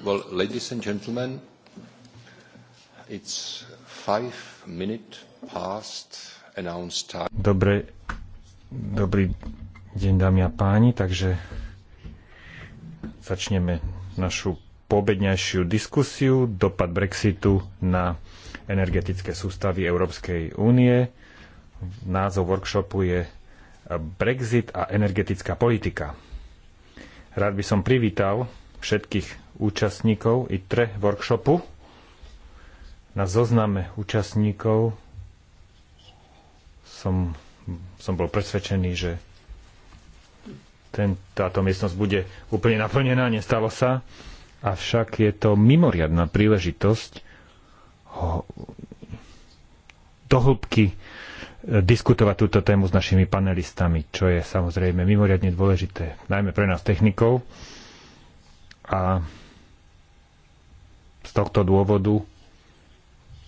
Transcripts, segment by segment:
Well, ladies and gentlemen, it's five minute past announced time. Dobre, dobrý deň, dámy a páni, takže začneme našu pobedňajšiu diskusiu, dopad Brexitu na energetické sústavy Európskej únie. Názov workshopu je Brexit a energetická politika. Rád by som privítal všetkých účastníkov tre workshopu. Na zozname účastníkov som, som bol presvedčený, že ten, táto miestnosť bude úplne naplnená, nestalo sa. Avšak je to mimoriadná príležitosť ho, do hĺbky e, diskutovať túto tému s našimi panelistami, čo je samozrejme mimoriadne dôležité, najmä pre nás technikov. A tohto dôvodu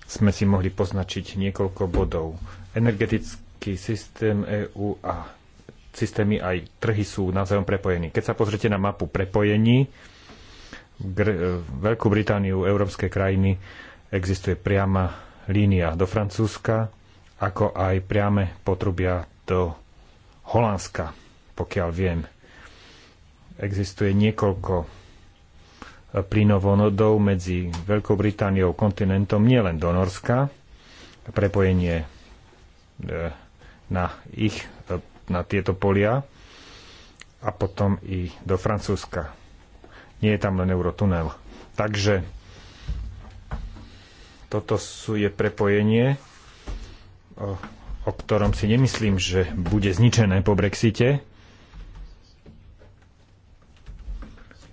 sme si mohli poznačiť niekoľko bodov. Energetický systém EÚ a systémy aj trhy sú navzájom prepojení. Keď sa pozrite na mapu prepojení, v Veľkú Britániu, európske krajiny, existuje priama línia do Francúzska, ako aj priame potrubia do Holandska, pokiaľ viem. Existuje niekoľko plynovodov medzi Veľkou Britániou a kontinentom, nielen do Norska, prepojenie e, na ich, e, na tieto polia a potom i do Francúzska. Nie je tam len eurotunel. Takže toto sú je prepojenie, o, o ktorom si nemyslím, že bude zničené po Brexite,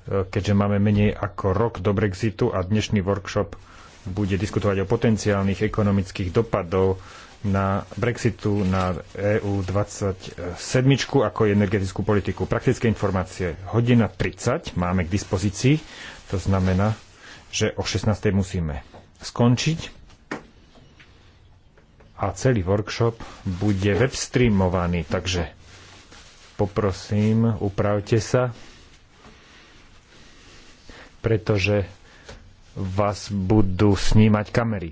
keďže máme menej ako rok do Brexitu a dnešný workshop bude diskutovať o potenciálnych ekonomických dopadov na Brexitu, na EU 27, ako je energetickú politiku. Praktické informácie. Hodina 30 máme k dispozícii, to znamená, že o 16. musíme skončiť a celý workshop bude webstreamovaný, takže poprosím, upravte sa pretože vás budú snímať kamery.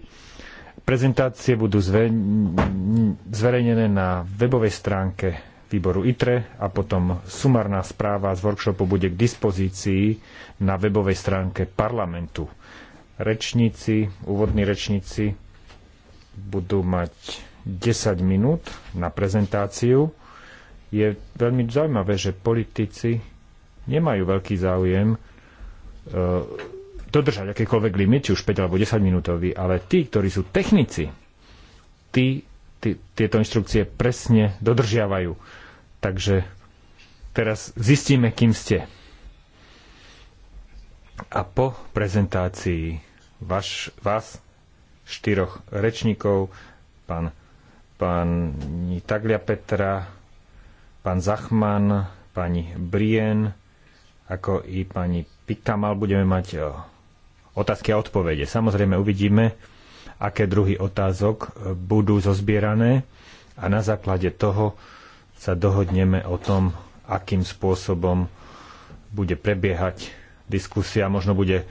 Prezentácie budú zverejnené na webovej stránke výboru ITRE a potom sumárna správa z workshopu bude k dispozícii na webovej stránke parlamentu. Rečníci, úvodní rečníci budú mať 10 minút na prezentáciu. Je veľmi zaujímavé, že politici nemajú veľký záujem E, dodržať akýkoľvek limit, či už 5 alebo 10 minútový, ale tí, ktorí sú technici, tí, tí tieto inštrukcie presne dodržiavajú. Takže teraz zistíme, kým ste. A po prezentácii vaš, vás, štyroch rečníkov, pán, pán Taglia Petra, pán Zachman, pani Brien, ako i pani ale budeme mať e, otázky a odpovede. Samozrejme uvidíme, aké druhy otázok e, budú zozbierané a na základe toho sa dohodneme o tom, akým spôsobom bude prebiehať diskusia. Možno bude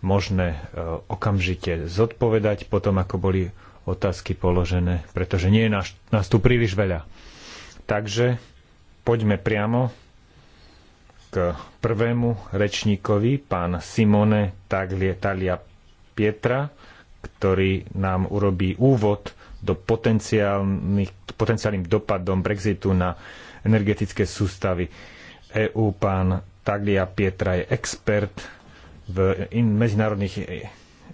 možné e, okamžite zodpovedať potom, ako boli otázky položené, pretože nie je nás, nás tu príliš veľa. Takže poďme priamo k prvému rečníkovi, pán Simone Taglietalia Pietra, ktorý nám urobí úvod do potenciálnym dopadom Brexitu na energetické sústavy EÚ. Pán Taglia Pietra je expert v medzinárodných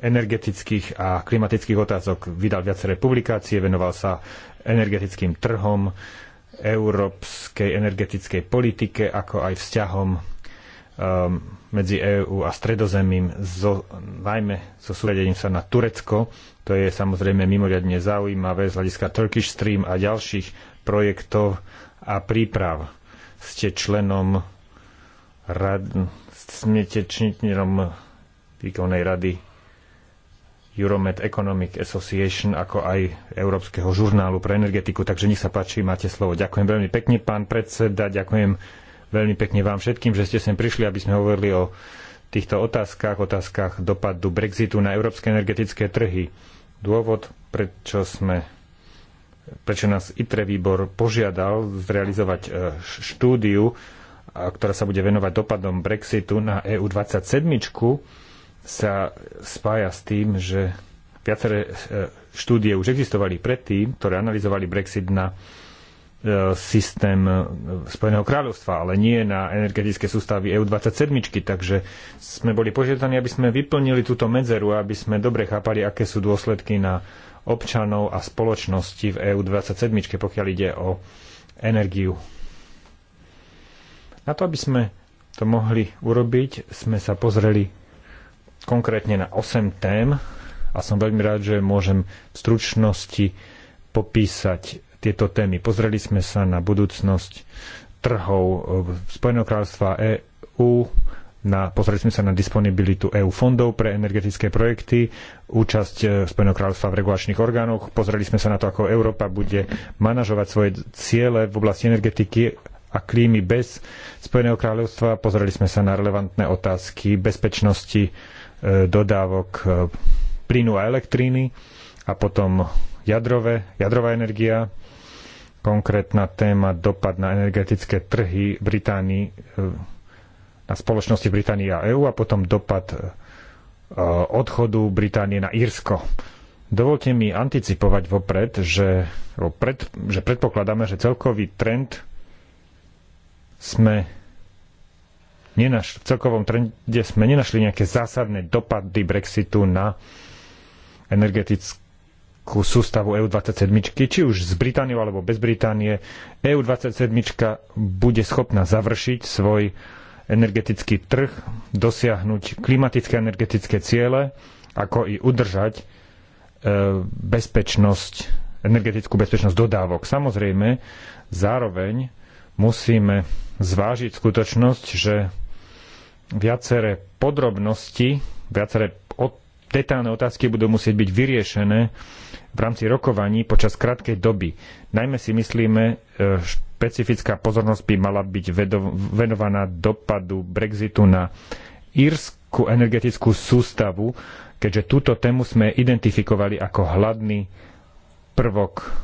energetických a klimatických otázok vydal viaceré publikácie, venoval sa energetickým trhom, európskej energetickej politike, ako aj vzťahom um, medzi EÚ a Stredozemím, zo, najmä so súvedením sa na Turecko. To je samozrejme mimoriadne zaujímavé z hľadiska Turkish Stream a ďalších projektov a príprav. Ste členom rad, smietečníkom výkonnej rady Euromed Economic Association, ako aj Európskeho žurnálu pre energetiku. Takže nech sa páči, máte slovo. Ďakujem veľmi pekne, pán predseda, ďakujem veľmi pekne vám všetkým, že ste sem prišli, aby sme hovorili o týchto otázkach, otázkach dopadu Brexitu na európske energetické trhy. Dôvod, prečo sme prečo nás ITRE výbor požiadal zrealizovať e, štúdiu, ktorá sa bude venovať dopadom Brexitu na EU27, sa spája s tým, že viaceré e, štúdie už existovali predtým, ktoré analyzovali Brexit na e, systém e, Spojeného kráľovstva, ale nie na energetické sústavy EU27, takže sme boli požiadaní, aby sme vyplnili túto medzeru, aby sme dobre chápali, aké sú dôsledky na občanov a spoločnosti v EU27, pokiaľ ide o energiu. Na to, aby sme to mohli urobiť, sme sa pozreli konkrétne na 8 tém a som veľmi rád, že môžem v stručnosti popísať tieto témy. Pozreli sme sa na budúcnosť trhov eh, Spojeného kráľovstva EÚ, na, pozreli sme sa na disponibilitu EU fondov pre energetické projekty, účasť eh, Spojeného kráľstva v regulačných orgánoch, pozreli sme sa na to, ako Európa bude manažovať svoje ciele v oblasti energetiky a klímy bez Spojeného kráľovstva, pozreli sme sa na relevantné otázky bezpečnosti E, dodávok e, plynu a elektríny a potom jadrové, jadrová energia, konkrétna téma dopad na energetické trhy Británii, e, na spoločnosti Británii a EÚ a potom dopad odchodu Británie na Írsko. Dovolte mi anticipovať vopred, že, pred, že predpokladáme, že celkový trend sme nenaš- v celkovom trende sme nenašli nejaké zásadné dopady Brexitu na energetickú sústavu EU27, či už z Britániou alebo bez Británie. EU27 bude schopná završiť svoj energetický trh, dosiahnuť klimatické energetické ciele, ako i udržať e, bezpečnosť, energetickú bezpečnosť dodávok. Samozrejme, zároveň musíme zvážiť skutočnosť, že viaceré podrobnosti, viaceré detálne otázky budú musieť byť vyriešené v rámci rokovaní počas krátkej doby. Najmä si myslíme, e, špecifická pozornosť by mala byť venovaná dopadu Brexitu na írsku energetickú sústavu, keďže túto tému sme identifikovali ako hladný prvok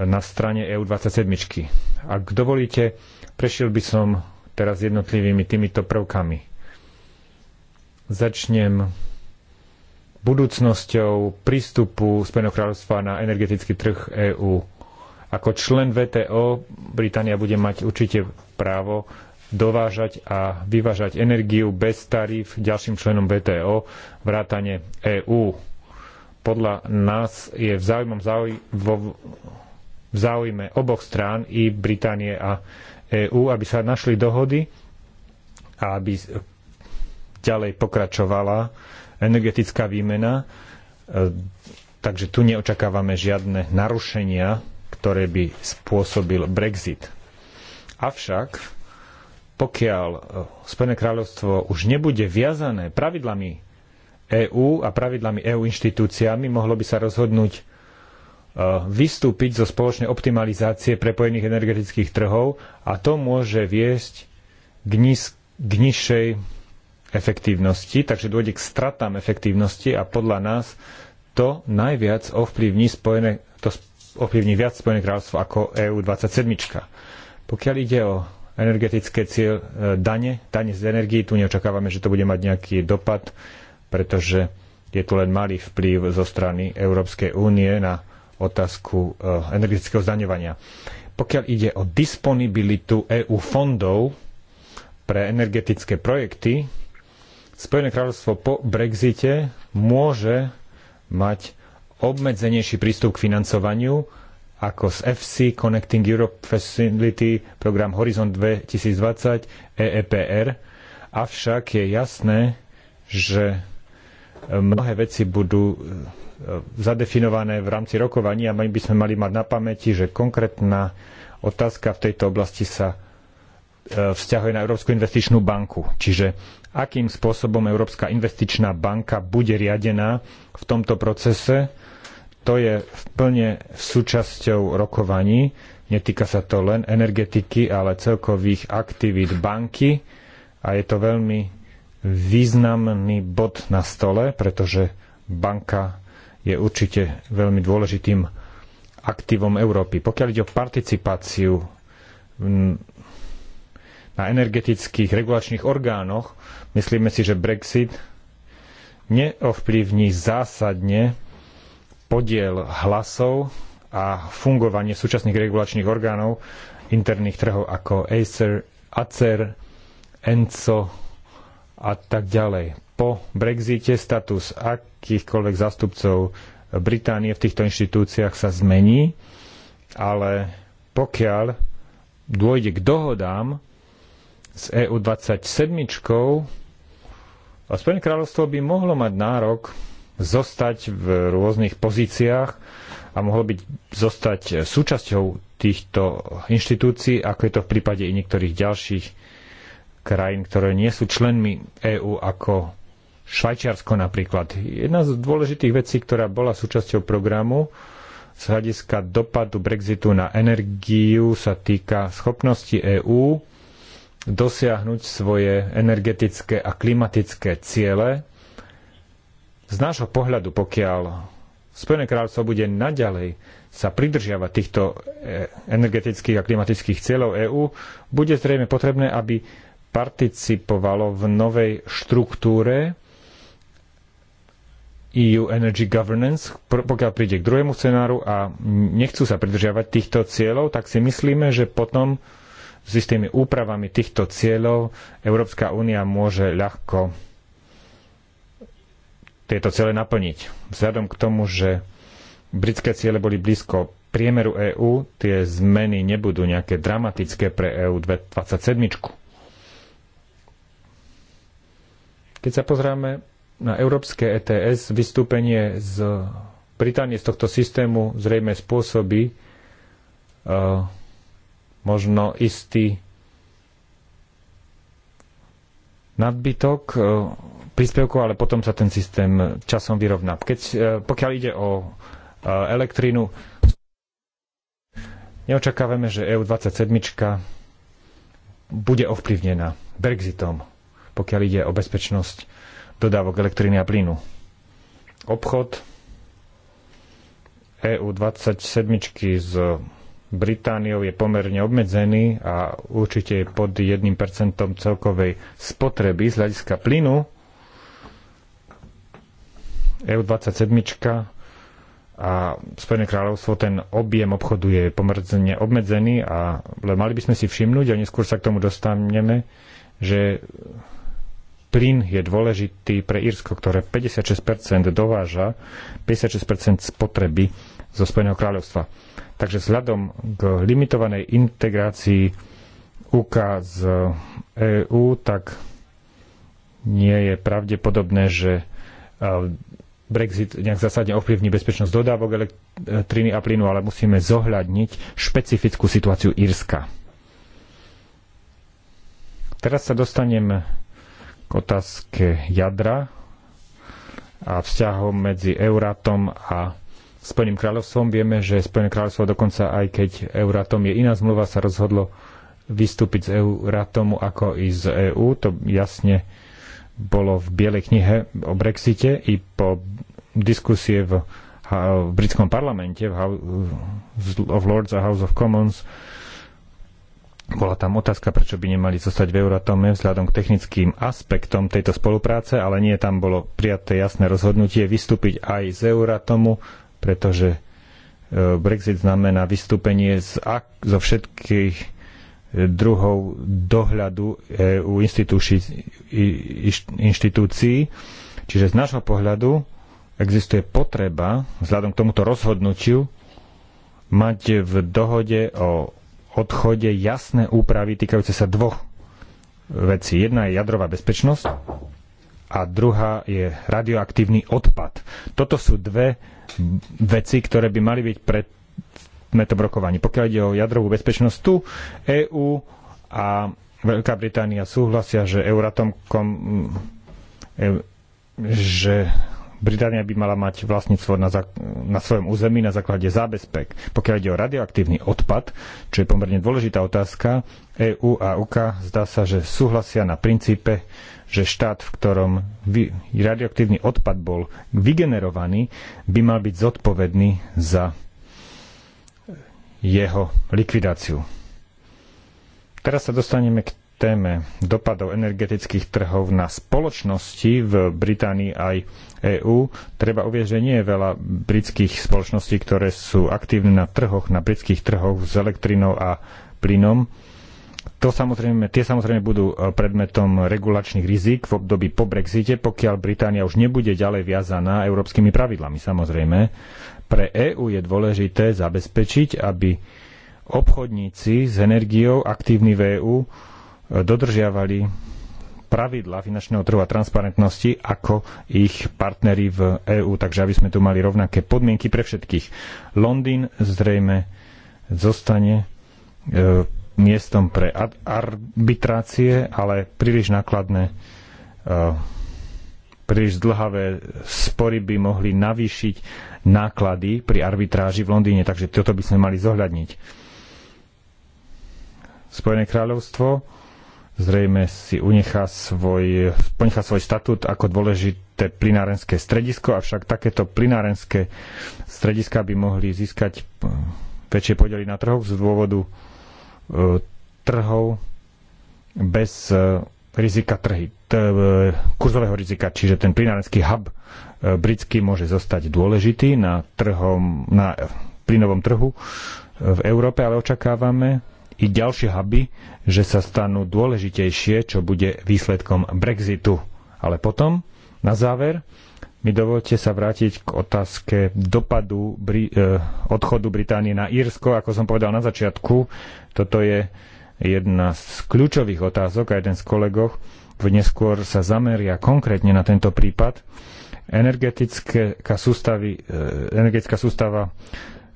na strane EU27. Ak dovolíte, prešiel by som teraz jednotlivými týmito prvkami. Začnem budúcnosťou prístupu Spojeného kráľovstva na energetický trh EÚ. Ako člen VTO Británia bude mať určite právo dovážať a vyvážať energiu bez tarif ďalším členom VTO, vrátane EÚ. Podľa nás je v záujmom v záujme oboch strán i Británie a EÚ, aby sa našli dohody a aby ďalej pokračovala energetická výmena. E, takže tu neočakávame žiadne narušenia, ktoré by spôsobil Brexit. Avšak, pokiaľ e, Spojené kráľovstvo už nebude viazané pravidlami EÚ a pravidlami EÚ inštitúciami, mohlo by sa rozhodnúť E, vystúpiť zo spoločnej optimalizácie prepojených energetických trhov a to môže viesť k, niz, k nižšej efektívnosti, takže dôjde k stratám efektívnosti a podľa nás to najviac ovplyvní, spojené, to ovplyvní viac Spojené kráľovstvo ako EU27. Pokiaľ ide o energetické cieľ e, dane, dane z energii, tu neočakávame, že to bude mať nejaký dopad, pretože je tu len malý vplyv zo strany Európskej únie na otázku eh, energetického zdaňovania. Pokiaľ ide o disponibilitu EU fondov pre energetické projekty, Spojené kráľovstvo po Brexite môže mať obmedzenejší prístup k financovaniu ako z FC Connecting Europe Facility, program Horizon 2020, EEPR. Avšak je jasné, že mnohé veci budú e, e, zadefinované v rámci rokovania a my by sme mali mať na pamäti, že konkrétna otázka v tejto oblasti sa e, vzťahuje na Európsku investičnú banku. Čiže akým spôsobom Európska investičná banka bude riadená v tomto procese, to je plne súčasťou rokovaní. Netýka sa to len energetiky, ale celkových aktivít banky a je to veľmi významný bod na stole, pretože banka je určite veľmi dôležitým aktívom Európy. Pokiaľ ide o participáciu na energetických regulačných orgánoch, myslíme si, že Brexit neovplyvní zásadne podiel hlasov a fungovanie súčasných regulačných orgánov interných trhov ako Acer, Acer, Enco, a tak ďalej. Po Brexite status akýchkoľvek zástupcov Británie v týchto inštitúciách sa zmení, ale pokiaľ dôjde k dohodám s EU27, Spojené kráľovstvo by mohlo mať nárok zostať v rôznych pozíciách a mohlo byť zostať súčasťou týchto inštitúcií, ako je to v prípade i niektorých ďalších krajín, ktoré nie sú členmi EÚ ako Švajčiarsko napríklad. Jedna z dôležitých vecí, ktorá bola súčasťou programu z hľadiska dopadu Brexitu na energiu sa týka schopnosti EÚ dosiahnuť svoje energetické a klimatické ciele. Z nášho pohľadu, pokiaľ Spojené kráľstvo bude naďalej sa pridržiavať týchto e, energetických a klimatických cieľov EÚ, bude zrejme potrebné, aby participovalo v novej štruktúre EU Energy Governance, pokiaľ príde k druhému scenáru a nechcú sa pridržiavať týchto cieľov, tak si myslíme, že potom s istými úpravami týchto cieľov Európska únia môže ľahko tieto ciele naplniť. Vzhľadom k tomu, že britské ciele boli blízko priemeru EÚ, tie zmeny nebudú nejaké dramatické pre EÚ 27. Keď sa pozráme na európske ETS, vystúpenie z Británie z tohto systému zrejme spôsobí uh, možno istý nadbytok uh, príspevkov, ale potom sa ten systém časom vyrovná. Keď, uh, pokiaľ ide o uh, elektrínu, neočakávame, že EU27 bude ovplyvnená Brexitom pokiaľ ide o bezpečnosť dodávok elektriny a plynu. Obchod EU27 s Britániou je pomerne obmedzený a určite je pod 1% celkovej spotreby z hľadiska plynu. EU27 a Spojené kráľovstvo ten objem obchodu je pomerne obmedzený a mali by sme si všimnúť a neskôr sa k tomu dostaneme, že plyn je dôležitý pre Írsko, ktoré 56% dováža, 56% spotreby zo Spojeného kráľovstva. Takže vzhľadom k limitovanej integrácii UK z EÚ, tak nie je pravdepodobné, že e, Brexit nejak zásadne ovplyvní bezpečnosť dodávok elektriny a plynu, ale musíme zohľadniť špecifickú situáciu Írska. Teraz sa dostanem k otázke jadra a vzťahom medzi Euratom a Spojeným kráľovstvom. Vieme, že Spojené kráľovstvo dokonca aj keď Euratom je iná zmluva, sa rozhodlo vystúpiť z Euratomu ako i z EÚ. To jasne bolo v Bielej knihe o Brexite i po diskusie v, v britskom parlamente v House of Lords a House of Commons bola tam otázka, prečo by nemali zostať v Euratome vzhľadom k technickým aspektom tejto spolupráce, ale nie tam bolo prijaté jasné rozhodnutie vystúpiť aj z Euratomu, pretože e, Brexit znamená vystúpenie z, zo všetkých e, druhov dohľadu EU inštitúcií. Čiže z nášho pohľadu existuje potreba, vzhľadom k tomuto rozhodnutiu, mať v dohode o odchode jasné úpravy týkajúce sa dvoch vecí. Jedna je jadrová bezpečnosť a druhá je radioaktívny odpad. Toto sú dve veci, ktoré by mali byť predmetom rokovaní. Pokiaľ ide o jadrovú bezpečnosť, tu EÚ a Veľká Británia súhlasia, že Euratom kom, e, že Británia by mala mať vlastníctvo na, na svojom území na základe zábezpek. Pokiaľ ide o radioaktívny odpad, čo je pomerne dôležitá otázka, EU a UK zdá sa, že súhlasia na princípe, že štát, v ktorom radioaktívny odpad bol vygenerovaný, by mal byť zodpovedný za jeho likvidáciu. Teraz sa dostaneme k téme dopadov energetických trhov na spoločnosti v Británii aj EÚ, treba uvieť, že nie je veľa britských spoločností, ktoré sú aktívne na trhoch, na britských trhoch s elektrinou a plynom. To samozrejme, tie samozrejme budú e, predmetom regulačných rizik v období po Brexite, pokiaľ Británia už nebude ďalej viazaná európskymi pravidlami samozrejme. Pre EÚ je dôležité zabezpečiť, aby obchodníci s energiou aktívni v EÚ dodržiavali pravidla finančného trhu a transparentnosti ako ich partnery v EÚ, takže aby sme tu mali rovnaké podmienky pre všetkých. Londýn zrejme zostane e, miestom pre arbitrácie, ale príliš nákladné, e, príliš zdlhavé spory by mohli navýšiť náklady pri arbitráži v Londýne, takže toto by sme mali zohľadniť. Spojené kráľovstvo zrejme si unechá svoj, ponechá svoj statút ako dôležité plinárenské stredisko, avšak takéto plinárenské strediska by mohli získať e, väčšie podely na trhoch z dôvodu e, trhov bez e, rizika trhy, t, kurzového rizika, čiže ten plinárenský hub britský môže zostať dôležitý na, trhom, na plynovom trhu v Európe, ale očakávame, i ďalšie huby, že sa stanú dôležitejšie, čo bude výsledkom Brexitu. Ale potom, na záver, mi dovolte sa vrátiť k otázke dopadu Bri- eh, odchodu Británie na Írsko. Ako som povedal na začiatku, toto je jedna z kľúčových otázok a jeden z kolegov neskôr sa zameria konkrétne na tento prípad. Energetická, sústavy, eh, energetická sústava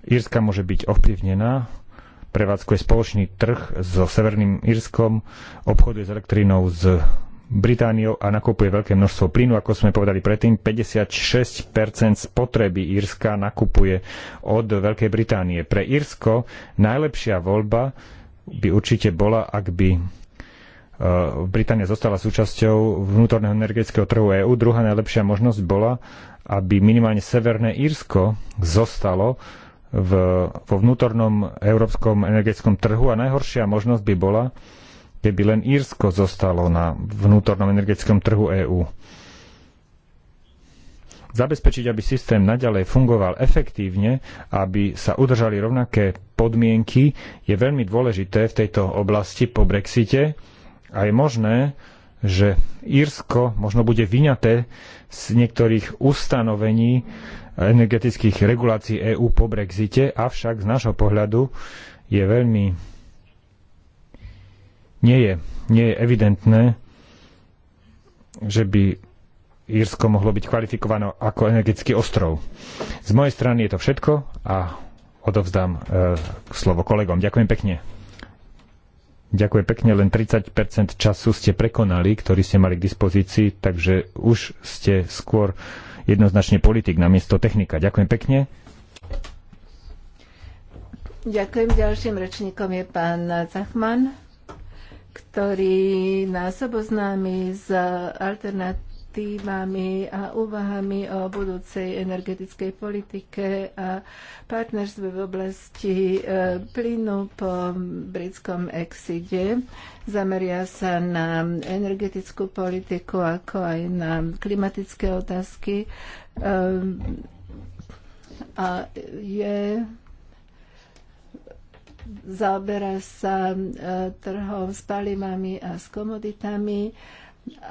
Írska môže byť ovplyvnená prevádzkuje spoločný trh so Severným Írskom, obchoduje s elektrínou z Britániou a nakupuje veľké množstvo plynu. Ako sme povedali predtým, 56% spotreby Írska nakupuje od Veľkej Británie. Pre Írsko najlepšia voľba by určite bola, ak by e, Británia zostala súčasťou vnútorného energetického trhu EÚ. Druhá najlepšia možnosť bola, aby minimálne Severné Írsko zostalo v, vo vnútornom európskom energetickom trhu a najhoršia možnosť by bola, keby len Írsko zostalo na vnútornom energetickom trhu EÚ. Zabezpečiť, aby systém naďalej fungoval efektívne, aby sa udržali rovnaké podmienky, je veľmi dôležité v tejto oblasti po Brexite a je možné, že Írsko možno bude vyňaté z niektorých ustanovení energetických regulácií EÚ po Brexite, avšak z nášho pohľadu je veľmi nie je, nie je evidentné, že by Írsko mohlo byť kvalifikované ako energetický ostrov. Z mojej strany je to všetko a odovzdám e, slovo kolegom. Ďakujem pekne. Ďakujem pekne, len 30 času ste prekonali, ktorý ste mali k dispozícii, takže už ste skôr jednoznačne politik namiesto technika. Ďakujem pekne. Ďakujem. Ďalším rečníkom je pán Zachman, ktorý nás oboznámi s alternatívou perspektívami a úvahami o budúcej energetickej politike a partnerstve v oblasti e, plynu po britskom exide. Zameria sa na energetickú politiku, ako aj na klimatické otázky. Ehm, a je zaoberá sa e, trhom s palivami a s komoditami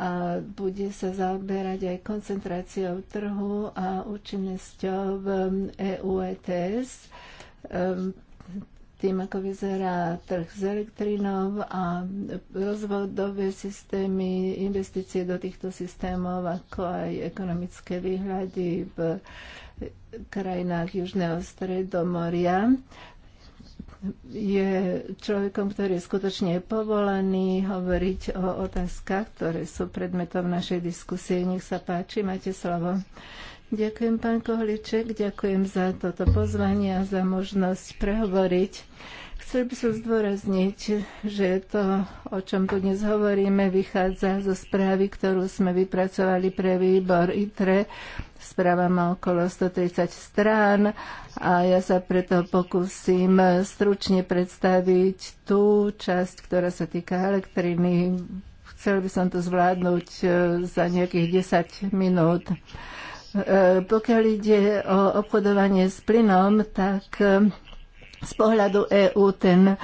a bude sa zaoberať aj koncentráciou trhu a účinnosťou v um, EU ETS, um, tým, ako vyzerá trh s elektrínou a rozvodové systémy, investície do týchto systémov, ako aj ekonomické výhľady v krajinách Južného stredomoria je človekom, ktorý je skutočne povolaný hovoriť o otázkach, ktoré sú predmetom našej diskusie. Nech sa páči, máte slovo. Ďakujem, pán Kohliček, ďakujem za toto pozvanie a za možnosť prehovoriť. Chcel by som zdôrazniť, že to, o čom tu dnes hovoríme, vychádza zo správy, ktorú sme vypracovali pre výbor ITRE. Správa má okolo 130 strán a ja sa preto pokúsim stručne predstaviť tú časť, ktorá sa týka elektriny. Chcel by som to zvládnuť e, za nejakých 10 minút. E, pokiaľ ide o obchodovanie s plynom, tak e, z pohľadu EÚ ten, e,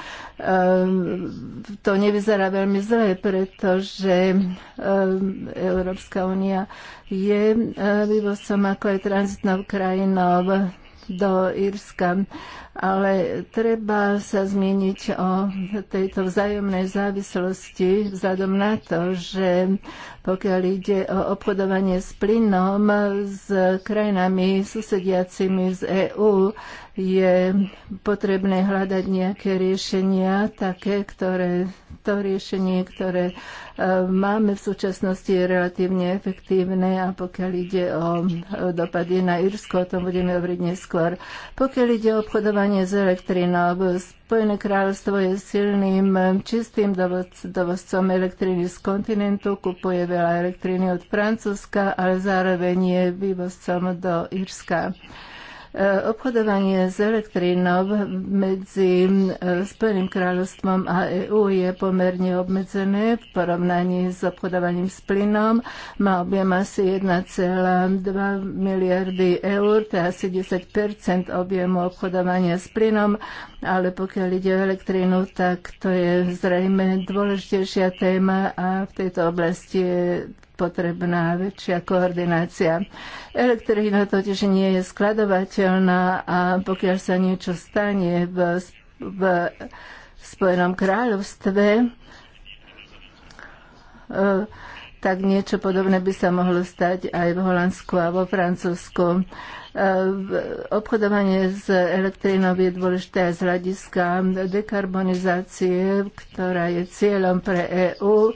to nevyzerá veľmi zle, pretože e, Európska únia je e, vývozcom ako aj tranzitnou krajinou do Írska. Ale treba sa zmieniť o tejto vzájomnej závislosti vzhľadom na to, že pokiaľ ide o obchodovanie s plynom s krajinami susediacimi z EÚ, je potrebné hľadať nejaké riešenia, také, ktoré to riešenie, ktoré e, máme v súčasnosti, je relatívne efektívne a pokiaľ ide o dopady na Irsko, o tom budeme hovoriť neskôr. Pokiaľ ide o obchodovanie s elektrinou, Spojené kráľovstvo je silným, e, čistým dovozcom elektriny z kontinentu, kupuje veľa elektriny od Francúzska, ale zároveň je vývozcom do Irska. Obchodovanie s elektrínou medzi e, Spojeným kráľovstvom a EÚ je pomerne obmedzené v porovnaní s obchodovaním s plynom. Má objem asi 1,2 miliardy eur, to je asi 10 objemu obchodovania s plynom ale pokiaľ ide o elektrínu, tak to je zrejme dôležitejšia téma a v tejto oblasti je potrebná väčšia koordinácia. Elektrína totiž nie je skladovateľná a pokiaľ sa niečo stane v, v Spojenom kráľovstve, e, tak niečo podobné by sa mohlo stať aj v Holandsku a vo Francúzsku. E, obchodovanie s elektrínou je dôležité z hľadiska dekarbonizácie, ktorá je cieľom pre EÚ. E,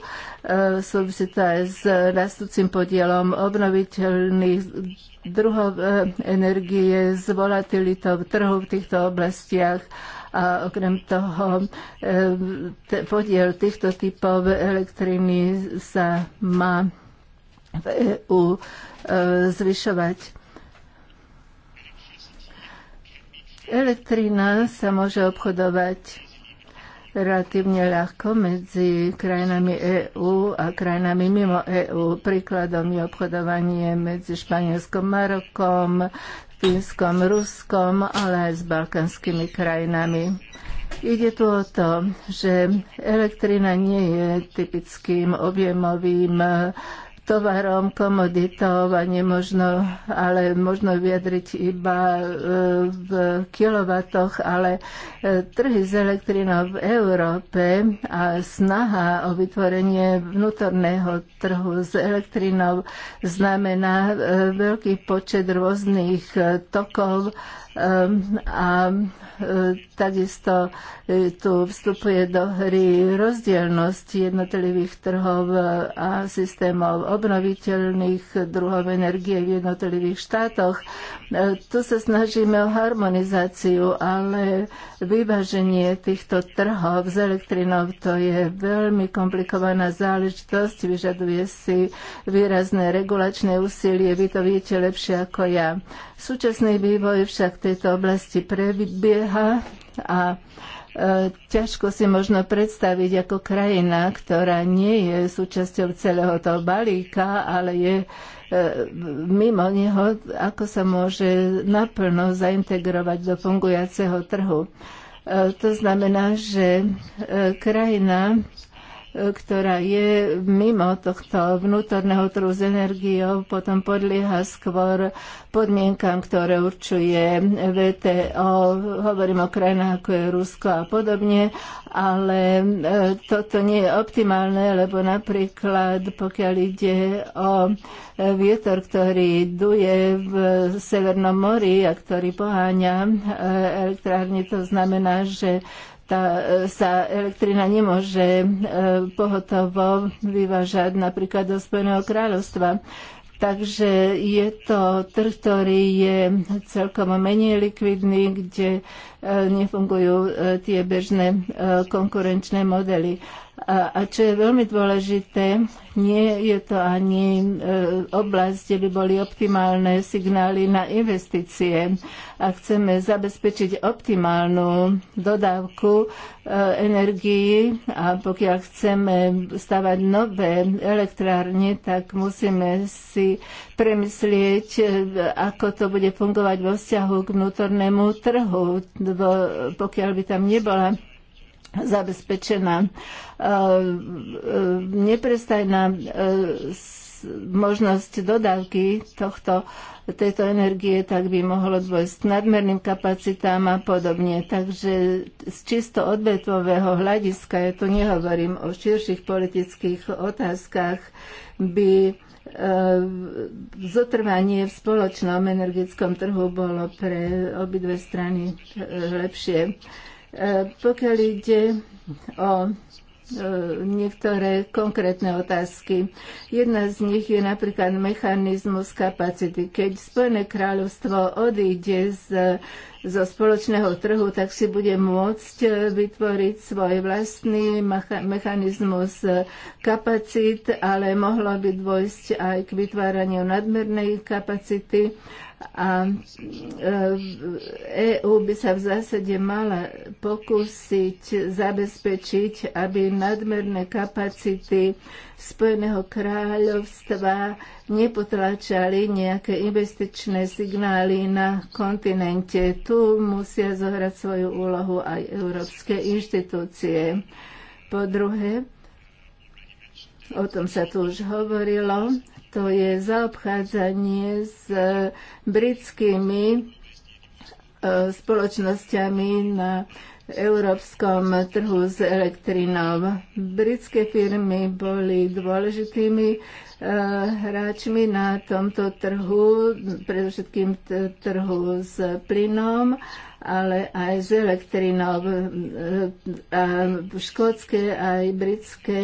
súvisí to aj s rastúcim podielom obnoviteľných druhov e, energie, s volatilitou trhu v týchto oblastiach a okrem toho e, podiel týchto typov elektriny sa má v EU e, zvyšovať. Elektrina sa môže obchodovať relatívne ľahko medzi krajinami EÚ a krajinami mimo EÚ. Príkladom je obchodovanie medzi Španielskom, Marokom, Čínskom, Ruskom, ale aj s balkanskými krajinami. Ide tu o to, že elektrina nie je typickým objemovým tovarom, komoditov a nemožno, ale možno vyjadriť iba e, v kilovatoch, ale e, trhy z elektrinou v Európe a snaha o vytvorenie vnútorného trhu s elektrinou znamená e, veľký počet rôznych tokov Ehm, a e, takisto e, tu vstupuje do hry rozdielnosť jednotlivých trhov e, a systémov obnoviteľných druhov energie v jednotlivých štátoch. Tu sa snažíme o harmonizáciu, ale vyváženie týchto trhov s elektrinou to je veľmi komplikovaná záležitosť, vyžaduje si výrazné regulačné úsilie, vy to viete lepšie ako ja. Súčasný vývoj však tejto oblasti prebieha a e, ťažko si možno predstaviť ako krajina, ktorá nie je súčasťou celého toho balíka, ale je e, mimo neho, ako sa môže naplno zaintegrovať do fungujaceho trhu. E, to znamená, že krajina ktorá je mimo tohto vnútorného trhu s energiou, potom podlieha skôr podmienkam, ktoré určuje VTO. Hovorím o krajinách ako je Rusko a podobne, ale e, toto nie je optimálne, lebo napríklad pokiaľ ide o e, vietor, ktorý duje v Severnom mori a ktorý poháňa e, elektrárne, to znamená, že tá, e, sa elektrina nemôže e, pohotovo vyvážať napríklad do Spojeného kráľovstva. Takže je to trh, ktorý je celkom menej likvidný, kde e, nefungujú tie bežné konkurenčné modely. A, a čo je veľmi dôležité, nie je to ani e, oblasť, kde by boli optimálne signály na investície. A chceme zabezpečiť optimálnu dodávku e, energii a pokiaľ chceme stavať nové elektrárne, tak musíme si premyslieť, e, ako to bude fungovať vo vzťahu k vnútornému trhu, dvo, pokiaľ by tam nebola zabezpečená eh, eh, neprestajná eh, možnosť dodávky tohto, tejto energie, tak by mohlo dôjsť k nadmerným kapacitám a podobne. Takže z čisto odvetvového hľadiska, ja tu nehovorím o širších politických otázkach, by zotrvanie v spoločnom energetickom trhu bolo pre obidve strany lepšie. Pokiaľ ide o e, niektoré konkrétne otázky. Jedna z nich je napríklad mechanizmus kapacity. Keď Spojené kráľovstvo odíde z, zo spoločného trhu, tak si bude môcť e, vytvoriť svoj vlastný mechanizmus e, kapacít, ale mohlo by dôjsť aj k vytváraniu nadmernej kapacity a EÚ by sa v zásade mala pokúsiť zabezpečiť, aby nadmerné kapacity Spojeného kráľovstva nepotlačali nejaké investičné signály na kontinente. Tu musia zohrať svoju úlohu aj európske inštitúcie. Po druhé, o tom sa tu už hovorilo, to je zaobchádzanie s e, britskými e, spoločnosťami na európskom trhu s elektrinou. Britské firmy boli dôležitými eh, hráčmi na tomto trhu, predovšetkým trhu s plynom, ale aj s elektrinou. Eh, a škótske aj britské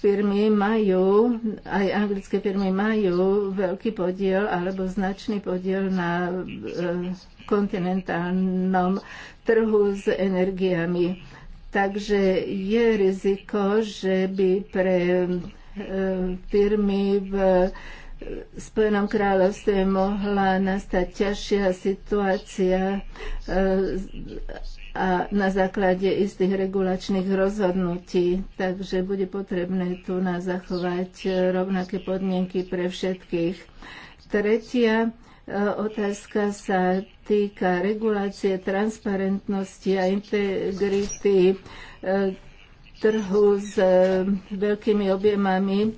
firmy majú, aj anglické firmy majú veľký podiel alebo značný podiel na eh, kontinentálnom trhu s energiami. Takže je riziko, že by pre eh, firmy v Spojenom kráľovstve mohla nastať ťažšia situácia eh, a na základe istých regulačných rozhodnutí. Takže bude potrebné tu na zachovať rovnaké podmienky pre všetkých. Tretia Otázka sa týka regulácie, transparentnosti a integrity e, trhu s e, veľkými objemami, e,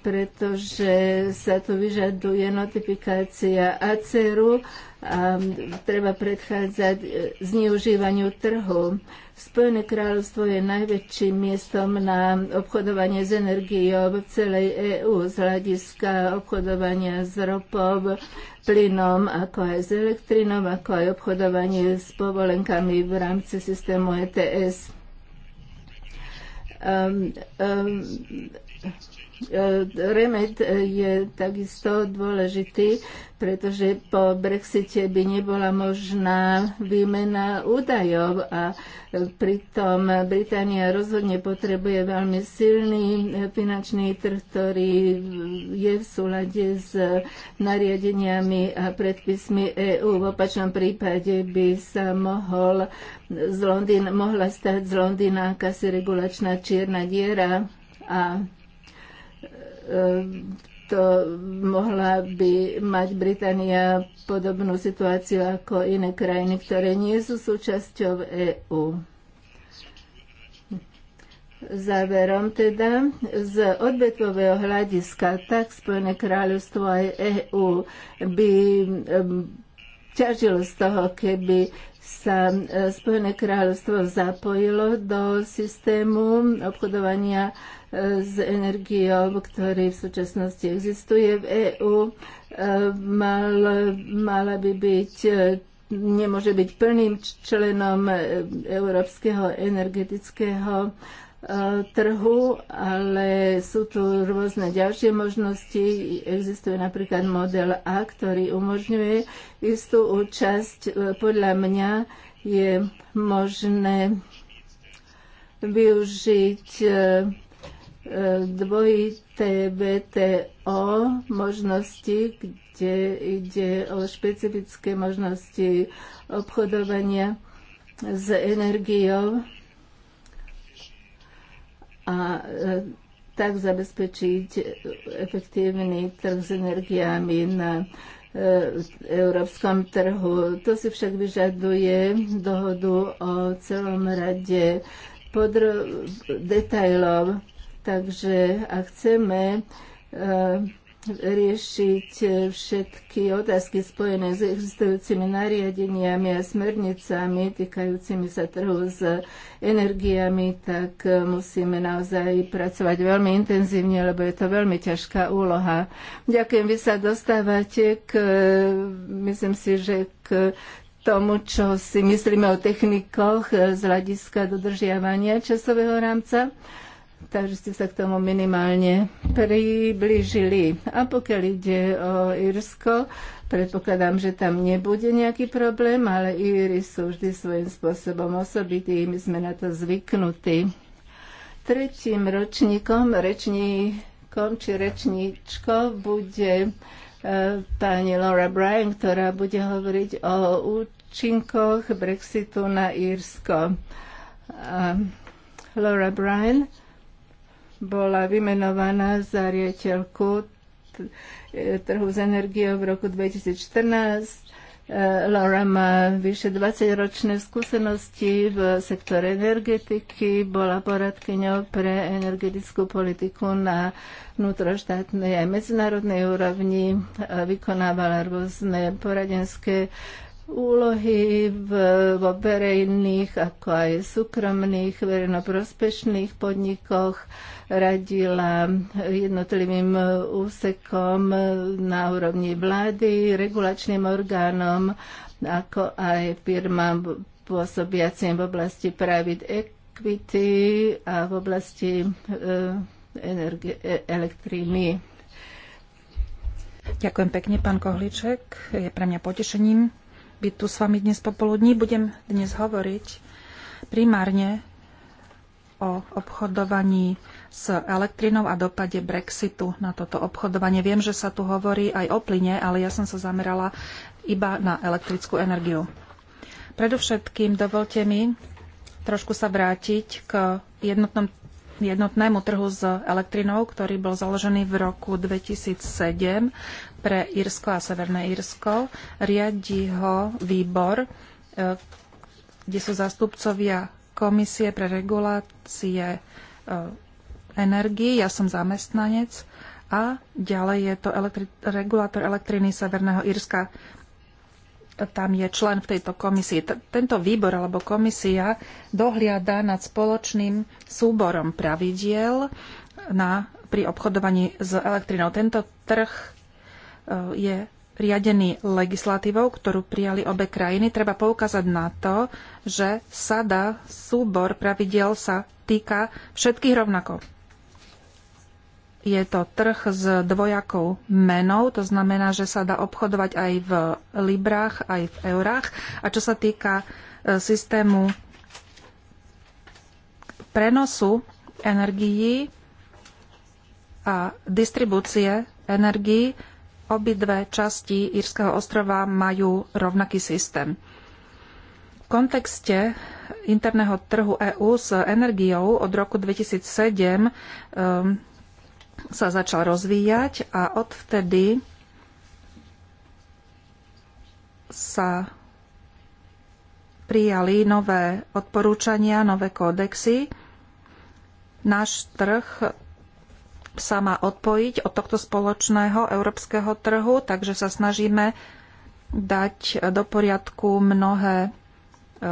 pretože sa tu vyžaduje notifikácia ACERu a ehm, treba predchádzať e, zneužívaniu trhu. Spojené kráľovstvo je najväčším miestom na obchodovanie s energiou v celej EÚ z hľadiska obchodovania s ropou, plynom, ako aj s elektrinou, ako aj obchodovanie s povolenkami v rámci systému ETS. Um, ehm, um, ehm, E, remet e, je takisto dôležitý, pretože po Brexite by nebola možná výmena údajov a e, pritom Británia rozhodne potrebuje veľmi silný finančný trh, ktorý je v súlade s nariadeniami a predpismi EÚ. V opačnom prípade by sa mohol z Londýna mohla stať z Londýna akási regulačná čierna diera a to mohla by mať Británia podobnú situáciu ako iné krajiny, ktoré nie sú súčasťou EÚ. Záverom teda, z odbetového hľadiska tak Spojené kráľovstvo aj EÚ by ťažilo z toho, keby sa e, Spojené kráľovstvo zapojilo do systému obchodovania e, s energiou, ktorý v súčasnosti existuje v EÚ. E, mal, mala by byť nemôže byť plným členom Európskeho energetického trhu, ale sú tu rôzne ďalšie možnosti. Existuje napríklad model A, ktorý umožňuje istú účasť. Podľa mňa je možné využiť e, dvojité BTO možnosti, kde ide o špecifické možnosti obchodovania s energiou a e, tak zabezpečiť efektívny trh s energiami na e, európskom trhu. To si však vyžaduje dohodu o celom rade podro- detajlov. Takže ak chceme e, riešiť e, všetky otázky spojené s existujúcimi nariadeniami a smernicami týkajúcimi sa trhu s energiami, tak e, musíme naozaj pracovať veľmi intenzívne, lebo je to veľmi ťažká úloha. Ďakujem, vy sa dostávate k, e, myslím si, že k tomu, čo si myslíme o technikoch z hľadiska dodržiavania časového rámca takže ste sa k tomu minimálne priblížili. A pokiaľ ide o Irsko, predpokladám, že tam nebude nejaký problém, ale Íry sú vždy svojím spôsobom osobití, my sme na to zvyknutí. Tretím ročníkom, rečníkom či rečníčkou bude e, pani Laura Bryan, ktorá bude hovoriť o účinkoch Brexitu na Írsko. Laura Bryan bola vymenovaná za riaditeľku trhu s energiou v roku 2014. E, Laura má vyše 20-ročné skúsenosti v sektore energetiky, bola poradkyňou pre energetickú politiku na vnútroštátnej aj medzinárodnej úrovni, vykonávala rôzne poradenské úlohy vo verejných, ako aj súkromných, verejnoprospešných podnikoch radila jednotlivým úsekom na úrovni vlády, regulačným orgánom, ako aj firmám pôsobiacim v oblasti private equity a v oblasti eh, e, energie, elektriny. Ďakujem pekne, pán Kohliček. Je pre mňa potešením byť tu s vami dnes popoludní. Budem dnes hovoriť primárne o obchodovaní s elektrinou a dopade Brexitu na toto obchodovanie. Viem, že sa tu hovorí aj o plyne, ale ja som sa zamerala iba na elektrickú energiu. Predovšetkým dovolte mi trošku sa vrátiť k jednotnom, jednotnému trhu s elektrinou, ktorý bol založený v roku 2007 pre Írsko a Severné Írsko. Riadi ho výbor, e, kde sú zastupcovia Komisie pre regulácie e, energii. Ja som zamestnanec a ďalej je to elektri- regulátor elektriny Severného Írska. Tam je člen v tejto komisii. T- tento výbor alebo komisia dohliada nad spoločným súborom pravidiel na, pri obchodovaní s elektrinou. Tento trh je riadený legislatívou, ktorú prijali obe krajiny, treba poukázať na to, že sada, súbor pravidel sa týka všetkých rovnako. Je to trh s dvojakou menou, to znamená, že sa dá obchodovať aj v librách, aj v eurách. A čo sa týka e, systému prenosu energií a distribúcie energií, Obidve časti Írskeho ostrova majú rovnaký systém. V kontexte interného trhu EÚ s energiou od roku 2007 um, ehm, sa začal rozvíjať a odvtedy sa prijali nové odporúčania, nové kódexy. Náš trh sama odpojiť od tohto spoločného európskeho trhu, takže sa snažíme dať do poriadku mnohé e,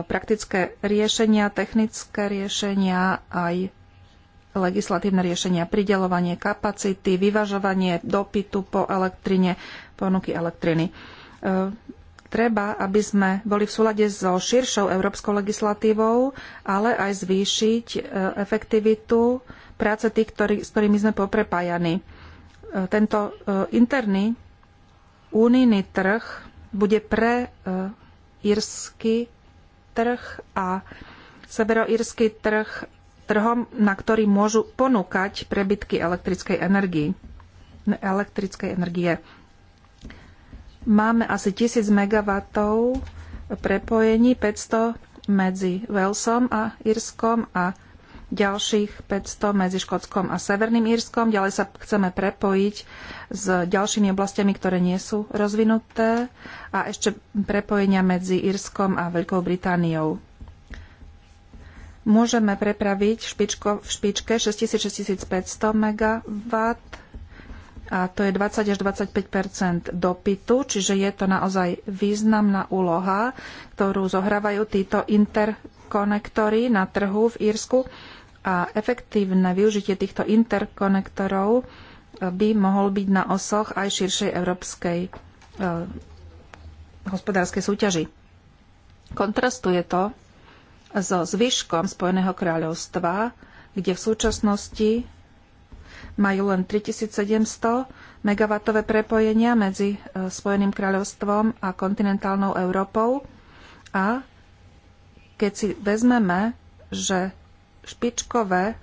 praktické riešenia, technické riešenia, aj legislatívne riešenia, pridelovanie kapacity, vyvažovanie dopytu po elektrine, ponuky elektriny. E, treba, aby sme boli v súlade so širšou európskou legislatívou, ale aj zvýšiť e, efektivitu práce tých, ktorý, s ktorými sme poprepájani. E, tento e, interný únijný trh bude pre e, írsky trh a severoírsky trh trhom, na ktorý môžu ponúkať prebytky elektrickej energii. Elektrickej energie. Máme asi 1000 MW prepojení, 500 medzi Walesom a Irskom a ďalších 500 medzi Škótskom a Severným Írskom. Ďalej sa chceme prepojiť s ďalšími oblastiami, ktoré nie sú rozvinuté a ešte prepojenia medzi Írskom a Veľkou Britániou. Môžeme prepraviť špičko, v špičke 6600 MW a to je 20 až 25 dopytu, čiže je to naozaj významná úloha, ktorú zohrávajú títo interkonektory na trhu v Írsku a efektívne využitie týchto interkonektorov eh, by mohol byť na osoch aj širšej európskej eh, hospodárskej súťaži. Kontrastuje to so zvyškom Spojeného kráľovstva, kde v súčasnosti majú len 3700 megawattové prepojenia medzi eh, Spojeným kráľovstvom a kontinentálnou Európou. A keď si vezmeme, že špičkové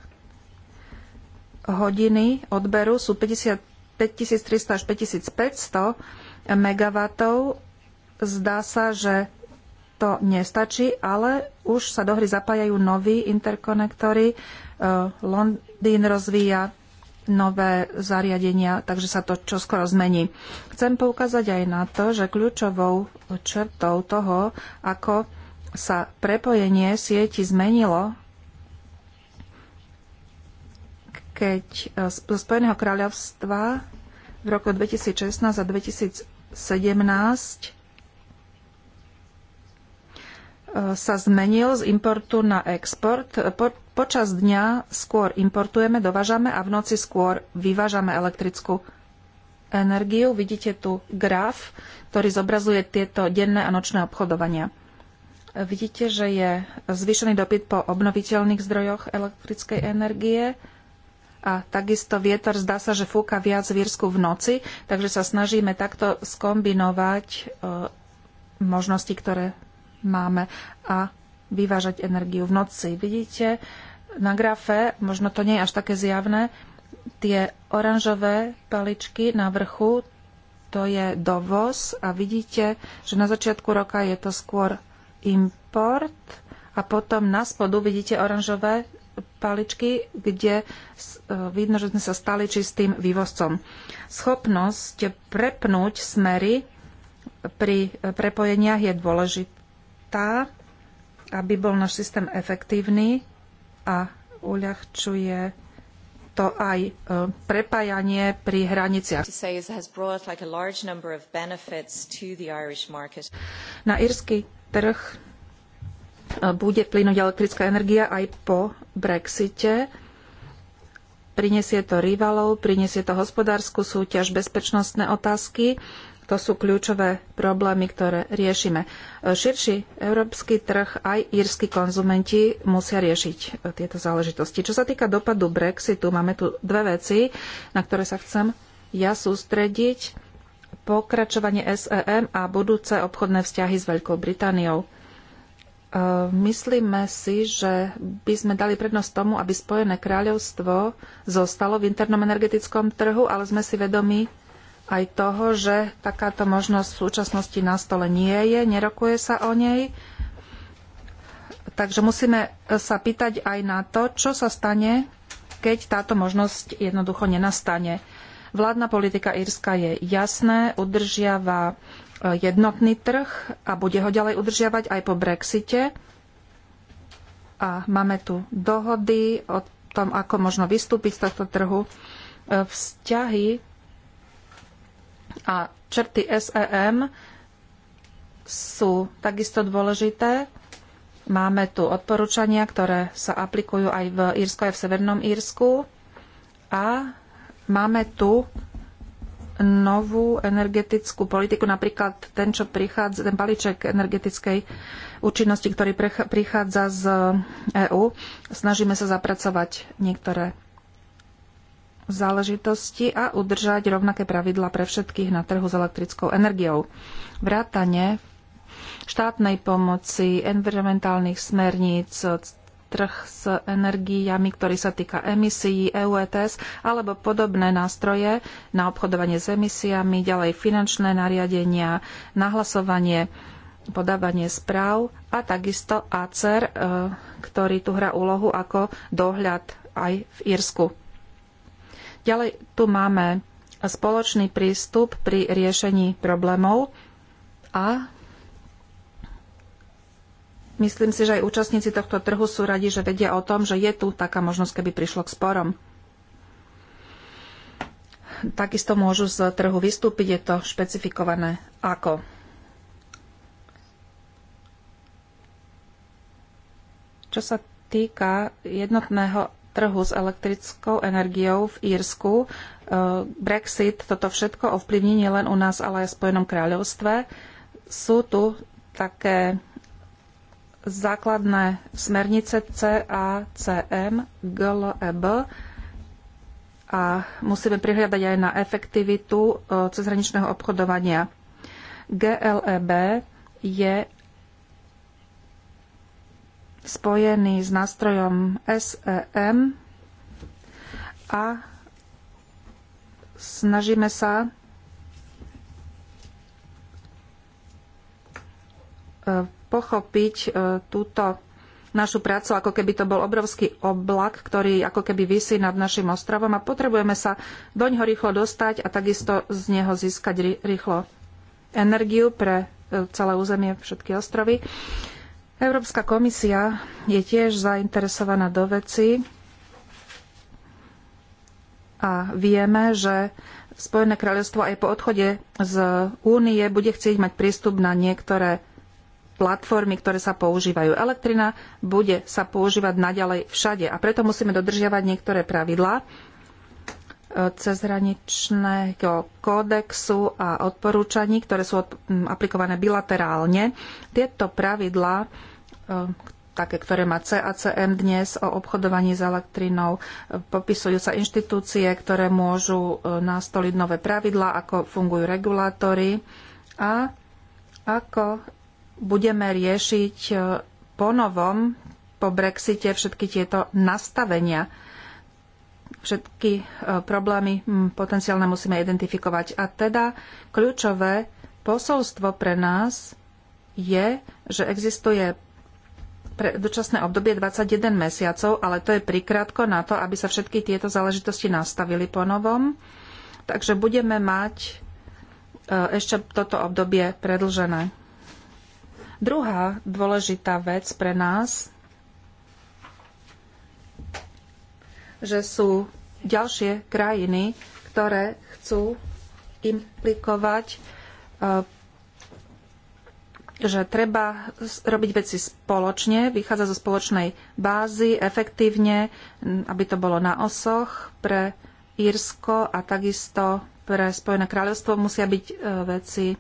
hodiny odberu sú 5300 až 5500 MW. Zdá sa, že to nestačí, ale už sa do hry zapájajú noví interkonektory. E, Londýn rozvíja nové zariadenia, takže sa to čoskoro zmení. Chcem poukázať aj na to, že kľúčovou črtou toho, ako sa prepojenie sieti zmenilo keď eh, zo Spojeného kráľovstva v roku 2016 a 2017 eh, sa zmenil z importu na export. Eh, po, počas dňa skôr importujeme, dovážame a v noci skôr vyvážame elektrickú energiu. Vidíte tu graf, ktorý zobrazuje tieto denné a nočné obchodovania. Vidíte, že je zvýšený dopyt po obnoviteľných zdrojoch elektrickej energie a takisto vietor zdá sa, že fúka viac v Írsku v noci, takže sa snažíme takto skombinovať e, možnosti, ktoré máme a vyvážať energiu v noci. Vidíte na grafe, možno to nie je až také zjavné, tie oranžové paličky na vrchu, to je dovoz a vidíte, že na začiatku roka je to skôr import a potom na spodu vidíte oranžové paličky, kde e, vidno, že sme sa stali čistým vývozcom. Schopnosť prepnúť smery pri prepojeniach je dôležitá, aby bol náš systém efektívny a uľahčuje to aj e, prepájanie pri hraniciach. Na írsky trh bude plynúť elektrická energia aj po Brexite. Prinesie to rivalov, prinesie to hospodárskú súťaž, bezpečnostné otázky. To sú kľúčové problémy, ktoré riešime. Širší európsky trh aj írsky konzumenti musia riešiť tieto záležitosti. Čo sa týka dopadu Brexitu, máme tu dve veci, na ktoré sa chcem ja sústrediť. Pokračovanie SEM a budúce obchodné vzťahy s Veľkou Britániou. E, myslíme si, že by sme dali prednosť tomu, aby Spojené kráľovstvo zostalo v internom energetickom trhu, ale sme si vedomi aj toho, že takáto možnosť v súčasnosti na stole nie je, nerokuje sa o nej. Takže musíme sa pýtať aj na to, čo sa stane, keď táto možnosť jednoducho nenastane. Vládna politika Írska je jasné, udržiava jednotný trh a bude ho ďalej udržiavať aj po Brexite. A máme tu dohody o tom, ako možno vystúpiť z tohto trhu. E, vzťahy a črty SEM sú takisto dôležité. Máme tu odporúčania, ktoré sa aplikujú aj v Írsku, aj v Severnom Írsku. A máme tu novú energetickú politiku, napríklad ten, čo prichádza, ten balíček energetickej účinnosti, ktorý prichádza z EÚ. Snažíme sa zapracovať niektoré záležitosti a udržať rovnaké pravidla pre všetkých na trhu s elektrickou energiou. Vrátane štátnej pomoci, environmentálnych smerníc, trh s energiami, ktorý sa týka emisií, EU ETS alebo podobné nástroje na obchodovanie s emisiami, ďalej finančné nariadenia, nahlasovanie, podávanie správ a takisto ACER, e, ktorý tu hrá úlohu ako dohľad aj v Írsku. Ďalej tu máme spoločný prístup pri riešení problémov a Myslím si, že aj účastníci tohto trhu sú radi, že vedia o tom, že je tu taká možnosť, keby prišlo k sporom. Takisto môžu z trhu vystúpiť, je to špecifikované ako. Čo sa týka jednotného trhu s elektrickou energiou v Írsku, e, Brexit, toto všetko ovplyvní nielen u nás, ale aj v Spojenom kráľovstve. Sú tu také základné smernice CACM, GLEB a musíme prihľadať aj na efektivitu e, cezhraničného obchodovania. GLEB je spojený s nástrojom SEM a snažíme sa e, pochopiť e, túto našu prácu, ako keby to bol obrovský oblak, ktorý ako keby vysí nad našim ostrovom a potrebujeme sa doňho rýchlo dostať a takisto z neho získať rýchlo energiu pre e, celé územie, všetky ostrovy. Európska komisia je tiež zainteresovaná do veci a vieme, že Spojené kráľovstvo aj po odchode z únie bude chcieť mať prístup na niektoré platformy, ktoré sa používajú. Elektrina bude sa používať naďalej všade a preto musíme dodržiavať niektoré pravidlá e, cezhraničného kódexu a odporúčaní, ktoré sú aplikované bilaterálne. Tieto pravidlá, e, také, ktoré má CACM dnes o obchodovaní s elektrinou, e, popisujú sa inštitúcie, ktoré môžu nastoliť nové pravidlá, ako fungujú regulátory a ako budeme riešiť e, ponovom po Brexite všetky tieto nastavenia. Všetky e, problémy potenciálne musíme identifikovať. A teda kľúčové posolstvo pre nás je, že existuje pre dočasné obdobie 21 mesiacov, ale to je prikrátko na to, aby sa všetky tieto záležitosti nastavili po novom. Takže budeme mať e, ešte toto obdobie predlžené. Druhá dôležitá vec pre nás, že sú ďalšie krajiny, ktoré chcú implikovať, eh, že treba robiť veci spoločne, vychádza zo spoločnej bázy, efektívne, aby to bolo na osoch pre Írsko a takisto pre Spojené kráľovstvo musia byť eh, veci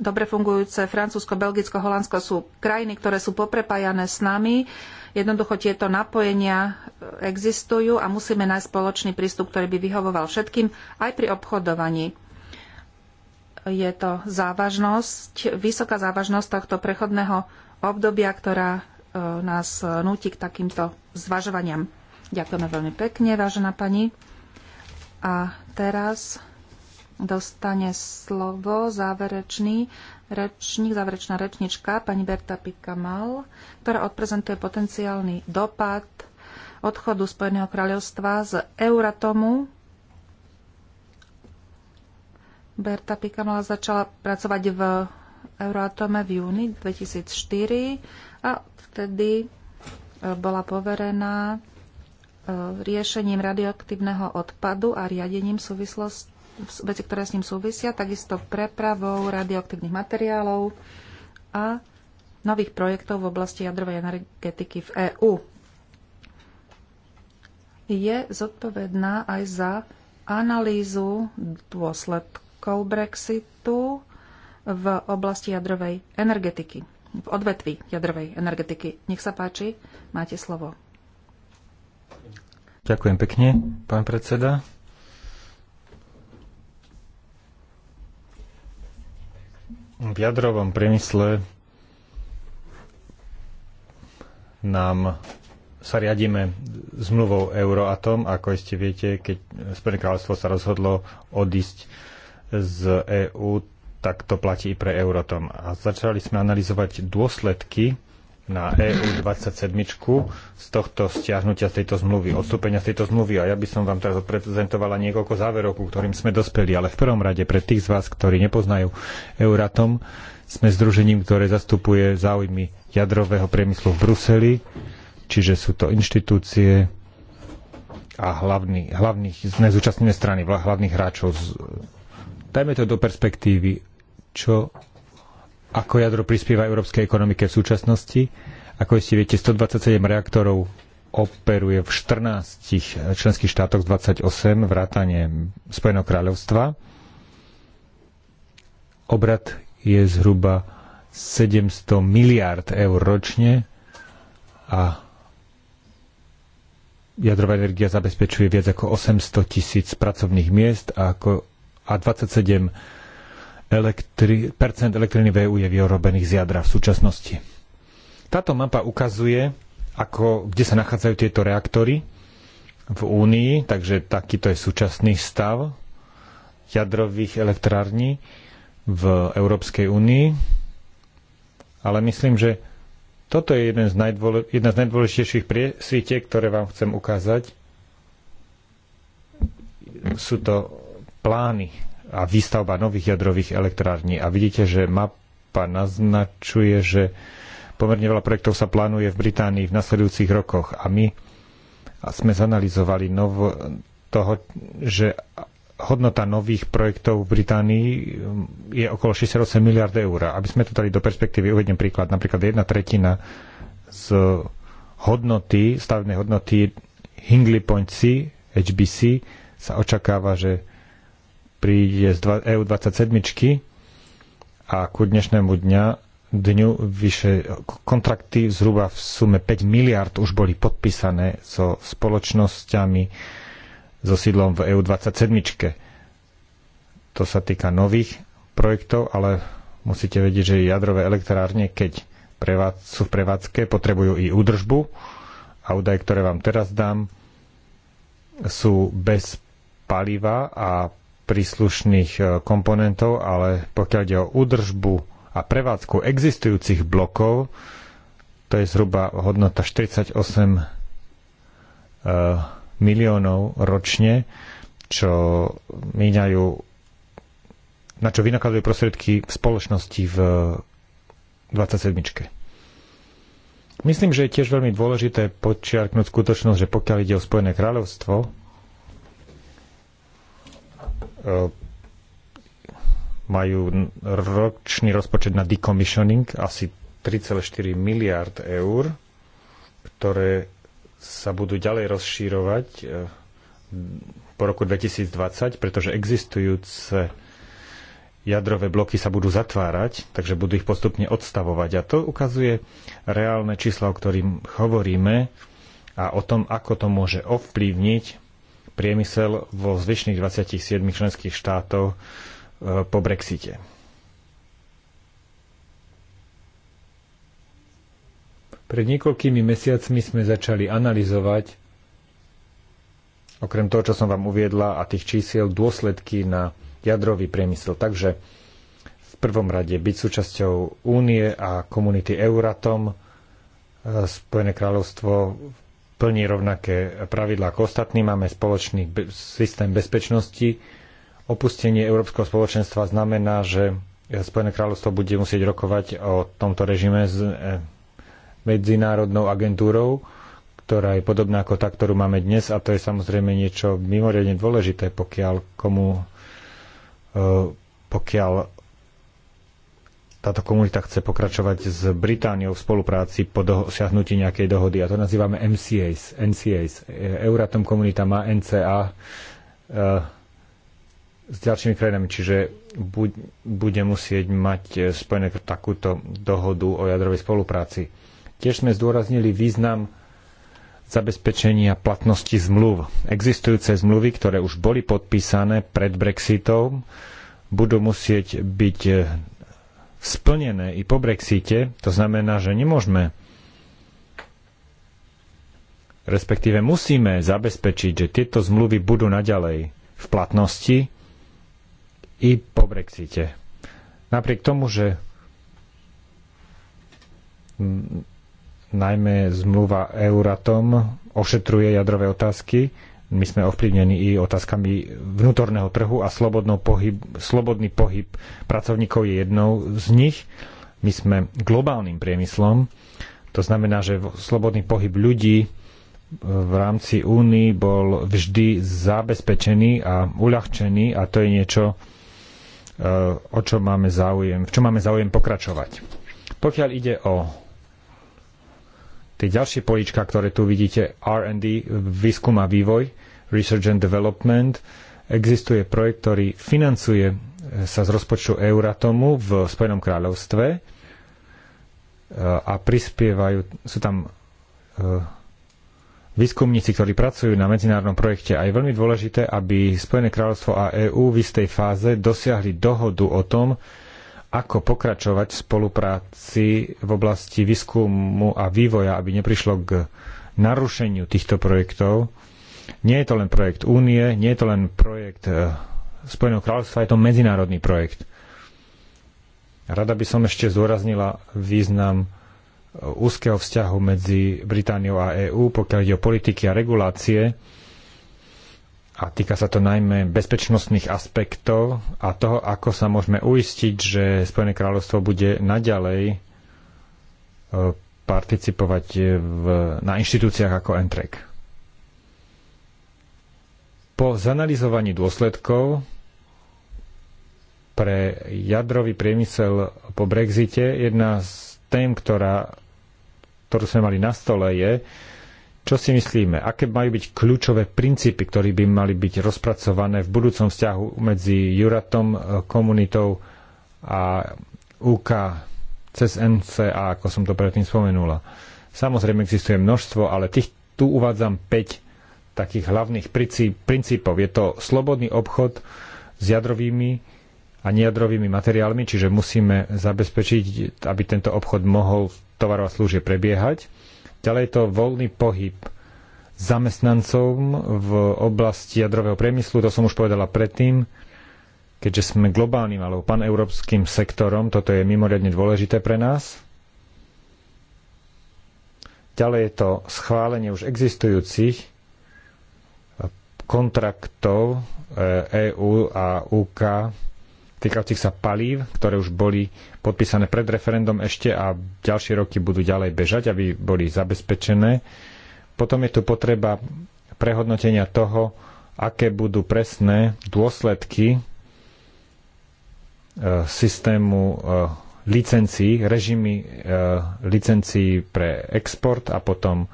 dobre fungujúce Francúzsko, Belgicko, Holandsko sú krajiny, ktoré sú poprepájané s nami. Jednoducho tieto napojenia e, existujú a musíme nájsť spoločný prístup, ktorý by vyhovoval všetkým aj pri obchodovaní. Je to závažnosť, vysoká závažnosť tohto prechodného obdobia, ktorá e, nás núti k takýmto zvažovaniam. Ďakujeme veľmi pekne, vážená pani. A teraz dostane slovo záverečný rečník, záverečná rečnička, pani Berta Pikamal, ktorá odprezentuje potenciálny dopad odchodu Spojeného kráľovstva z Euratomu. Berta Pikamala začala pracovať v Euroatome v júni 2004 a vtedy e, bola poverená e, riešením radioaktívneho odpadu a riadením súvislosti veci, ktoré s ním súvisia, takisto prepravou radioaktívnych materiálov a nových projektov v oblasti jadrovej energetiky v EÚ. Je zodpovedná aj za analýzu dôsledkov Brexitu v oblasti jadrovej energetiky, v odvetvi jadrovej energetiky. Nech sa páči, máte slovo. Ďakujem pekne, pán predseda. v jadrovom priemysle nám sa riadíme zmluvou Euroatom, ako iste viete, keď Spojené kráľovstvo sa rozhodlo odísť z EÚ, tak to platí i pre Euratom. A začali sme analyzovať dôsledky na EU27 z tohto stiahnutia z tejto zmluvy, odstúpenia z tejto zmluvy. A ja by som vám teraz prezentovala niekoľko záverov, ku ktorým sme dospeli. Ale v prvom rade pre tých z vás, ktorí nepoznajú Euratom, sme združením, ktoré zastupuje záujmy jadrového priemyslu v Bruseli, čiže sú to inštitúcie a hlavný, hlavných, nezúčastnené strany, hlavných hráčov. Z, dajme to do perspektívy, čo ako jadro prispieva európskej ekonomike v súčasnosti. Ako ste viete, 127 reaktorov operuje v 14 členských štátoch z 28 vrátane Spojeného kráľovstva. Obrad je zhruba 700 miliárd eur ročne a jadrová energia zabezpečuje viac ako 800 tisíc pracovných miest a, ako, a 27 elektri- percent elektriny v e je vyrobených z jadra v súčasnosti. Táto mapa ukazuje, ako, kde sa nachádzajú tieto reaktory v Únii, takže takýto je súčasný stav jadrových elektrární v Európskej únii. Ale myslím, že toto je jeden z najdôle, jedna z najdôležitejších priesvitek, ktoré vám chcem ukázať. Sú to plány a výstavba nových jadrových elektrární. A vidíte, že mapa naznačuje, že pomerne veľa projektov sa plánuje v Británii v nasledujúcich rokoch. A my sme zanalizovali nov, toho, že hodnota nových projektov v Británii um, je okolo 68 miliard eur. Aby sme to dali do perspektívy, uvediem príklad. Napríklad jedna tretina z hodnoty, stavebnej hodnoty Hingley Point C, HBC, sa očakáva, že príde z EU27 a ku dnešnému dňa, dňu vyše kontrakty zhruba v sume 5 miliard už boli podpísané so spoločnosťami so sídlom v EU27. To sa týka nových projektov, ale musíte vedieť, že jadrové elektrárne, keď sú v prevádzke, potrebujú i údržbu a údaje, ktoré vám teraz dám, sú bez paliva a príslušných e, komponentov, ale pokiaľ ide o údržbu a prevádzku existujúcich blokov, to je zhruba hodnota 48 e, miliónov ročne, čo míňajú, na čo vynakladajú prostriedky v spoločnosti v 27. Myslím, že je tiež veľmi dôležité podčiarknúť skutočnosť, že pokiaľ ide o Spojené kráľovstvo, E, majú ročný rozpočet na decommissioning asi 3,4 miliard eur, ktoré sa budú ďalej rozšírovať e, po roku 2020, pretože existujúce jadrové bloky sa budú zatvárať, takže budú ich postupne odstavovať. A to ukazuje reálne čísla, o ktorým hovoríme a o tom, ako to môže ovplyvniť priemysel vo zvyšných 27 členských štátov e, po Brexite. Pred niekoľkými mesiacmi sme začali analyzovať, okrem toho, čo som vám uviedla a tých čísiel, dôsledky na jadrový priemysel. Takže v prvom rade byť súčasťou únie a komunity Euratom, e, Spojené kráľovstvo plní rovnaké pravidlá ako ostatní, máme spoločný be- systém bezpečnosti. Opustenie Európskeho spoločenstva znamená, že Spojené kráľovstvo bude musieť rokovať o tomto režime s e, medzinárodnou agentúrou, ktorá je podobná ako tá, ktorú máme dnes a to je samozrejme niečo mimoriadne dôležité, pokiaľ komu e, pokiaľ táto komunita chce pokračovať s Britániou v spolupráci po dosiahnutí nejakej dohody a to nazývame MCAs. NCAs. Euratom komunita má NCA e, eh, s ďalšími krajinami, čiže bu- bude musieť mať eh, spojené takúto dohodu o jadrovej spolupráci. Tiež sme zdôraznili význam zabezpečenia platnosti zmluv. Existujúce zmluvy, ktoré už boli podpísané pred Brexitom, budú musieť byť eh, splnené i po Brexite, to znamená, že nemôžeme respektíve musíme zabezpečiť, že tieto zmluvy budú naďalej v platnosti i po Brexite. Napriek tomu, že najmä zmluva Euratom ošetruje jadrové otázky, my sme ovplyvnení i otázkami vnútorného trhu a pohyb, slobodný pohyb pracovníkov je jednou z nich. My sme globálnym priemyslom, to znamená, že slobodný pohyb ľudí e, v rámci Únii bol vždy zabezpečený a uľahčený a to je niečo, e, o čo máme záujem, v čom máme záujem pokračovať. Pokiaľ ide o Tie ďalšie políčka, ktoré tu vidíte, R&D, výskum a vývoj, Research and Development, existuje projekt, ktorý financuje e, sa z rozpočtu Euratomu v Spojenom kráľovstve e, a prispievajú, sú tam e, výskumníci, ktorí pracujú na medzinárodnom projekte a je veľmi dôležité, aby Spojené kráľovstvo a EÚ v istej fáze dosiahli dohodu o tom, ako pokračovať v spolupráci v oblasti výskumu a vývoja, aby neprišlo k narušeniu týchto projektov. Nie je to len projekt Únie, nie je to len projekt e, Spojeného kráľovstva, je to medzinárodný projekt. Rada by som ešte zdôraznila význam e, úzkeho vzťahu medzi Britániou a EÚ, pokiaľ ide o politiky a regulácie, a týka sa to najmä bezpečnostných aspektov a toho, ako sa môžeme uistiť, že Spojené kráľovstvo bude naďalej e, participovať v, na inštitúciách ako Entrek. Po zanalizovaní dôsledkov pre jadrový priemysel po Brexite jedna z tém, ktorá, ktorú sme mali na stole, je, čo si myslíme? Aké majú byť kľúčové princípy, ktoré by mali byť rozpracované v budúcom vzťahu medzi Juratom, e, komunitou a UK cez NCA, ako som to predtým spomenula? Samozrejme existuje množstvo, ale tých, tu uvádzam 5 takých hlavných princípov. Je to slobodný obchod s jadrovými a nejadrovými materiálmi, čiže musíme zabezpečiť, aby tento obchod mohol tovarov a služie prebiehať Ďalej je to voľný pohyb zamestnancov v oblasti jadrového priemyslu, to som už povedala predtým, keďže sme globálnym alebo paneurópskym sektorom, toto je mimoriadne dôležité pre nás. Ďalej je to schválenie už existujúcich kontraktov EÚ eh, e a UK týkajúcich sa palív, ktoré už boli podpísané pred referendum ešte a ďalšie roky budú ďalej bežať, aby boli zabezpečené. Potom je tu potreba prehodnotenia toho, aké budú presné dôsledky e, systému e, licencií, režimy e, licencií pre export a potom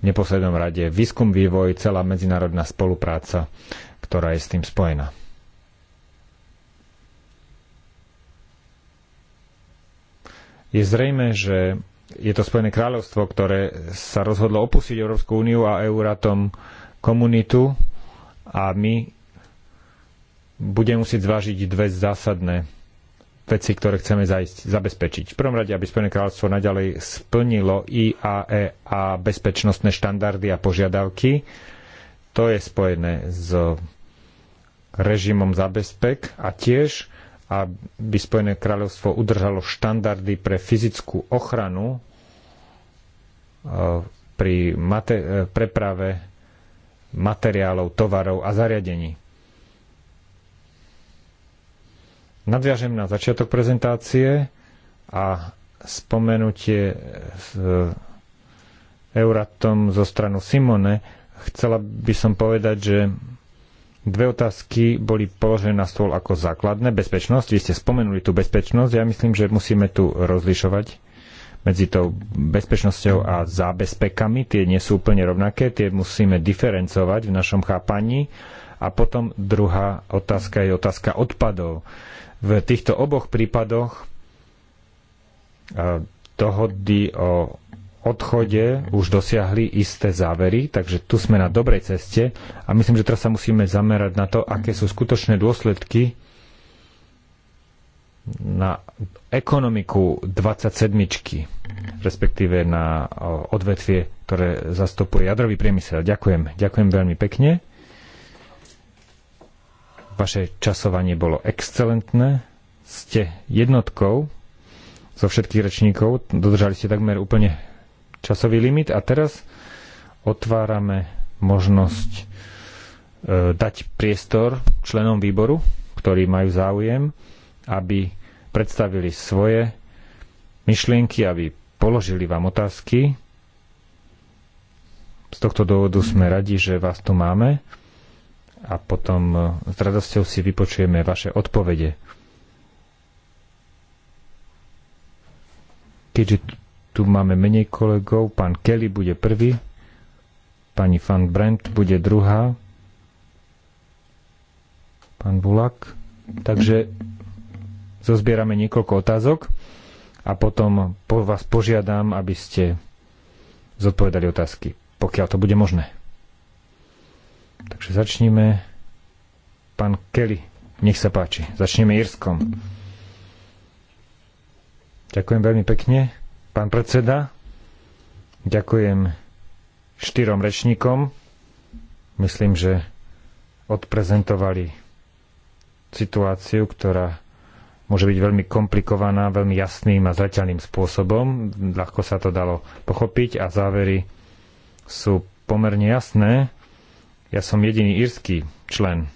v neposlednom rade výskum, vývoj, celá medzinárodná spolupráca, ktorá je s tým spojená. Je zrejme, že je to Spojené kráľovstvo, ktoré sa rozhodlo opustiť Európsku úniu a Euratom komunitu a my budeme musieť zvážiť dve zásadné veci, ktoré chceme zaist, zabezpečiť. V prvom rade, aby Spojené kráľovstvo naďalej splnilo IAE a bezpečnostné štandardy a požiadavky. To je spojené s režimom zabezpek a tiež aby Spojené kráľovstvo udržalo štandardy pre fyzickú ochranu e, pri mate- e, preprave materiálov, tovarov a zariadení. Nadviažem na začiatok prezentácie a spomenutie Euratom zo stranu Simone. Chcela by som povedať, že Dve otázky boli položené na stôl ako základné. Bezpečnosť, vy ste spomenuli tú bezpečnosť, ja myslím, že musíme tu rozlišovať medzi tou bezpečnosťou a zábezpekami. Tie nie sú úplne rovnaké, tie musíme diferencovať v našom chápaní. A potom druhá otázka je otázka odpadov. V týchto oboch prípadoch eh, dohody o odchode už dosiahli isté závery, takže tu sme na dobrej ceste a myslím, že teraz sa musíme zamerať na to, aké sú skutočné dôsledky na ekonomiku 27, respektíve na odvetvie, ktoré zastupuje jadrový priemysel. Ďakujem, ďakujem veľmi pekne. Vaše časovanie bolo excelentné. Ste jednotkou zo všetkých rečníkov. Dodržali ste takmer úplne časový limit a teraz otvárame možnosť e, dať priestor členom výboru, ktorí majú záujem, aby predstavili svoje myšlienky, aby položili vám otázky. Z tohto dôvodu sme radi, že vás tu máme a potom e, s radosťou si vypočujeme vaše odpovede. Keďže tu máme menej kolegov. Pán Kelly bude prvý. Pani Van Brent bude druhá. Pán Bulak. Takže zozbierame niekoľko otázok a potom po vás požiadam, aby ste zodpovedali otázky, pokiaľ to bude možné. Takže začníme. Pán Kelly, nech sa páči. Začneme Irskom. Ďakujem veľmi pekne. Pán predseda, ďakujem štyrom rečníkom. Myslím, že odprezentovali situáciu, ktorá môže byť veľmi komplikovaná, veľmi jasným a zreteľným spôsobom. Ľahko sa to dalo pochopiť a závery sú pomerne jasné. Ja som jediný írsky člen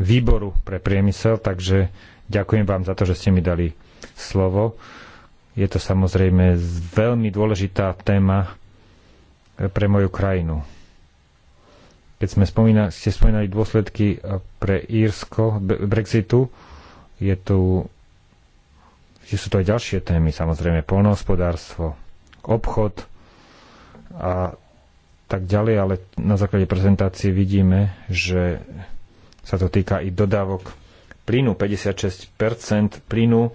výboru pre priemysel, takže ďakujem vám za to, že ste mi dali slovo. Je to samozrejme veľmi dôležitá téma pre moju krajinu. Keď sme spomínali, ste spomínali dôsledky pre Írsko Brexitu, je tu, že sú to aj ďalšie témy, samozrejme polnohospodárstvo, obchod a tak ďalej, ale na základe prezentácie vidíme, že sa to týka i dodávok plynu. 56% plynu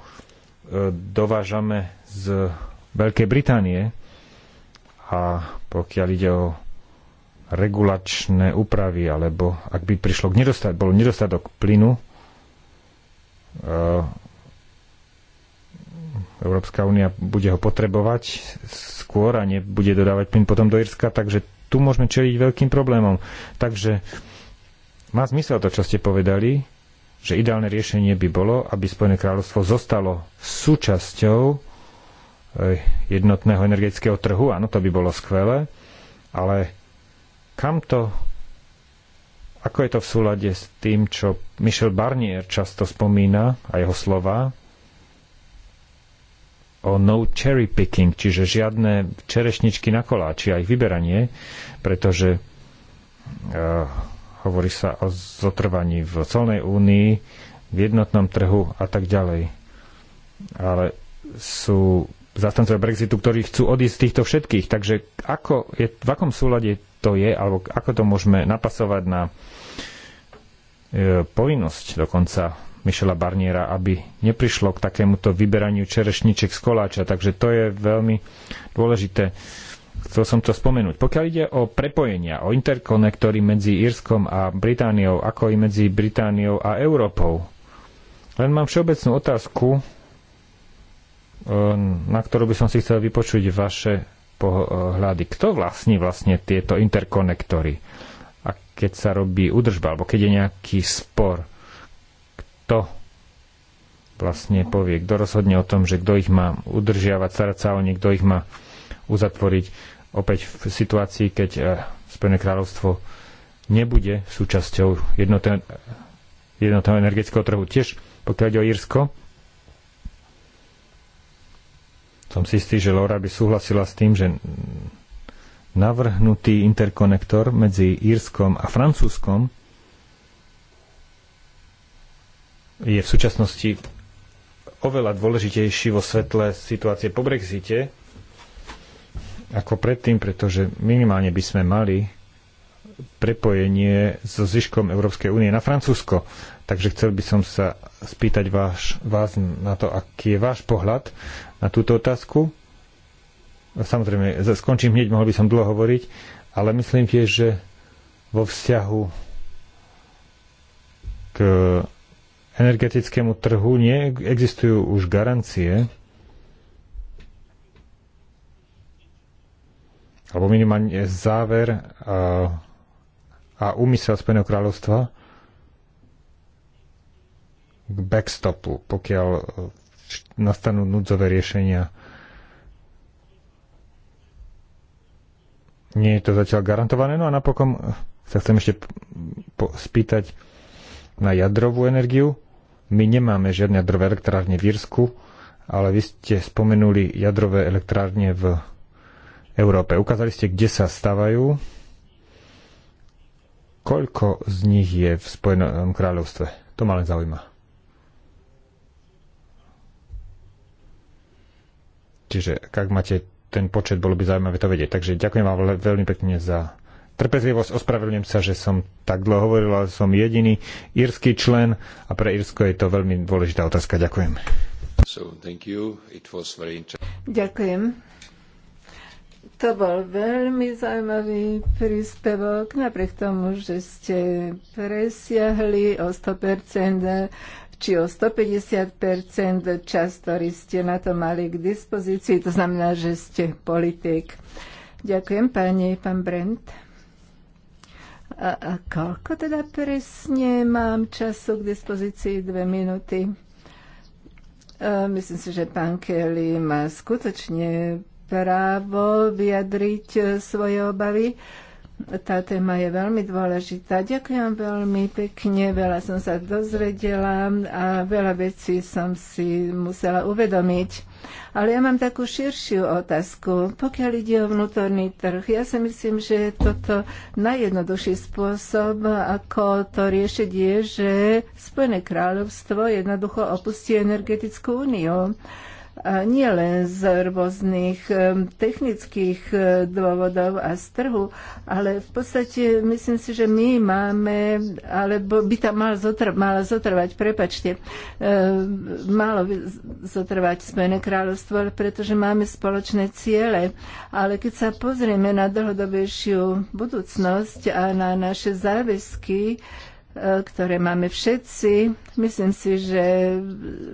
dovážame z Veľkej Británie a pokiaľ ide o regulačné úpravy, alebo ak by prišlo k nedostat- bol nedostatok plynu, e, Európska únia bude ho potrebovať skôr a nebude dodávať plyn potom do Irska, takže tu môžeme čeliť veľkým problémom. Takže má zmysel to, čo ste povedali, že ideálne riešenie by bolo, aby Spojené kráľovstvo zostalo súčasťou eh, jednotného energetického trhu. Áno, to by bolo skvelé, ale kam to, ako je to v súlade s tým, čo Michel Barnier často spomína a jeho slova o no cherry picking, čiže žiadne čerešničky na koláči a ich vyberanie, pretože uh, Hovorí sa o zotrvaní v celnej únii, v jednotnom trhu a tak ďalej. Ale sú zastancovia Brexitu, ktorí chcú odísť z týchto všetkých. Takže ako je, v akom súlade to je, alebo ako to môžeme napasovať na e, povinnosť dokonca Michela Barniera, aby neprišlo k takémuto vyberaniu čerešniček z koláča. Takže to je veľmi dôležité. E, Chcel som to spomenúť. Pokiaľ ide o prepojenia, o interkonektory medzi Írskom a Britániou, ako i medzi Britániou a Európou, len mám všeobecnú otázku, e, na ktorú by som si chcel vypočuť vaše pohľady. Kto vlastní vlastne tieto interkonektory? A keď sa robí údržba, alebo keď je nejaký spor, kto vlastne povie, kto rozhodne o tom, že kto ich má udržiavať, starať sa o ne, kto ich má uzatvoriť opäť v situácii, keď eh, Spojené kráľovstvo nebude súčasťou jednotného energetického trhu. Tiež pokiaľ ide o Írsko, som si istý, že Laura by súhlasila s tým, že navrhnutý interkonektor medzi Írskom a Francúzskom je v súčasnosti oveľa dôležitejší vo svetle situácie po Brexite, ako predtým, pretože minimálne by sme mali prepojenie so zvyškom Európskej únie na Francúzsko. Takže chcel by som sa spýtať váš, vás na to, aký je váš pohľad na túto otázku. Samozrejme, skončím hneď, mohol by som dlho hovoriť, ale myslím tiež, že vo vzťahu k energetickému trhu neexistujú už garancie, alebo minimálne záver a, a úmysel Spojeného kráľovstva k backstopu, pokiaľ e, nastanú núdzové riešenia. Nie je to zatiaľ garantované. No a napokon e, sa chcem ešte spýtať na jadrovú energiu. My nemáme žiadne jadrové elektrárne v Írsku, ale vy ste spomenuli jadrové elektrárne v Európe. Ukázali ste, kde sa stavajú, koľko z nich je v Spojenom kráľovstve. To ma len zaujíma. Čiže ak máte ten počet, bolo by zaujímavé to vedieť. Takže ďakujem vám veľmi pekne za trpezlivosť. Ospravedlňujem sa, že som tak dlho hovoril, ale som jediný írsky člen a pre Írsko je to veľmi dôležitá otázka. Ďakujem. So, Ďakujem. To bol veľmi zaujímavý príspevok, napriek tomu, že ste presiahli o 100% či o 150% čas, ktorý ste na to mali k dispozícii. To znamená, že ste politik. Ďakujem pani, pán Brent. A, a koľko teda presne mám času k dispozícii? Dve minúty. E, myslím si, že pán Kelly má skutočne právo vyjadriť e, svoje obavy. Tá téma je veľmi dôležitá. Ďakujem veľmi pekne, veľa som sa dozvedela a veľa vecí som si musela uvedomiť. Ale ja mám takú širšiu otázku. Pokiaľ ide o vnútorný trh, ja si myslím, že toto najjednoduchší spôsob, ako to riešiť, je, že Spojené kráľovstvo jednoducho opustí energetickú úniu nie len z rôznych e, technických e, dôvodov a z trhu, ale v podstate myslím si, že my máme, alebo by tam mal zotr- zotrvať, prepačte, e, malo by zotrvať Spojené kráľovstvo, pretože máme spoločné ciele, ale keď sa pozrieme na dlhodobejšiu budúcnosť a na naše záväzky, ktoré máme všetci. Myslím si, že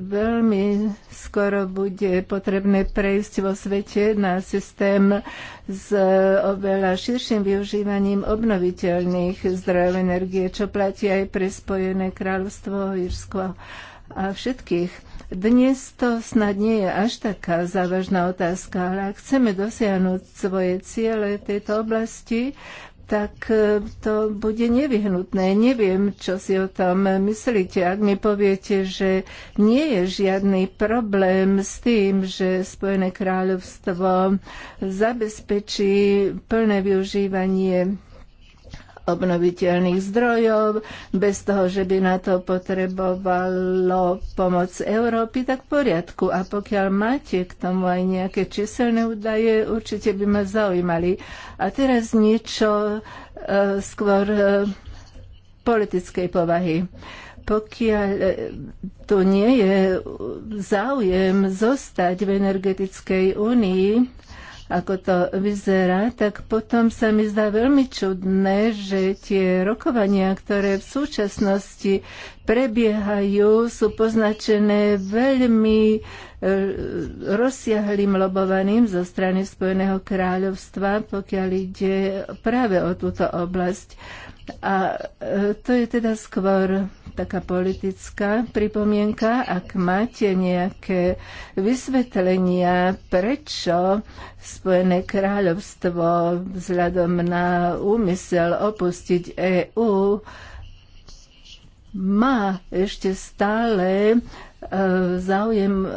veľmi skoro bude potrebné prejsť vo svete na systém s oveľa širším využívaním obnoviteľných zdrojov energie, čo platí aj pre Spojené kráľovstvo, Írsko a všetkých. Dnes to snad nie je až taká závažná otázka, ale ak chceme dosiahnuť svoje ciele v tejto oblasti, tak e, to bude nevyhnutné. Neviem, čo si o tom myslíte. Ak mi poviete, že nie je žiadny problém s tým, že Spojené kráľovstvo zabezpečí plné využívanie obnoviteľných zdrojov, bez toho, že by na to potrebovalo pomoc Európy, tak v poriadku. A pokiaľ máte k tomu aj nejaké číselné údaje, určite by ma zaujímali. A teraz niečo e, skôr e, politickej povahy pokiaľ e, tu nie je záujem zostať v energetickej únii, ako to vyzerá, tak potom sa mi zdá veľmi čudné, že tie rokovania, ktoré v súčasnosti prebiehajú, sú poznačené veľmi e, rozsiahlým lobovaným zo strany Spojeného kráľovstva, pokiaľ ide práve o túto oblasť. A e, to je teda skôr taká politická pripomienka. Ak máte nejaké vysvetlenia, prečo Spojené kráľovstvo vzhľadom na úmysel opustiť EÚ má ešte stále e, záujem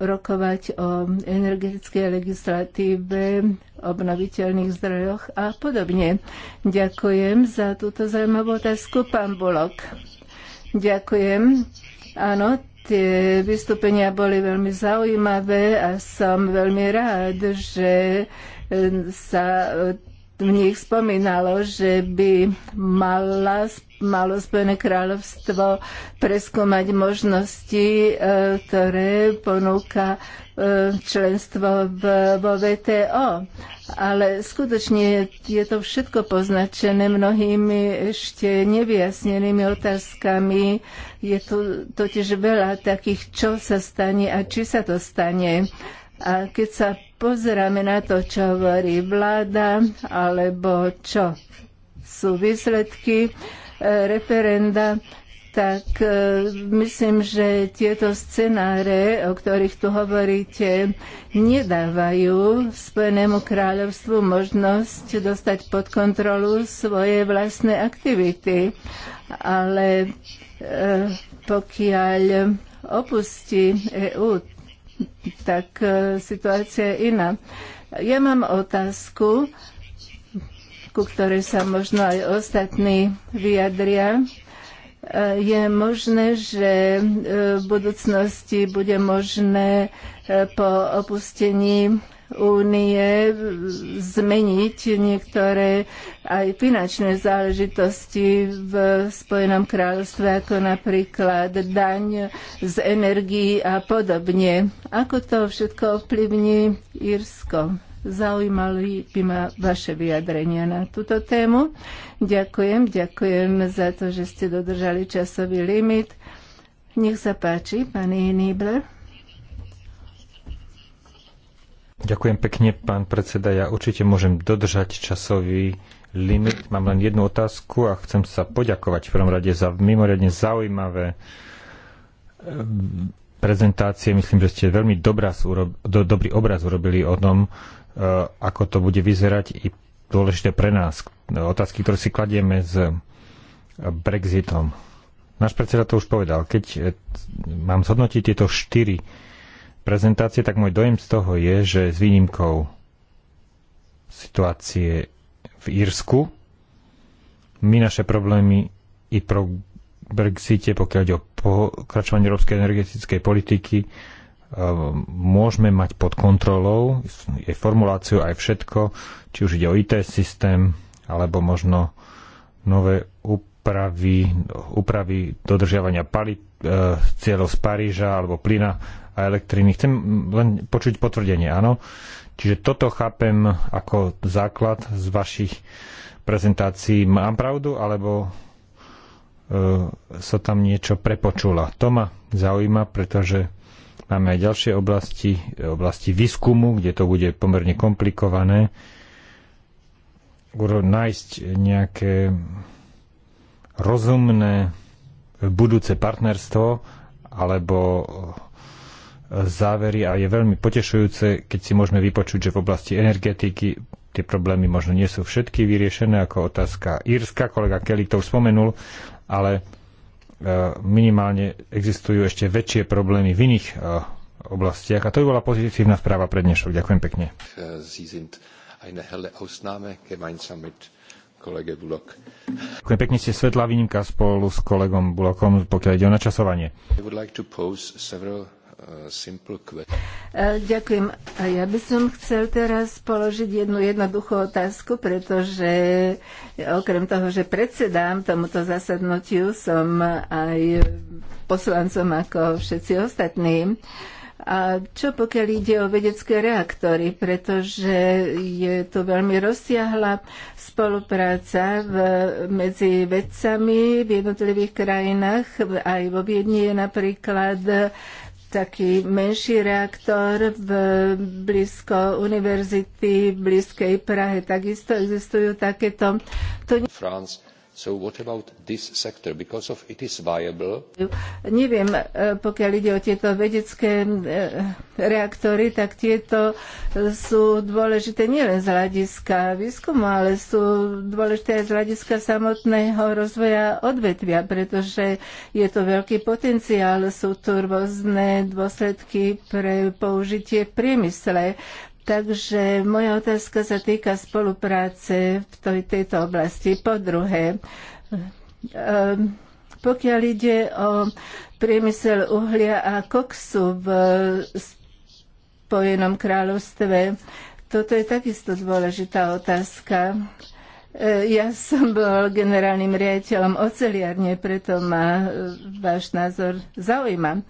rokovať o energetickej legislatíve, obnoviteľných zdrojoch a podobne. Ďakujem za túto zaujímavú otázku, pán Bulok. Ďakujem. Áno, tie vystúpenia boli veľmi zaujímavé a som veľmi rád, že e, sa e, v nich spomínalo, že by mala, malo Spojené kráľovstvo preskúmať možnosti, e, ktoré ponúka E, členstvo v, vo VTO. Ale skutočne je to všetko poznačené mnohými ešte nevyjasnenými otázkami. Je tu totiž veľa takých, čo sa stane a či sa to stane. A keď sa pozeráme na to, čo hovorí vláda, alebo čo sú výsledky e, referenda, tak e, myslím, že tieto scenáre, o ktorých tu hovoríte, nedávajú Spojenému kráľovstvu možnosť dostať pod kontrolu svoje vlastné aktivity. Ale e, pokiaľ opustí EU, tak e, situácia je iná. Ja mám otázku, ku ktorej sa možno aj ostatní vyjadria Eh, je možné, že eh, v budúcnosti bude možné eh, po opustení únie zmeniť niektoré aj finančné záležitosti v Spojenom kráľovstve, ako napríklad daň z energií a podobne. Ako to všetko ovplyvní Írsko? Zaujímali by ma vaše vyjadrenia na túto tému. Ďakujem, ďakujem za to, že ste dodržali časový limit. Nech sa páči, pani Nibler. Ďakujem pekne, pán predseda. Ja určite môžem dodržať časový limit. Mám len jednu otázku a chcem sa poďakovať v prvom rade za mimoriadne zaujímavé prezentácie. Myslím, že ste veľmi dobrá, do, dobrý obraz urobili o tom, e, ako to bude vyzerať i dôležité pre nás. Otázky, ktoré si kladieme s Brexitom. Náš predseda to už povedal. Keď e, mám zhodnotiť tieto štyri prezentácie, tak môj dojem z toho je, že s výnimkou situácie v Írsku, my naše problémy i pro Brexite, pokiaľ ide o pokračovanie európskej energetickej politiky e, môžeme mať pod kontrolou jej formuláciu aj všetko, či už ide o IT systém, alebo možno nové úpravy, úpravy dodržiavania pali, e, cieľov z Paríža alebo plyna a elektriny. Chcem len počuť potvrdenie, áno. Čiže toto chápem ako základ z vašich prezentácií. Mám pravdu, alebo E, sa tam niečo prepočula. To ma zaujíma, pretože máme aj ďalšie oblasti, oblasti výskumu, kde to bude pomerne komplikované. Nájsť nejaké rozumné budúce partnerstvo alebo závery a je veľmi potešujúce, keď si môžeme vypočuť, že v oblasti energetiky tie problémy možno nie sú všetky vyriešené, ako otázka Írska, kolega Kelly to už spomenul, ale e, minimálne existujú ešte väčšie problémy v iných e, oblastiach. A to by bola pozitívna správa pre dnešok. Ďakujem pekne. Ďakujem pekne, ste svetlá výnimka spolu s kolegom Bulokom, pokiaľ ide o načasovanie. E, ďakujem. A ja by som chcel teraz položiť jednu jednoduchú otázku, pretože okrem toho, že predsedám tomuto zasadnutiu, som aj poslancom ako všetci ostatní. A čo pokiaľ ide o vedecké reaktory, pretože je tu veľmi rozsiahla spolupráca v, medzi vedcami v jednotlivých krajinách. Aj vo Viedni je napríklad taký menší reaktor v blízko univerzity, v blízkej Prahe. Takisto existujú takéto. To... France so what about this sector? Because of it is viable. Neviem, e, pokiaľ ide o tieto vedecké e, reaktory, tak tieto sú dôležité nielen z hľadiska výskumu, ale sú dôležité aj z hľadiska samotného rozvoja odvetvia, pretože je to veľký potenciál, sú tu rôzne dôsledky pre použitie v priemysle. Takže moja otázka sa týka spolupráce v tej, tejto oblasti. Po druhé, ehm, pokiaľ ide o priemysel uhlia a koksu v Spojenom kráľovstve, toto je takisto dôležitá otázka. Ehm, ja som bol generálnym riaditeľom oceliarne, preto ma e, váš názor zaujíma.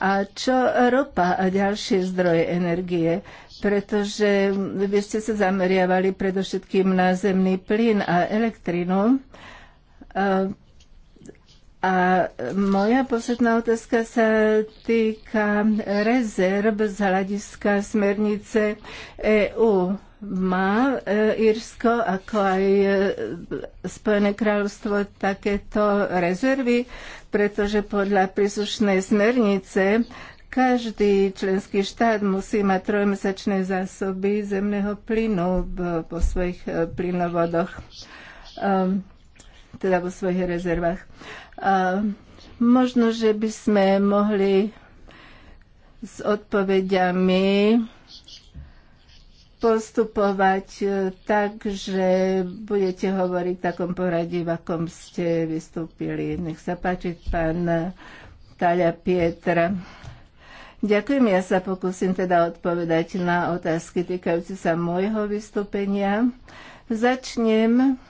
A čo ropa a ďalšie zdroje energie? pretože vy ste sa zameriavali predovšetkým na zemný plyn a elektrinu. A, a moja posledná otázka sa týka rezerv z hľadiska smernice EU. Má Írsko, e, ako aj e, Spojené kráľovstvo, takéto rezervy, pretože podľa príslušnej smernice každý členský štát musí mať trojmesačné zásoby zemného plynu po svojich eh, plynovodoch, ehm, teda vo svojich rezervách. Ehm, možno, že by sme mohli s odpovediami postupovať eh, tak, že budete hovoriť v takom poradí, v akom ste vystúpili. Nech sa páči, pán Talia Pietra. Ďakujem, ja sa pokúsim teda odpovedať na otázky týkajúce sa môjho vystúpenia. Začnem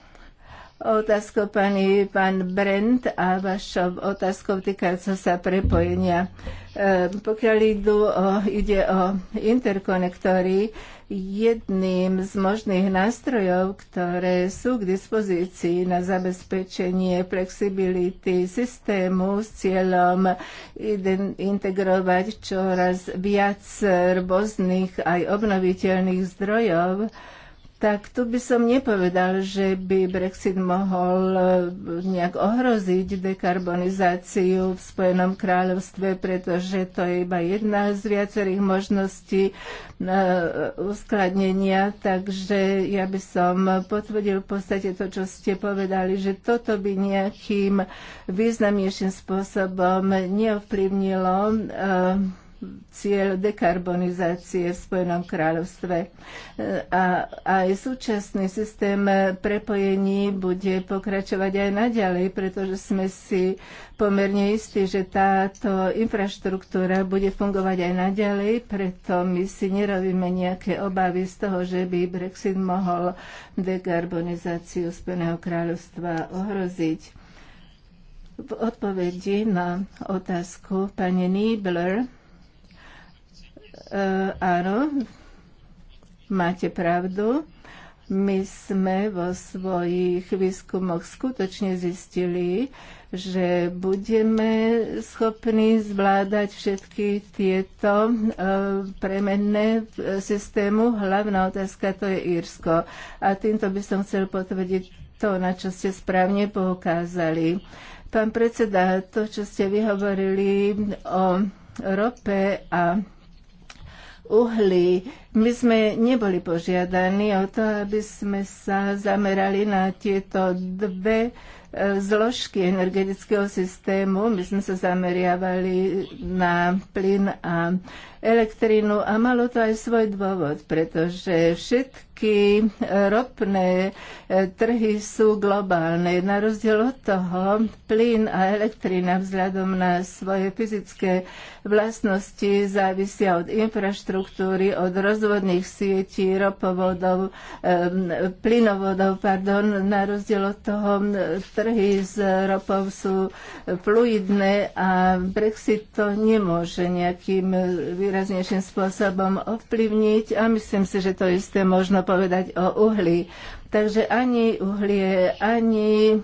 otázkou pani pán Brent a vašou otázkou týkajúca sa prepojenia. E, pokiaľ idú o, ide o interkonektory, jedným z možných nástrojov, ktoré sú k dispozícii na zabezpečenie flexibility systému s cieľom integrovať čoraz viac rôznych aj obnoviteľných zdrojov, tak tu by som nepovedal, že by Brexit mohol e, nejak ohroziť dekarbonizáciu v Spojenom kráľovstve, pretože to je iba jedna z viacerých možností e, uskladnenia. Takže ja by som potvrdil v podstate to, čo ste povedali, že toto by nejakým významnejším spôsobom neovplyvnilo e, cieľ dekarbonizácie v Spojenom kráľovstve. E, a aj súčasný systém prepojení bude pokračovať aj naďalej, pretože sme si pomerne istí, že táto infraštruktúra bude fungovať aj naďalej, preto my si nerobíme nejaké obavy z toho, že by Brexit mohol dekarbonizáciu Spojeného kráľovstva ohroziť. V odpovedi na otázku pani Niebler Eh, áno, máte pravdu. My sme vo svojich výskumoch skutočne zistili, že budeme schopní zvládať všetky tieto eh, premenné eh, systému. Hlavná otázka to je Írsko. A týmto by som chcel potvrdiť to, na čo ste správne poukázali. Pán predseda, to, čo ste vyhovorili o rope a uhlí. My sme neboli požiadaní o to, aby sme sa zamerali na tieto dve e, zložky energetického systému. My sme sa zameriavali na plyn a elektrínu a malo to aj svoj dôvod, pretože všetky všetky e, ropné e, trhy sú globálne. Na rozdiel od toho, plyn a elektrina vzhľadom na svoje fyzické vlastnosti závisia od infraštruktúry, od rozvodných sietí, ropovodov, e, plynovodov, pardon. Na rozdiel od toho, trhy s ropou sú fluidné a Brexit to nemôže nejakým výraznejším spôsobom ovplyvniť a myslím si, že to isté možno povedať o uhli. Takže ani uhlie, ani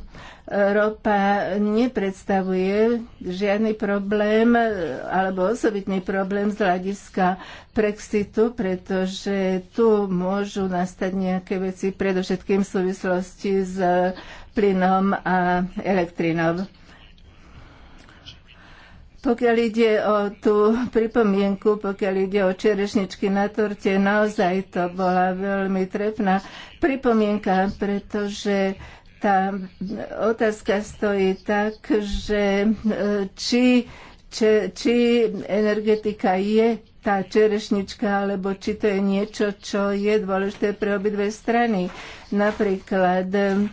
ropa nepredstavuje žiadny problém alebo osobitný problém z hľadiska Brexitu, pretože tu môžu nastať nejaké veci predovšetkým v súvislosti s plynom a elektrinou. Pokiaľ ide o tú pripomienku, pokiaľ ide o čerešničky na torte, naozaj to bola veľmi trepná pripomienka, pretože tá otázka stojí tak, že e, či, či, či energetika je tá čerešnička, alebo či to je niečo, čo je dôležité pre obidve strany. Napríklad e,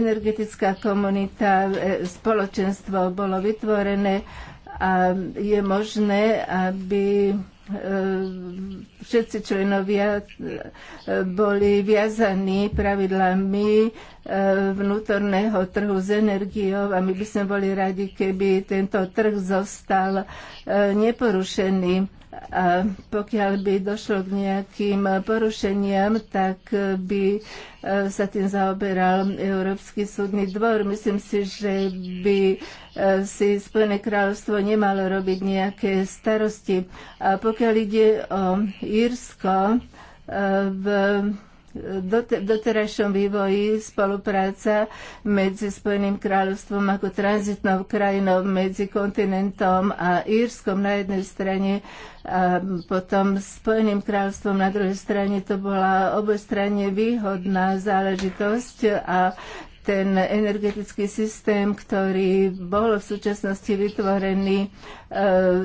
energetická komunita, e, spoločenstvo bolo vytvorené a je možné, aby e, všetci členovia e, boli viazaní pravidlami e, vnútorného trhu s energiou a my by sme boli radi, keby tento trh zostal neporušený a pokiaľ by došlo k nejakým porušeniam, tak by e, sa tým zaoberal Európsky súdny dvor. Myslím si, že by e, si Spojené kráľovstvo nemalo robiť nejaké starosti. A pokiaľ ide o Írsko, e, v v doterajšom vývoji spolupráca medzi Spojeným kráľovstvom ako tranzitnou krajinou medzi kontinentom a Írskom na jednej strane a potom Spojeným kráľovstvom na druhej strane to bola obostranne výhodná záležitosť a ten energetický systém, ktorý bol v súčasnosti vytvorený, e,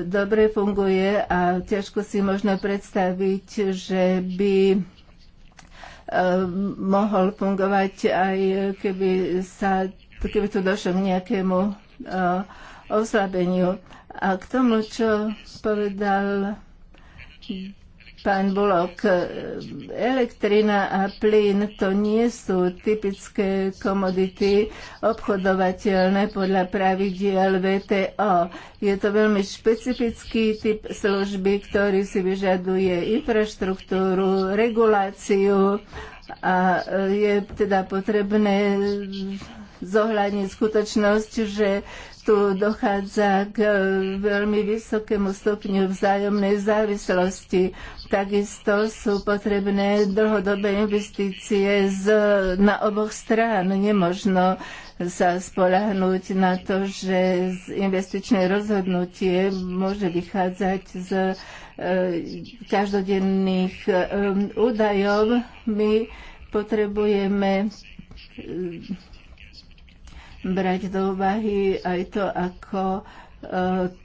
dobre funguje a ťažko si možno predstaviť, že by Eh, mohol fungovať aj keby, sa, keby to došlo k nejakému eh, oslabeniu. A k tomu, čo povedal pán Bulok, e, elektrina a plyn to nie sú typické komodity obchodovateľné podľa pravidiel VTO. Je to veľmi špecifický typ služby, ktorý si vyžaduje infraštruktúru, reguláciu a e, je teda potrebné zohľadniť skutočnosť, že tu dochádza k e, veľmi vysokému stupňu vzájomnej závislosti. Takisto sú potrebné dlhodobé investície z, na oboch strán. Nemožno sa spolahnúť na to, že investičné rozhodnutie môže vychádzať z e, každodenných e, údajov. My potrebujeme e, brať do úvahy aj to, ako e,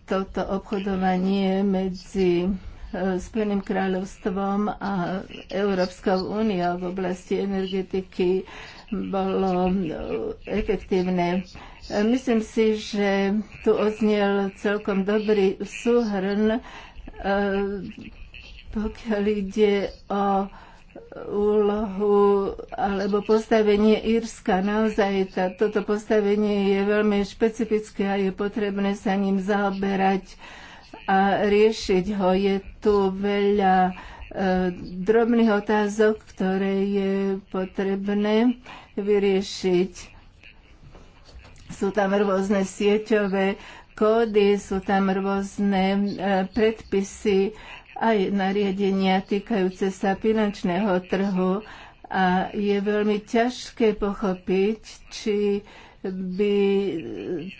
toto obchodovanie medzi e, Spojeným kráľovstvom a Európskou úniou v oblasti energetiky bolo e, efektívne. Myslím si, že tu oznel celkom dobrý súhrn, pokiaľ ide o úlohu alebo postavenie Írska. Naozaj tá, toto postavenie je veľmi špecifické a je potrebné sa ním zaoberať a riešiť ho. Je tu veľa e, drobných otázok, ktoré je potrebné vyriešiť. Sú tam rôzne sieťové kódy, sú tam rôzne e, predpisy aj nariadenia týkajúce sa finančného trhu a je veľmi ťažké pochopiť, či by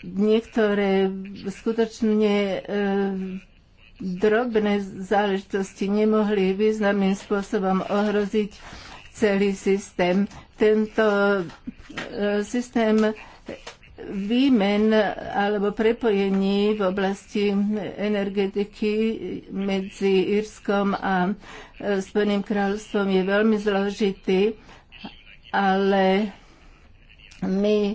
niektoré skutočne e, drobné záležitosti nemohli významným spôsobom ohroziť celý systém. Tento e, systém výmen alebo prepojení v oblasti energetiky medzi Írskom a e, Spojeným kráľovstvom je veľmi zložitý, ale my e,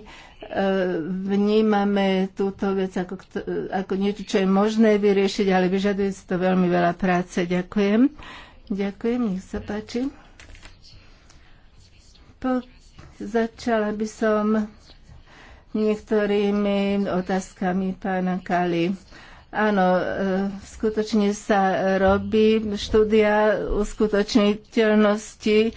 vnímame túto vec ako, ako niečo, čo je možné vyriešiť, ale vyžaduje si to veľmi veľa práce. Ďakujem. Ďakujem, nech sa páči. Po, začala by som niektorými otázkami pána Kali. Áno, e, skutočne sa robí štúdia uskutočniteľnosti e,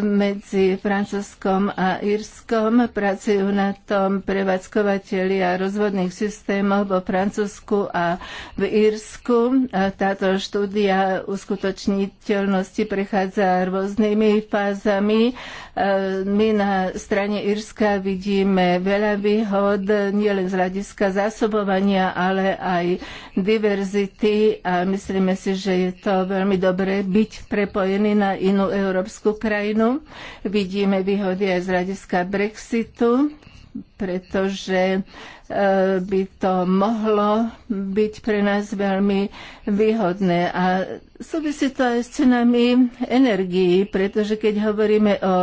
medzi Francúzskom a Írskom. Pracujú na tom a rozvodných systémov vo Francúzsku a v Írsku. E, táto štúdia uskutočniteľnosti prechádza rôznymi fázami. My na strane Írska vidíme veľa výhod, nielen z hľadiska zásobovania, ale aj aj diverzity a myslíme si, že je to veľmi dobré byť prepojený na inú európsku krajinu. Vidíme výhody aj z hľadiska Brexitu, pretože e, by to mohlo byť pre nás veľmi výhodné. A súvisí to aj s cenami energií, pretože keď hovoríme o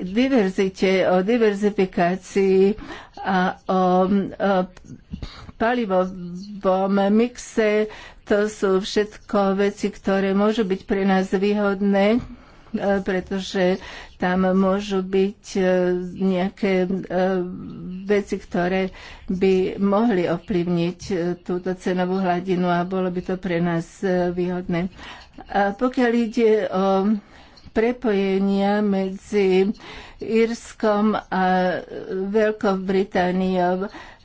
diverzite, o diverzifikácii a o, o palivovom mixe. To sú všetko veci, ktoré môžu byť pre nás výhodné, e, pretože tam môžu byť e, nejaké e, veci, ktoré by mohli ovplyvniť túto cenovú hladinu a bolo by to pre nás výhodné. A pokiaľ ide o prepojenia medzi Írskom a Veľkou Britániou.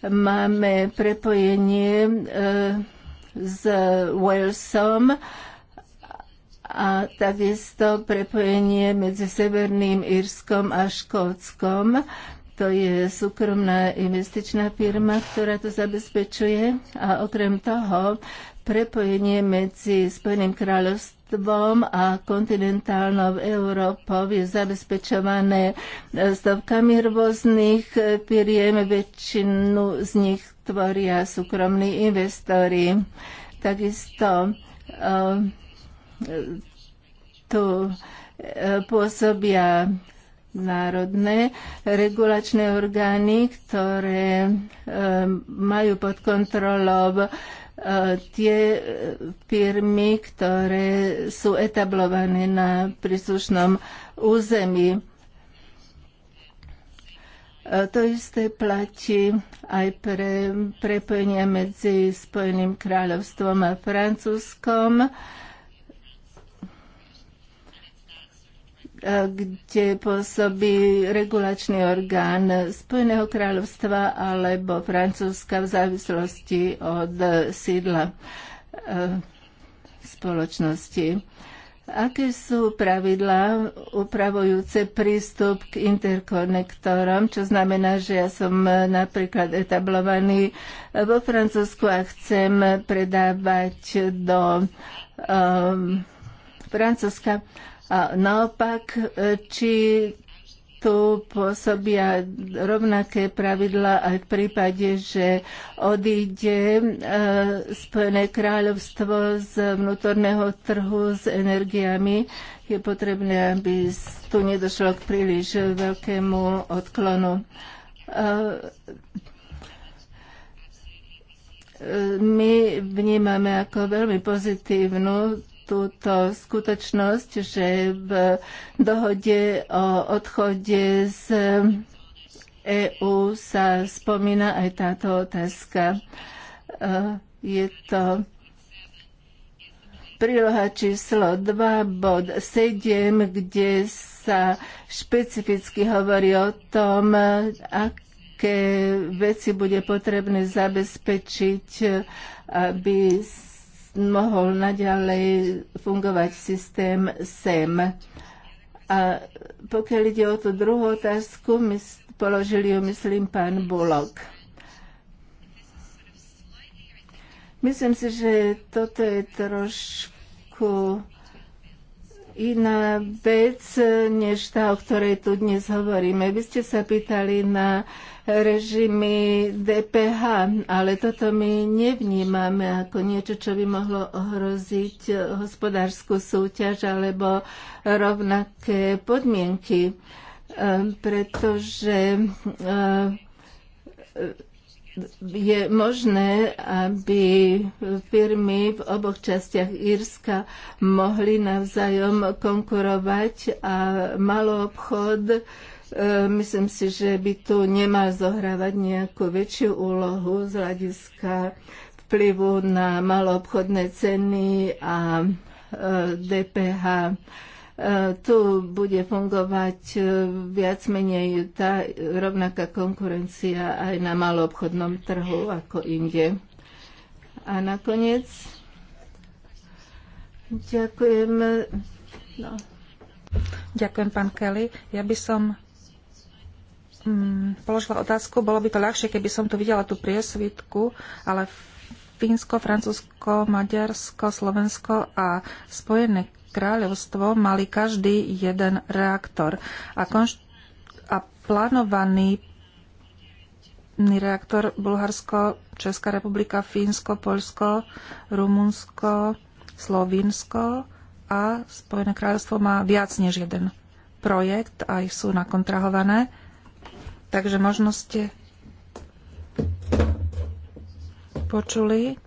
Máme prepojenie e, s Walesom a takisto prepojenie medzi Severným Írskom a Škótskom. To je súkromná investičná firma, ktorá to zabezpečuje. A okrem toho prepojenie medzi Spojeným kráľovstvom Švedstvom a kontinentálnou Európou je zabezpečované stovkami rôznych firiem, väčšinu z nich tvoria súkromní investori. Takisto eh, tu eh, pôsobia národné regulačné orgány, ktoré eh, majú pod kontrolou tie firmy, ktoré sú etablované na príslušnom území. To isté platí aj pre prepojenia medzi Spojeným kráľovstvom a Francúzskom. kde pôsobí regulačný orgán Spojeného kráľovstva alebo Francúzska v závislosti od sídla e, spoločnosti. Aké sú pravidlá upravujúce prístup k interkonektorom, čo znamená, že ja som napríklad etablovaný vo Francúzsku a chcem predávať do um, Francúzska a naopak, e, či tu pôsobia rovnaké pravidla aj v prípade, že odíde e, Spojené kráľovstvo z vnútorného trhu s energiami. Je potrebné, aby tu nedošlo k príliš veľkému odklonu e, my vnímame ako veľmi pozitívnu túto skutočnosť, že v dohode o odchode z EÚ sa spomína aj táto otázka. E, je to príloha číslo 2, bod 7, kde sa špecificky hovorí o tom, aké veci bude potrebné zabezpečiť, aby mohol naďalej fungovať systém SEM. A pokiaľ ide o tú druhú otázku, my položili ju, myslím, pán Bulok. Myslím si, že toto je trošku iná vec, než tá, o ktorej tu dnes hovoríme. Vy ste sa pýtali na režimy DPH, ale toto my nevnímame ako niečo, čo by mohlo ohroziť hospodárskú súťaž alebo rovnaké podmienky, eh, pretože eh, je možné, aby firmy v oboch častiach Írska mohli navzájom konkurovať a malo obchod e, myslím si, že by tu nemal zohrávať nejakú väčšiu úlohu z hľadiska vplyvu na maloobchodné ceny a e, DPH. E, tu bude fungovať e, viac menej tá rovnaká konkurencia aj na maloobchodnom trhu ako inde. A nakoniec ďakujem. No. Ďakujem, pán Kelly. Ja by som mm, položila otázku. Bolo by to ľahšie, keby som tu videla tú priesvitku, ale Fínsko, Francúzsko, Maďarsko, Slovensko a Spojené kráľovstvo mali každý jeden reaktor a, a plánovaný reaktor Bulharsko, Česká republika, Fínsko, Polsko, Rumunsko, Slovinsko a Spojené kráľovstvo má viac než jeden projekt a ich sú nakontrahované. Takže možno ste počuli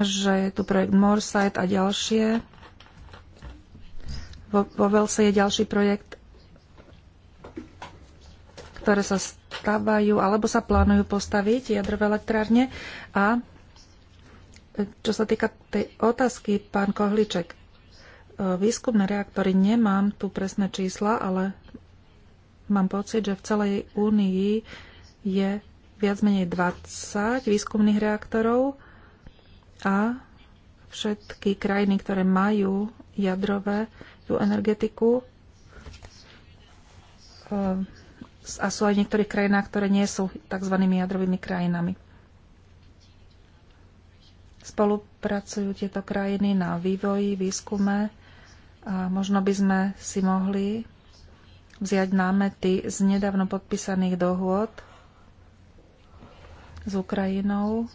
že je tu projekt Morsite a ďalšie. Vo, vo Velse je ďalší projekt, ktoré sa stavajú alebo sa plánujú postaviť jadrové elektrárne. A e, čo sa týka tej otázky, pán Kohliček, e, výskumné reaktory nemám tu presné čísla, ale mám pocit, že v celej únii je viac menej 20 výskumných reaktorov a všetky krajiny, ktoré majú jadrové tú energetiku eh, a sú aj niektorých krajinách, ktoré nie sú tzv. jadrovými krajinami. Spolupracujú tieto krajiny na vývoji, výskume a možno by sme si mohli vziať námety z nedávno podpísaných dohôd s Ukrajinou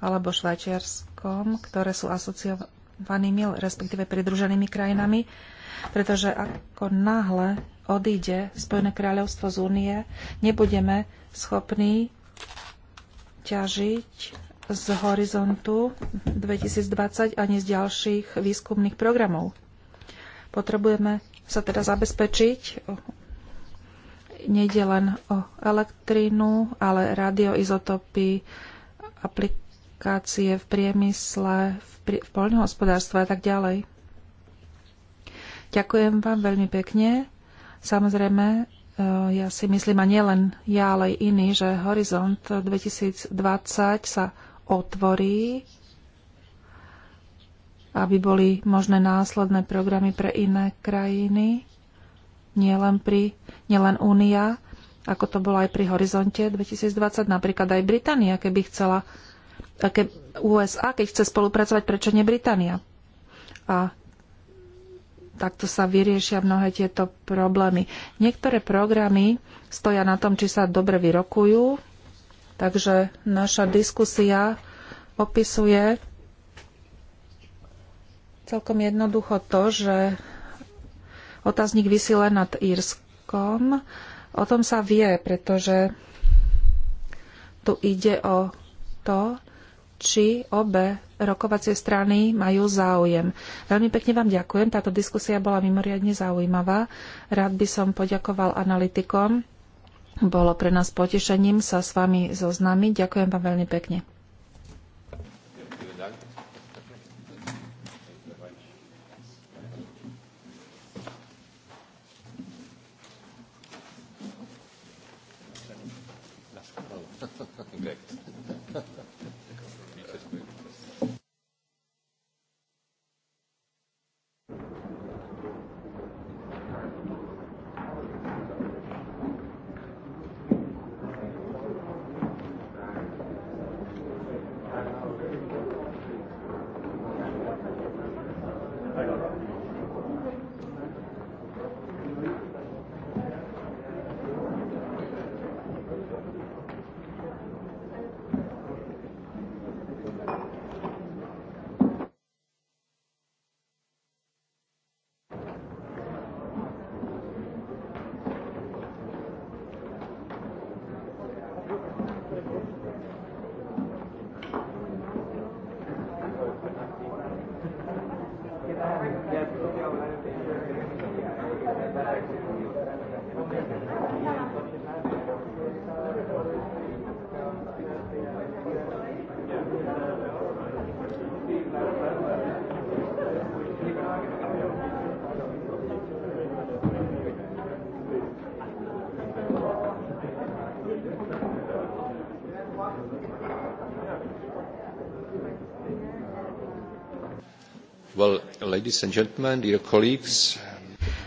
alebo Švajčiarskou rizikom, ktoré sú asociovanými, respektíve pridruženými krajinami, pretože ako náhle odíde Spojené kráľovstvo z únie, nebudeme schopní ťažiť z horizontu 2020 ani z ďalších výskumných programov. Potrebujeme sa teda zabezpečiť nejde len o elektrínu, ale radioizotopy, aplik- aplikácie v priemysle, v, pri, v poľnohospodárstve a tak ďalej. Ďakujem vám veľmi pekne. Samozrejme, e, ja si myslím, a nielen ja, ale aj iní, že horizont 2020 sa otvorí, aby boli možné následné programy pre iné krajiny, nielen, pri, nielen Únia, ako to bolo aj pri horizonte 2020, napríklad aj Británia, keby chcela Ke, USA, keď chce spolupracovať, prečo nie Británia? A takto sa vyriešia mnohé tieto problémy. Niektoré programy stoja na tom, či sa dobre vyrokujú, takže naša diskusia opisuje celkom jednoducho to, že otáznik vysí len nad Írskom. O tom sa vie, pretože tu ide o to, či obe rokovacie strany majú záujem. Veľmi pekne vám ďakujem. Táto diskusia bola mimoriadne zaujímavá. Rád by som poďakoval analytikom. Bolo pre nás potešením sa s vami zoznámiť. Ďakujem vám veľmi pekne.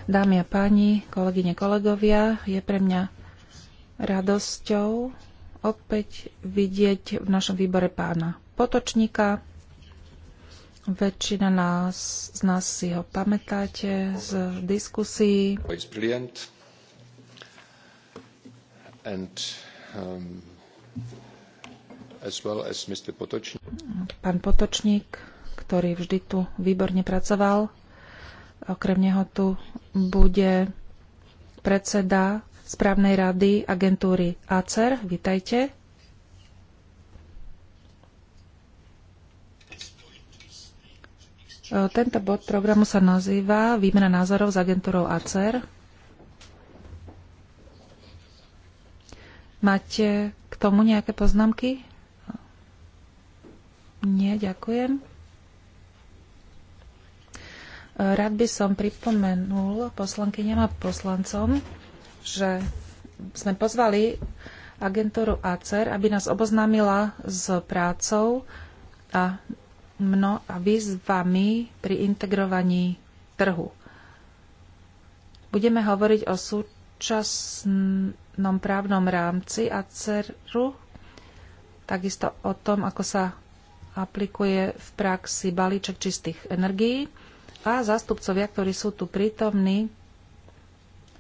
Dámy a páni, kolegyne, kolegovia, je pre mňa radosťou opäť vidieť v našom výbore pána Potočníka. Väčšina nás, z nás si ho pamätáte z diskusí. Pán um, Potočník ktorý vždy tu výborne pracoval. Okrem neho tu bude predseda správnej rady agentúry ACER. Vítajte. E, tento bod programu sa nazýva Výmena názorov s agentúrou ACER. Máte k tomu nejaké poznámky? Nie, ďakujem. Rád by som pripomenul poslankyňam a poslancom, že sme pozvali agentúru ACER, aby nás oboznámila s prácou a, mno, a výzvami pri integrovaní trhu. Budeme hovoriť o súčasnom právnom rámci ACERu, takisto o tom, ako sa aplikuje v praxi balíček čistých energií a zástupcovia, ktorí sú tu prítomní,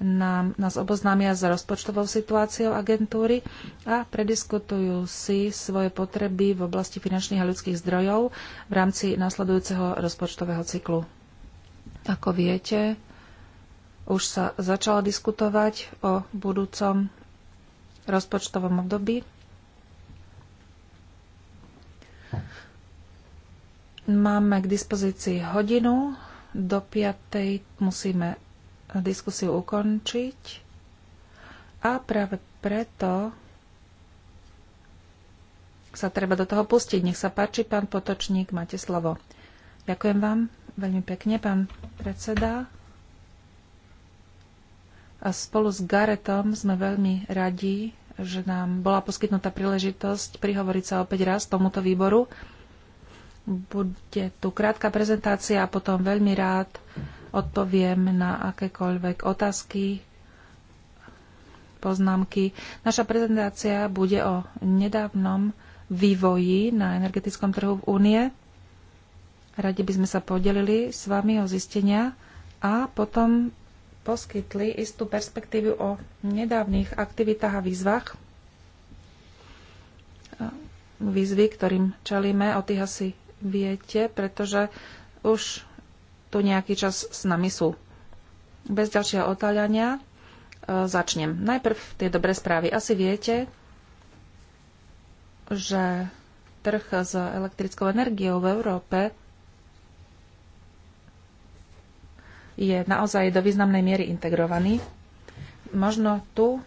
nám, nás oboznámia s rozpočtovou situáciou agentúry a prediskutujú si svoje potreby v oblasti finančných a ľudských zdrojov v rámci nasledujúceho rozpočtového cyklu. Ako viete, už sa začalo diskutovať o budúcom rozpočtovom období. Máme k dispozícii hodinu do 5. musíme diskusiu ukončiť a práve preto sa treba do toho pustiť. Nech sa páči, pán Potočník, máte slovo. Ďakujem vám veľmi pekne, pán predseda. A spolu s Garetom sme veľmi radi, že nám bola poskytnutá príležitosť prihovoriť sa opäť raz tomuto výboru. Bude tu krátka prezentácia a potom veľmi rád odpoviem na akékoľvek otázky, poznámky. Naša prezentácia bude o nedávnom vývoji na energetickom trhu v únie. Radi by sme sa podelili s vami o zistenia a potom poskytli istú perspektívu o nedávnych aktivitách a výzvach, výzvy, ktorým čelíme, o tých asi viete, pretože už tu nejaký čas s nami sú. Bez ďalšieho otáľania e, začnem. Najprv tie dobré správy. Asi viete, že trh s elektrickou energiou v Európe je naozaj do významnej miery integrovaný. Možno tu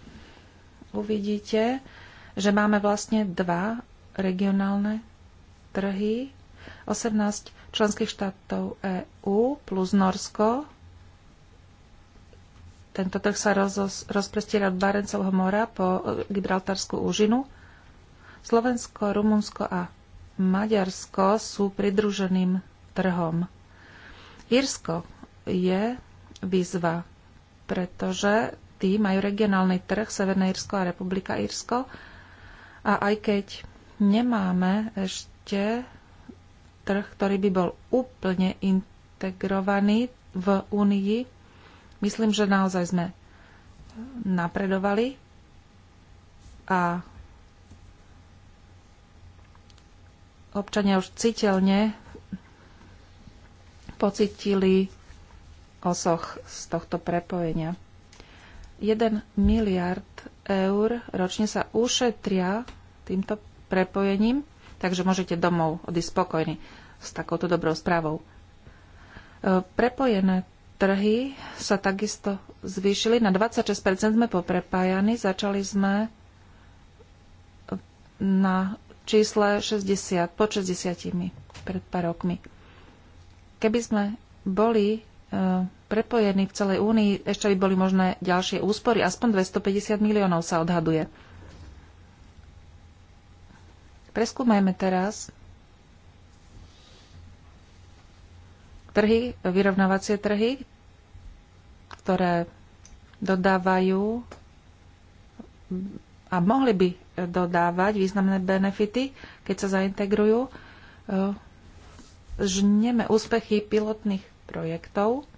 uvidíte, že máme vlastne dva regionálne trhy 18 členských štátov EÚ plus Norsko. Tento trh sa roz, rozprestiera od Barencovho mora po e, Gibraltarskú úžinu. Slovensko, Rumunsko a Maďarsko sú pridruženým trhom. Írsko je výzva, pretože tí majú regionálny trh Severné Írsko a Republika Írsko. A aj keď nemáme ešte trh, ktorý by bol úplne integrovaný v Únii. Myslím, že naozaj sme napredovali a občania už citeľne pocitili osoch z tohto prepojenia. 1 miliard eur ročne sa ušetria týmto prepojením takže môžete domov odísť spokojní s takouto dobrou správou. E, prepojené trhy sa takisto zvýšili. Na 26% sme poprepájani. Začali sme na čísle 60, pod 60 pred pár rokmi. Keby sme boli e, prepojení v celej únii, ešte by boli možné ďalšie úspory. Aspoň 250 miliónov sa odhaduje. Preskúmajme teraz trhy, vyrovnávacie trhy, ktoré dodávajú a mohli by dodávať významné benefity, keď sa zaintegrujú. Žneme úspechy pilotných projektov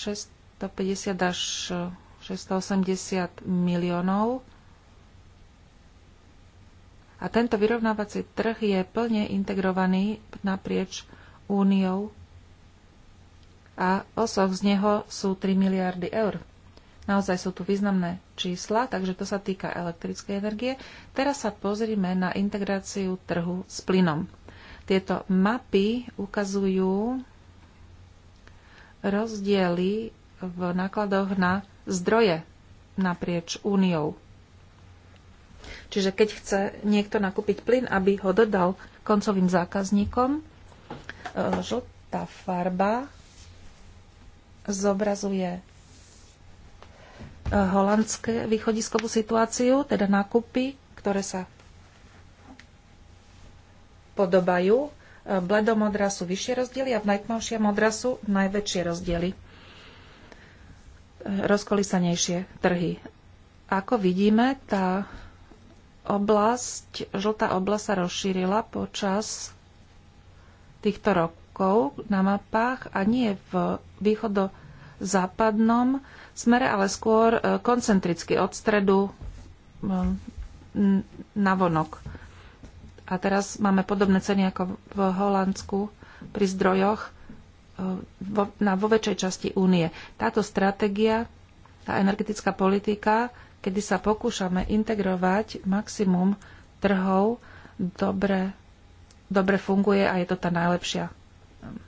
650 až 680 miliónov a tento vyrovnávací trh je plne integrovaný naprieč úniou a osoch z neho sú 3 miliardy eur. Naozaj sú tu významné čísla, takže to sa týka elektrickej energie. Teraz sa pozrime na integráciu trhu s plynom. Tieto mapy ukazujú rozdiely v nákladoch na zdroje naprieč úniou. Čiže keď chce niekto nakúpiť plyn, aby ho dodal koncovým zákazníkom, e, žltá farba zobrazuje e, holandské východiskovú situáciu, teda nákupy, ktoré sa podobajú. E, Bledomodra sú vyššie rozdiely a v najtmavšia modra sú najväčšie rozdiely. Rozkolisanejšie trhy. Ako vidíme, tá oblasť, žltá oblasť sa rozšírila počas týchto rokov na mapách a nie v východo-západnom smere, ale skôr e, koncentricky od stredu e, na vonok. A teraz máme podobné ceny ako v Holandsku pri zdrojoch e, vo, na, vo väčšej časti únie. Táto stratégia, tá energetická politika kedy sa pokúšame integrovať maximum trhov, dobre, dobre funguje a je to tá najlepšia um,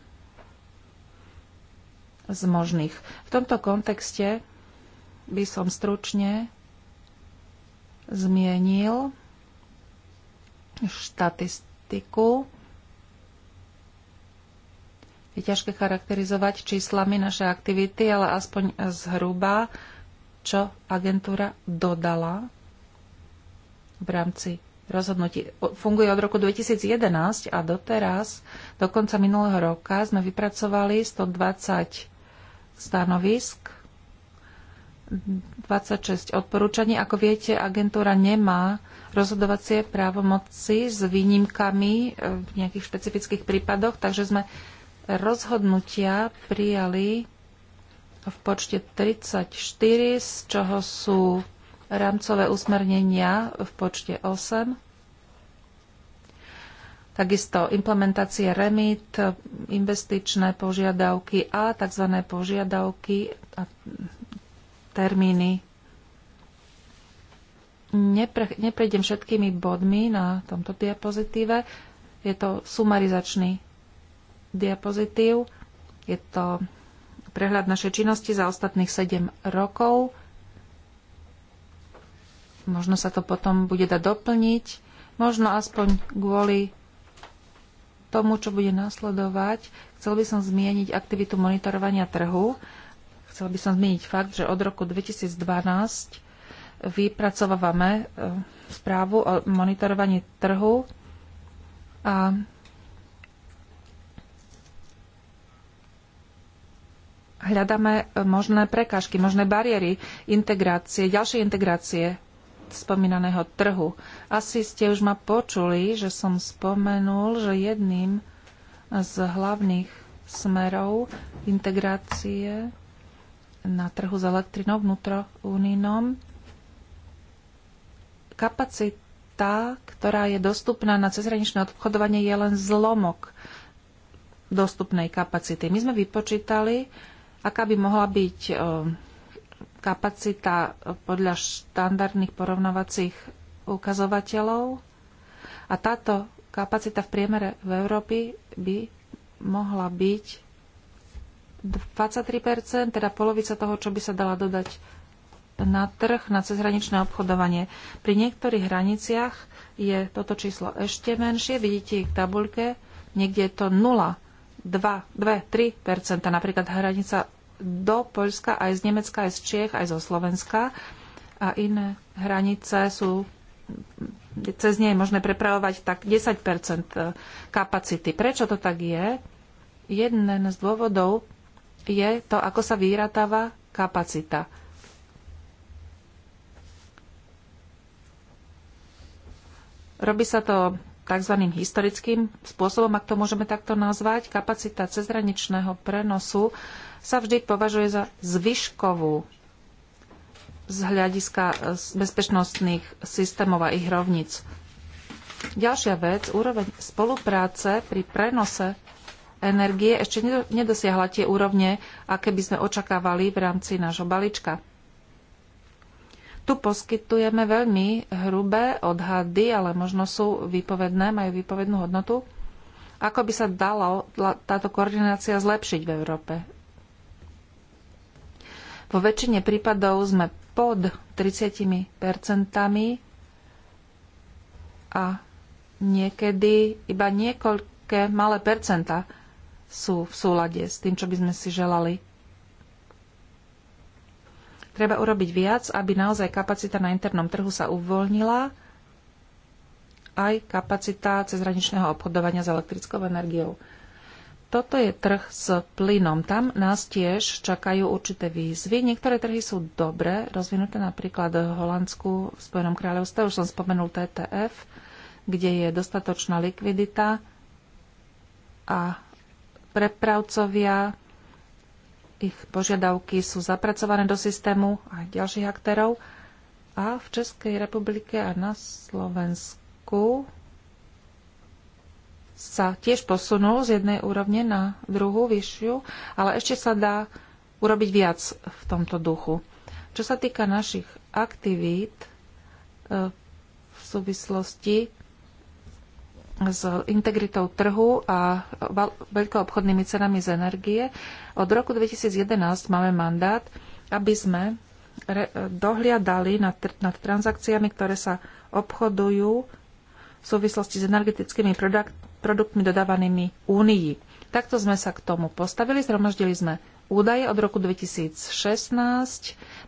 z možných. V tomto kontexte by som stručne zmienil štatistiku. Je ťažké charakterizovať číslami naše aktivity, ale aspoň zhruba čo agentúra dodala v rámci rozhodnutí. Funguje od roku 2011 a doteraz, do konca minulého roka, sme vypracovali 120 stanovisk, 26 odporúčaní. Ako viete, agentúra nemá rozhodovacie právomoci s výnimkami e, v nejakých špecifických prípadoch, takže sme rozhodnutia prijali v počte 34, z čoho sú rámcové usmernenia v počte 8. Takisto implementácie remit, investičné požiadavky a tzv. požiadavky a termíny. Nepre, neprejdem všetkými bodmi na tomto diapozitíve. Je to sumarizačný diapozitív. Je to prehľad našej činnosti za ostatných 7 rokov. Možno sa to potom bude dať doplniť, možno aspoň kvôli tomu, čo bude nasledovať. Chcel by som zmieniť aktivitu monitorovania trhu. Chcel by som zmieniť fakt, že od roku 2012 vypracovávame e, správu o monitorovaní trhu a hľadáme e, možné prekážky, možné bariéry integrácie, ďalšej integrácie spomínaného trhu. Asi ste už ma počuli, že som spomenul, že jedným z hlavných smerov integrácie na trhu s elektrinou vnútroúnijnom kapacita, ktorá je dostupná na cezhraničné obchodovanie, je len zlomok dostupnej kapacity. My sme vypočítali, Aká by mohla byť e, kapacita e, podľa štandardných porovnávacích ukazovateľov? A táto kapacita v priemere v Európy by mohla byť 23%, teda polovica toho, čo by sa dala dodať na trh, na cezhraničné obchodovanie. Pri niektorých hraniciach je toto číslo ešte menšie, vidíte ich v tabuľke, niekde je to nula. 2-3 napríklad hranica do Poľska, aj z Nemecka, aj z Čiech, aj zo Slovenska a iné hranice sú cez nie je možné prepravovať tak 10 e, kapacity. Prečo to tak je? Jeden z dôvodov je to, ako sa vyratáva kapacita. Robí sa to tzv. historickým spôsobom, ak to môžeme takto nazvať. Kapacita cezhraničného prenosu sa vždy považuje za zvyškovú z hľadiska e, bezpečnostných systémov a ich rovnic. Ďalšia vec, úroveň spolupráce pri prenose energie ešte nedosiahla tie úrovne, aké by sme očakávali v rámci nášho balíčka. Tu poskytujeme veľmi hrubé odhady, ale možno sú výpovedné, majú výpovednú hodnotu. Ako by sa dala táto koordinácia zlepšiť v Európe? Vo väčšine prípadov sme pod 30 percentami a niekedy iba niekoľké malé percenta sú v súlade s tým, čo by sme si želali. Treba urobiť viac, aby naozaj kapacita na internom trhu sa uvoľnila, aj kapacita cezhraničného obchodovania s elektrickou energiou. Toto je trh s plynom. Tam nás tiež čakajú určité výzvy. Niektoré trhy sú dobre rozvinuté, napríklad v Holandsku, v Spojenom kráľovstve, už som spomenul TTF, kde je dostatočná likvidita a prepravcovia ich požiadavky sú zapracované do systému aj ďalších aktérov. A v Českej republike a na Slovensku sa tiež posunú z jednej úrovne na druhú, vyššiu, ale ešte sa dá urobiť viac v tomto duchu. Čo sa týka našich aktivít eh, v súvislosti s integritou trhu a veľkoobchodnými cenami z energie. Od roku 2011 máme mandát, aby sme dohliadali nad, nad transakciami, ktoré sa obchodujú v súvislosti s energetickými produkt, produktmi dodávanými Únii. Takto sme sa k tomu postavili, zhromaždili sme údaje od roku 2016,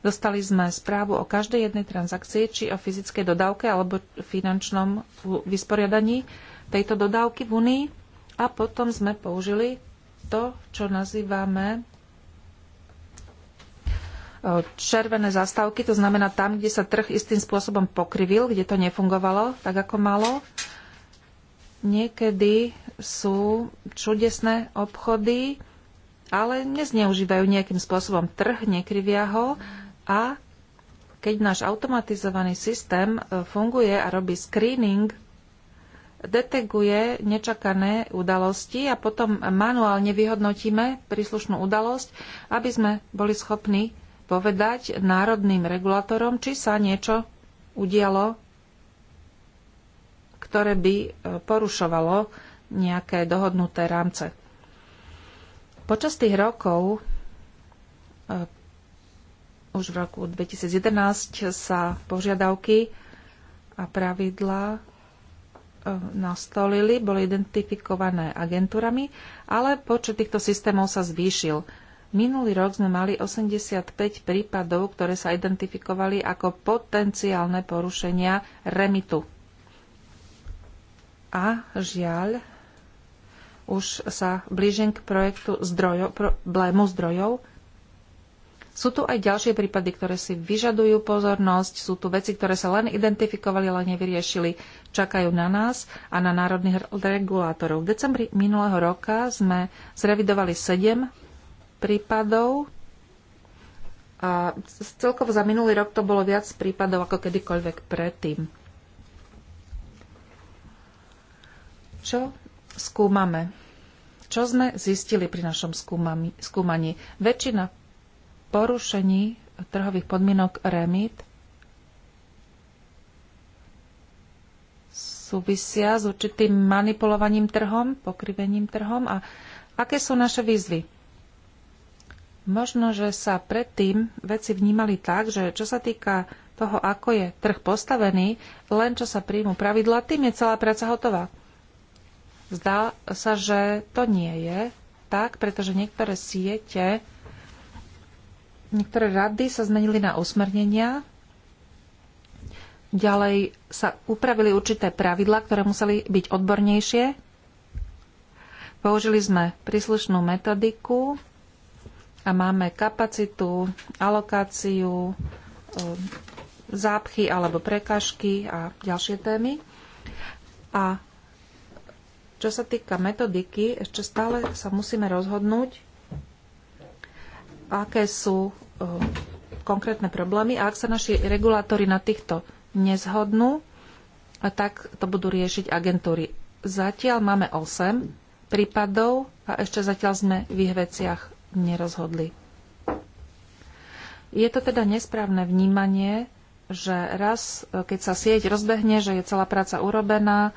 dostali sme správu o každej jednej transakcii, či o fyzickej dodávke alebo finančnom vysporiadaní tejto dodávky v Unii a potom sme použili to, čo nazývame e, červené zastávky, to znamená tam, kde sa trh istým spôsobom pokrivil, kde to nefungovalo tak, ako malo. Niekedy sú čudesné obchody, ale nezneužívajú nejakým spôsobom trh, nekrivia ho a keď náš automatizovaný systém e, funguje a robí screening deteguje nečakané udalosti a potom manuálne vyhodnotíme príslušnú udalosť, aby sme boli schopní povedať národným regulátorom, či sa niečo udialo, ktoré by e, porušovalo nejaké dohodnuté rámce. Počas tých rokov, e, už v roku 2011 sa požiadavky a pravidlá nastolili, boli identifikované agentúrami, ale počet týchto systémov sa zvýšil. Minulý rok sme mali 85 prípadov, ktoré sa identifikovali ako potenciálne porušenia remitu. A žiaľ, už sa blížim k projektu zdrojo, problému zdrojov. Sú tu aj ďalšie prípady, ktoré si vyžadujú pozornosť, sú tu veci, ktoré sa len identifikovali, ale nevyriešili, čakajú na nás a na národných regulátorov. V decembri minulého roka sme zrevidovali 7 prípadov a celkovo za minulý rok to bolo viac prípadov ako kedykoľvek predtým. Čo skúmame? Čo sme zistili pri našom skúmaní? Väčšina porušení trhových podmienok REMIT súvisia s určitým manipulovaním trhom, pokrivením trhom a aké sú naše výzvy? Možno, že sa predtým veci vnímali tak, že čo sa týka toho, ako je trh postavený, len čo sa príjmu pravidla, tým je celá práca hotová. Zdá sa, že to nie je tak, pretože niektoré siete Niektoré rady sa zmenili na usmernenia. Ďalej sa upravili určité pravidla, ktoré museli byť odbornejšie. Použili sme príslušnú metodiku a máme kapacitu, alokáciu, e, zápchy alebo prekažky a ďalšie témy. A čo sa týka metodiky, ešte stále sa musíme rozhodnúť, aké sú e, konkrétne problémy a ak sa naši regulátori na týchto nezhodnú, tak to budú riešiť agentúry. Zatiaľ máme 8 prípadov a ešte zatiaľ sme v ich veciach nerozhodli. Je to teda nesprávne vnímanie, že raz, e, keď sa sieť rozbehne, že je celá práca urobená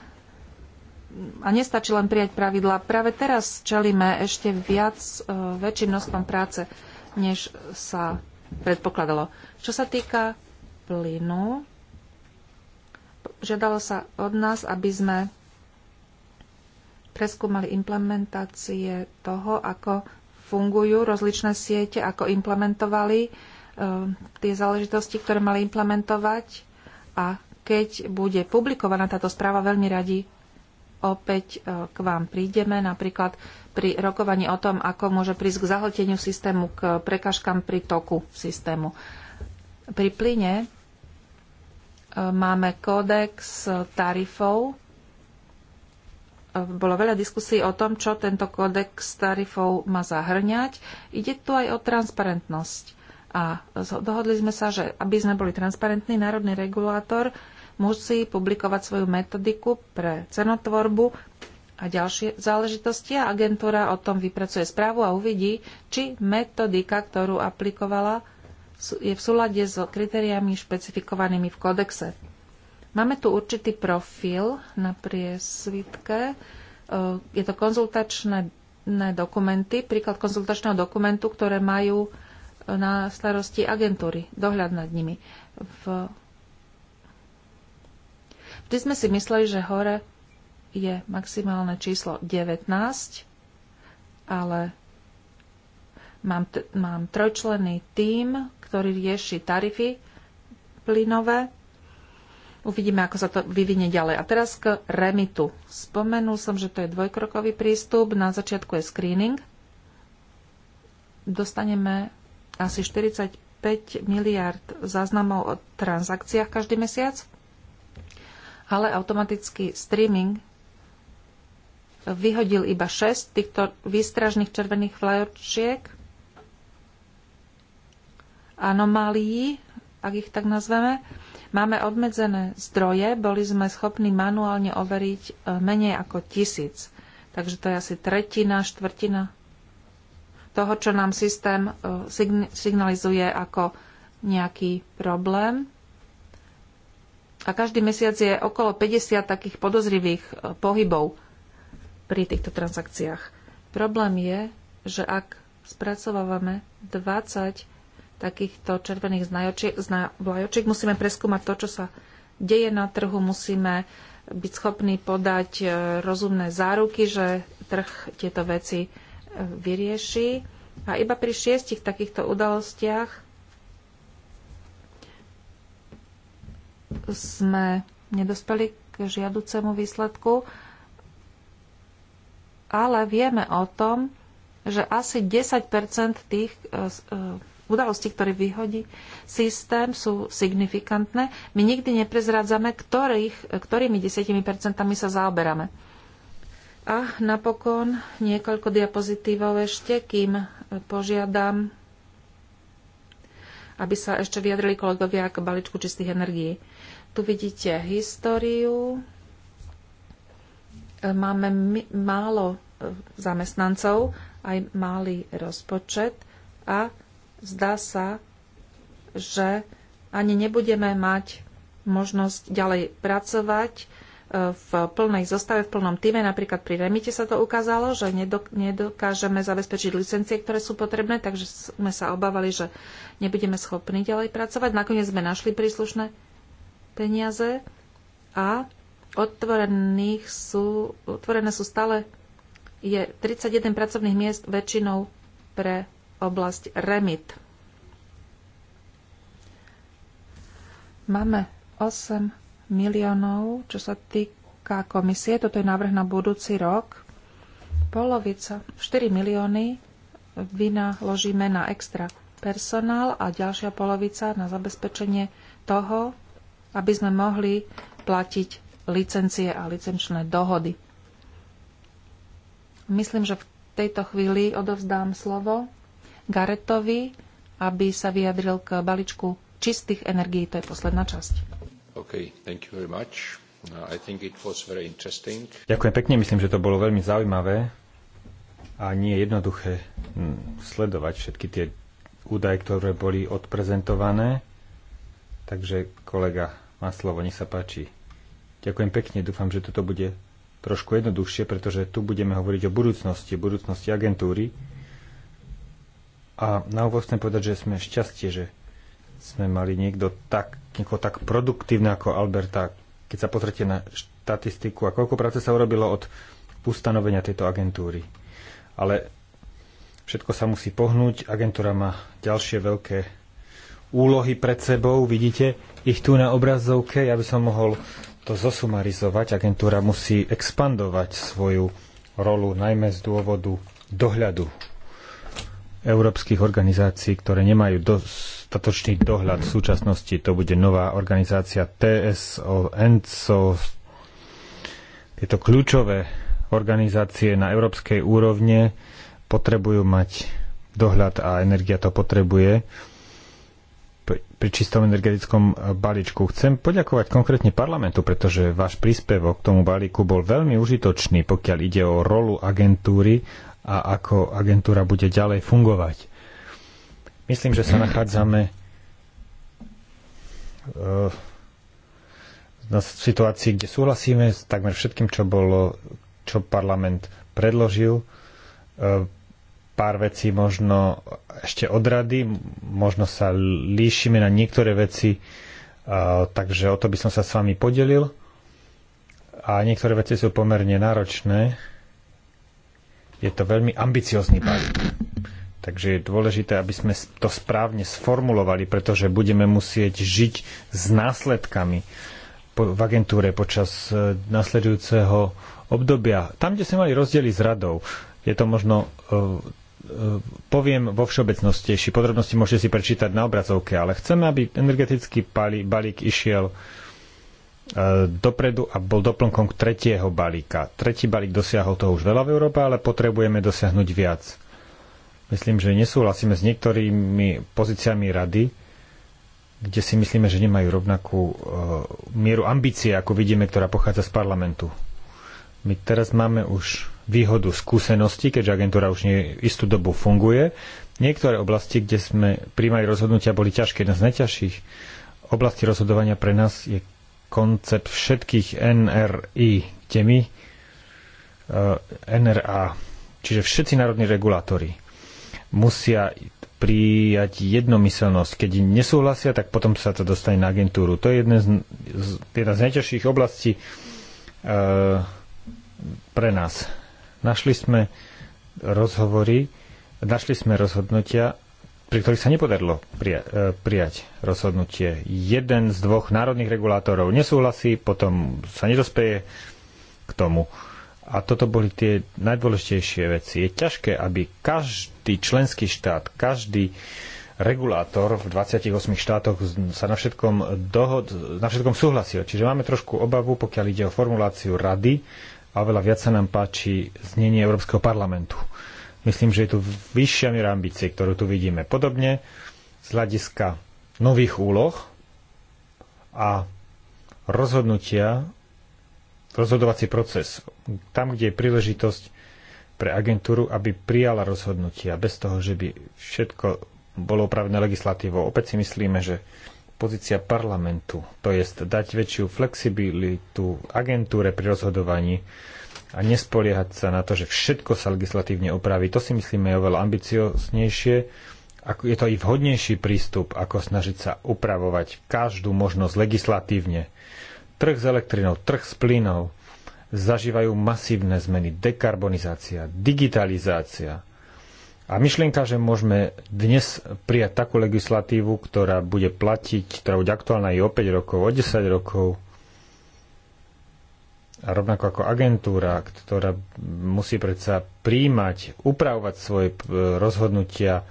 a nestačí len prijať pravidla. Práve teraz čelíme ešte viac e, väčším práce než sa predpokladalo. Čo sa týka plynu, žiadalo sa od nás, aby sme preskúmali implementácie toho, ako fungujú rozličné siete, ako implementovali e, tie záležitosti, ktoré mali implementovať a keď bude publikovaná táto správa, veľmi radi opäť e, k vám prídeme, napríklad pri rokovaní o tom, ako môže prísť k zahlteniu systému, k prekažkám pri toku systému. Pri plyne e, máme kódex tarifov. E, bolo veľa diskusí o tom, čo tento kódex tarifov má zahrňať. Ide tu aj o transparentnosť. A dohodli sme sa, že aby sme boli transparentní, národný regulátor musí publikovať svoju metodiku pre cenotvorbu a ďalšie záležitosti a agentúra o tom vypracuje správu a uvidí, či metodika, ktorú aplikovala, je v súlade s kritériami špecifikovanými v kodexe. Máme tu určitý profil na priesvitke. E, je to konzultačné dokumenty, príklad konzultačného dokumentu, ktoré majú e, na starosti agentúry, dohľad nad nimi. V Vždy sme si mysleli, že hore je maximálne číslo 19, ale mám, mám trojčlenný tím, ktorý rieši tarify plynové. Uvidíme, ako sa to vyvinie ďalej. A teraz k remitu. Spomenul som, že to je dvojkrokový prístup. Na začiatku je screening. Dostaneme asi 45 miliard záznamov o transakciách každý mesiac ale automatický streaming vyhodil iba 6 týchto výstražných červených flajorčiek anomálií, ak ich tak nazveme. Máme obmedzené zdroje, boli sme schopní manuálne overiť e, menej ako tisíc. Takže to je asi tretina, štvrtina toho, čo nám systém e, signalizuje ako nejaký problém a každý mesiac je okolo 50 takých podozrivých e, pohybov pri týchto transakciách. Problém je, že ak spracovávame 20 takýchto červených znajočiek, musíme preskúmať to, čo sa deje na trhu, musíme byť schopní podať e, rozumné záruky, že trh tieto veci e, vyrieši. A iba pri šiestich takýchto udalostiach sme nedospeli k žiaducemu výsledku, ale vieme o tom, že asi 10 tých e, e, udalostí, ktoré vyhodí systém, sú signifikantné. My nikdy neprezrádzame, ktorých, ktorými 10 sa zaoberáme. A napokon niekoľko diapozitívov ešte, kým požiadam, aby sa ešte vyjadrili kolegovia k balíčku čistých energií. Tu vidíte históriu. E, máme málo e, zamestnancov, aj malý rozpočet a zdá sa, že ani nebudeme mať možnosť ďalej pracovať e, v plnej zostave, v plnom týme. Napríklad pri Remite sa to ukázalo, že nedokážeme zabezpečiť licencie, ktoré sú potrebné, takže sme sa obávali, že nebudeme schopní ďalej pracovať. Nakoniec sme našli príslušné peniaze a otvorených sú, otvorené sú stále je 31 pracovných miest väčšinou pre oblasť REMIT. Máme 8 miliónov, čo sa týka komisie. Toto je návrh na budúci rok. Polovica, 4 milióny vynaložíme na extra personál a ďalšia polovica na zabezpečenie toho, aby sme mohli platiť licencie a licenčné dohody. Myslím, že v tejto chvíli odovzdám slovo Garetovi, aby sa vyjadril k balíčku čistých energií. To je posledná časť. Okay, thank you very much. Uh, I think it was very interesting. Ďakujem pekne, myslím, že to bolo veľmi zaujímavé a nie je jednoduché hm, sledovať všetky tie údaje, ktoré boli odprezentované. Takže kolega má slovo, nech sa páči. Ďakujem pekne, dúfam, že toto bude trošku jednoduchšie, pretože tu budeme hovoriť o budúcnosti, budúcnosti agentúry. A na úvod chcem povedať, že sme šťastie, že sme mali niekto tak, niekoho tak produktívne ako Alberta. Keď sa pozrite na štatistiku a koľko práce sa urobilo od ustanovenia tejto agentúry. Ale všetko sa musí pohnúť, agentúra má ďalšie veľké úlohy pred sebou, vidíte ich tu na obrazovke, ja by som mohol to zosumarizovať. Agentúra musí expandovať svoju rolu, najmä z dôvodu dohľadu európskych organizácií, ktoré nemajú dostatočný dohľad v súčasnosti. To bude nová organizácia TSO, ENCO, tieto kľúčové organizácie na európskej úrovne potrebujú mať dohľad a energia to potrebuje pri čistom energetickom e, balíčku. Chcem poďakovať konkrétne parlamentu, pretože váš príspevok k tomu balíku bol veľmi užitočný, pokiaľ ide o rolu agentúry a ako agentúra bude ďalej fungovať. Myslím, že sa nachádzame e, na situácii, kde súhlasíme s takmer všetkým, čo bolo, čo parlament predložil e, pár vecí možno ešte od rady, možno sa líšime na niektoré veci, takže o to by som sa s vami podelil. A niektoré veci sú pomerne náročné. Je to veľmi ambiciozný balík. Takže je dôležité, aby sme to správne sformulovali, pretože budeme musieť žiť s následkami v agentúre počas e, nasledujúceho obdobia. Tam, kde sme mali rozdiely s radou, je to možno e, E, poviem vo všeobecnostejší podrobnosti, môžete si prečítať na obrazovke, ale chceme, aby energetický balík išiel e, dopredu a bol doplnkom k tretieho balíka. Tretí balík dosiahol toho už veľa v Európe, ale potrebujeme dosiahnuť viac. Myslím, že nesúhlasíme s niektorými pozíciami rady, kde si myslíme, že nemajú rovnakú e, mieru ambície, ako vidíme, ktorá pochádza z parlamentu. My teraz máme už výhodu skúsenosti, keďže agentúra už nie istú dobu funguje. Niektoré oblasti, kde sme príjmali rozhodnutia, boli ťažké. Jedna z najťažších oblastí rozhodovania pre nás je koncept všetkých NRI, my uh, e, NRA, čiže všetci národní regulátori musia prijať jednomyselnosť. Keď nesúhlasia, tak potom sa to dostane na agentúru. To je jedna z, jedna z najťažších oblastí uh, pre nás Našli sme rozhovory, našli sme rozhodnutia, pri ktorých sa nepodarilo prija- e, prijať rozhodnutie. Jeden z dvoch národných regulátorov nesúhlasí, potom sa nedospeje k tomu. A toto boli tie najdôležitejšie veci. Je ťažké, aby každý členský štát, každý regulátor v 28 štátoch sa na všetkom, dohod, na všetkom súhlasil. Čiže máme trošku obavu, pokiaľ ide o formuláciu rady a oveľa viac sa nám páči znenie Európskeho parlamentu. Myslím, že je tu vyššia miera ambície, ktorú tu vidíme. Podobne z hľadiska nových úloh a rozhodnutia, rozhodovací proces, tam, kde je príležitosť pre agentúru, aby prijala rozhodnutia bez toho, že by všetko bolo opravené legislatívou. Opäť si myslíme, že pozícia parlamentu, to je dať väčšiu flexibilitu agentúre pri rozhodovaní a nespoliehať sa na to, že všetko sa legislatívne opraví. To si myslíme je oveľa ambicioznejšie. Je to i vhodnejší prístup, ako snažiť sa upravovať každú možnosť legislatívne. Trh s elektrinou, trh s plynou zažívajú masívne zmeny. Dekarbonizácia, digitalizácia, a myšlienka, že môžeme dnes prijať takú legislatívu, ktorá bude platiť, ktorá bude aktuálna i o 5 rokov, o 10 rokov, a rovnako ako agentúra, ktorá musí predsa príjmať, upravovať svoje e, rozhodnutia,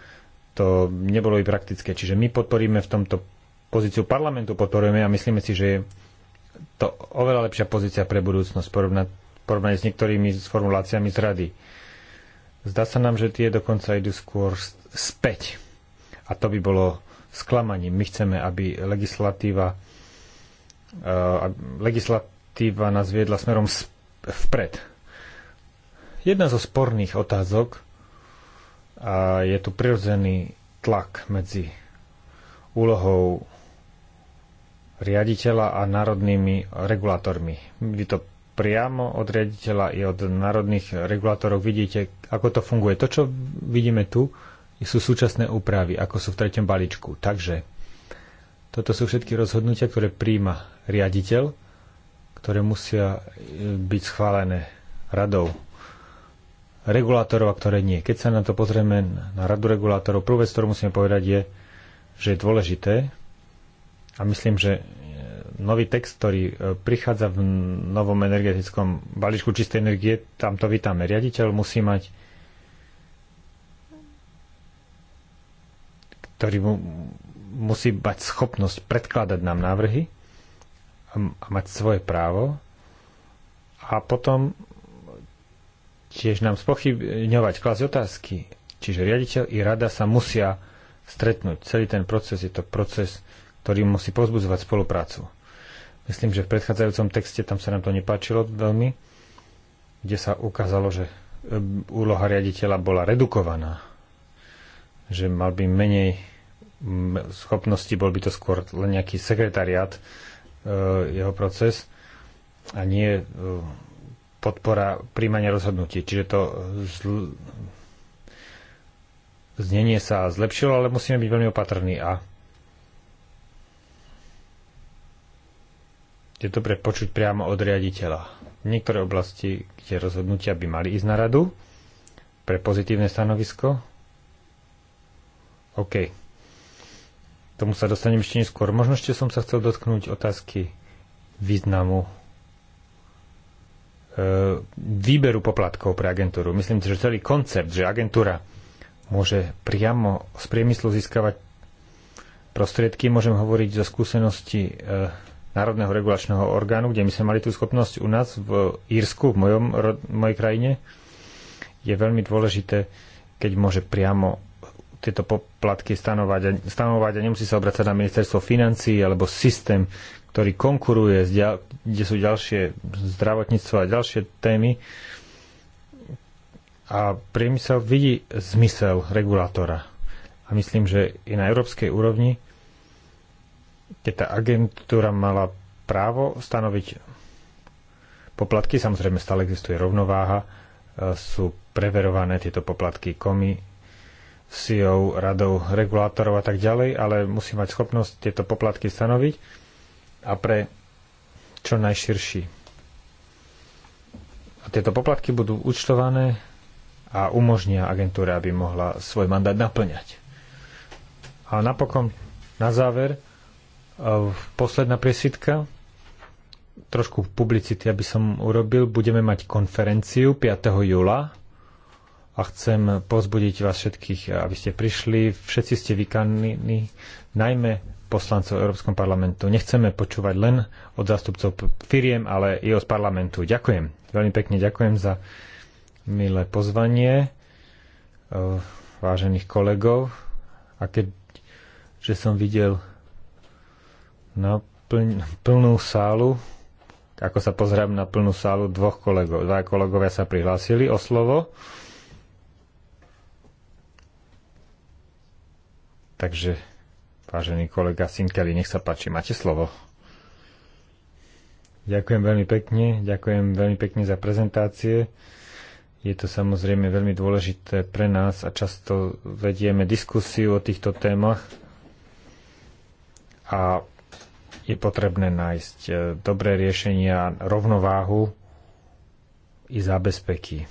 to nebolo i praktické. Čiže my podporíme v tomto pozíciu parlamentu, podporujeme a myslíme si, že je to oveľa lepšia pozícia pre budúcnosť porovnať, porovnať s niektorými formuláciami z rady. Zdá sa nám, že tie dokonca idú skôr späť. A to by bolo sklamaním. My chceme, aby legislatíva, uh, legislatíva nás viedla smerom vpred. Jedna zo sporných otázok a je tu prirodzený tlak medzi úlohou riaditeľa a národnými regulátormi. Vy to priamo od riaditeľa i od národných regulátorov vidíte, ako to funguje. To, čo vidíme tu, sú súčasné úpravy, ako sú v tretom balíčku. Takže toto sú všetky rozhodnutia, ktoré príjma riaditeľ, ktoré musia e, byť schválené radou regulátorov a ktoré nie. Keď sa na to pozrieme na radu regulátorov, prvú vec, ktorú musíme povedať je, že je dôležité a myslím, že nový text, ktorý e, prichádza v novom energetickom balíčku čistej energie, tam to vítame. Riaditeľ musí mať ktorý mu, musí mať schopnosť predkladať nám návrhy a mať svoje právo a potom tiež nám spochybňovať, klásť otázky. Čiže riaditeľ i rada sa musia stretnúť. Celý ten proces je to proces, ktorý musí pozbudzovať spoluprácu. Myslím, že v predchádzajúcom texte tam sa nám to nepáčilo veľmi, kde sa ukázalo, že e, úloha riaditeľa bola redukovaná, že mal by menej schopnosti, bol by to skôr len nejaký sekretariat, e, jeho proces a nie e, podpora príjmania rozhodnutí. Čiže to zl... znenie sa zlepšilo, ale musíme byť veľmi opatrní a je dobre počuť priamo od riaditeľa. V niektoré oblasti, kde rozhodnutia by mali ísť na radu pre pozitívne stanovisko, OK. Tomu sa dostanem ešte neskôr. Možno ešte som sa chcel dotknúť otázky významu e, výberu poplatkov pre agentúru. Myslím si, že celý koncept, že agentúra môže priamo z priemyslu získavať prostriedky, môžem hovoriť zo skúsenosti e, Národného regulačného orgánu, kde my sme mali tú schopnosť u nás v Írsku, v mojom, mojej krajine, je veľmi dôležité, keď môže priamo tieto poplatky stanovať a, stanovať a nemusí sa obracať na ministerstvo financí alebo systém, ktorý konkuruje, kde sú ďalšie zdravotníctvo a ďalšie témy. A priemysel vidí zmysel regulátora. A myslím, že i na európskej úrovni keď tá agentúra mala právo stanoviť poplatky, samozrejme stále existuje rovnováha, e, sú preverované tieto poplatky komi, CEO, radou regulátorov a tak ďalej, ale musí mať schopnosť tieto poplatky stanoviť a pre čo najširší. A tieto poplatky budú účtované a umožnia agentúra, aby mohla svoj mandát naplňať. A napokon, na záver, Posledná presídka. Trošku publicity, aby som urobil. Budeme mať konferenciu 5. júla a chcem pozbudiť vás všetkých, aby ste prišli. Všetci ste vykaní, najmä poslancov Európskom parlamentu. Nechceme počúvať len od zástupcov firiem, ale i od parlamentu. Ďakujem. Veľmi pekne ďakujem za milé pozvanie eh, vážených kolegov. A keď že som videl na pln- plnú sálu, ako sa pozriem na plnú sálu dvoch kolegov. Dva kolegovia sa prihlásili o slovo. Takže, vážený kolega Sinkeli, nech sa páči, máte slovo. Ďakujem veľmi pekne, ďakujem veľmi pekne za prezentácie. Je to samozrejme veľmi dôležité pre nás a často vedieme diskusiu o týchto témach. A je potrebné nájsť e, dobré riešenia, rovnováhu i zabezpeky. E,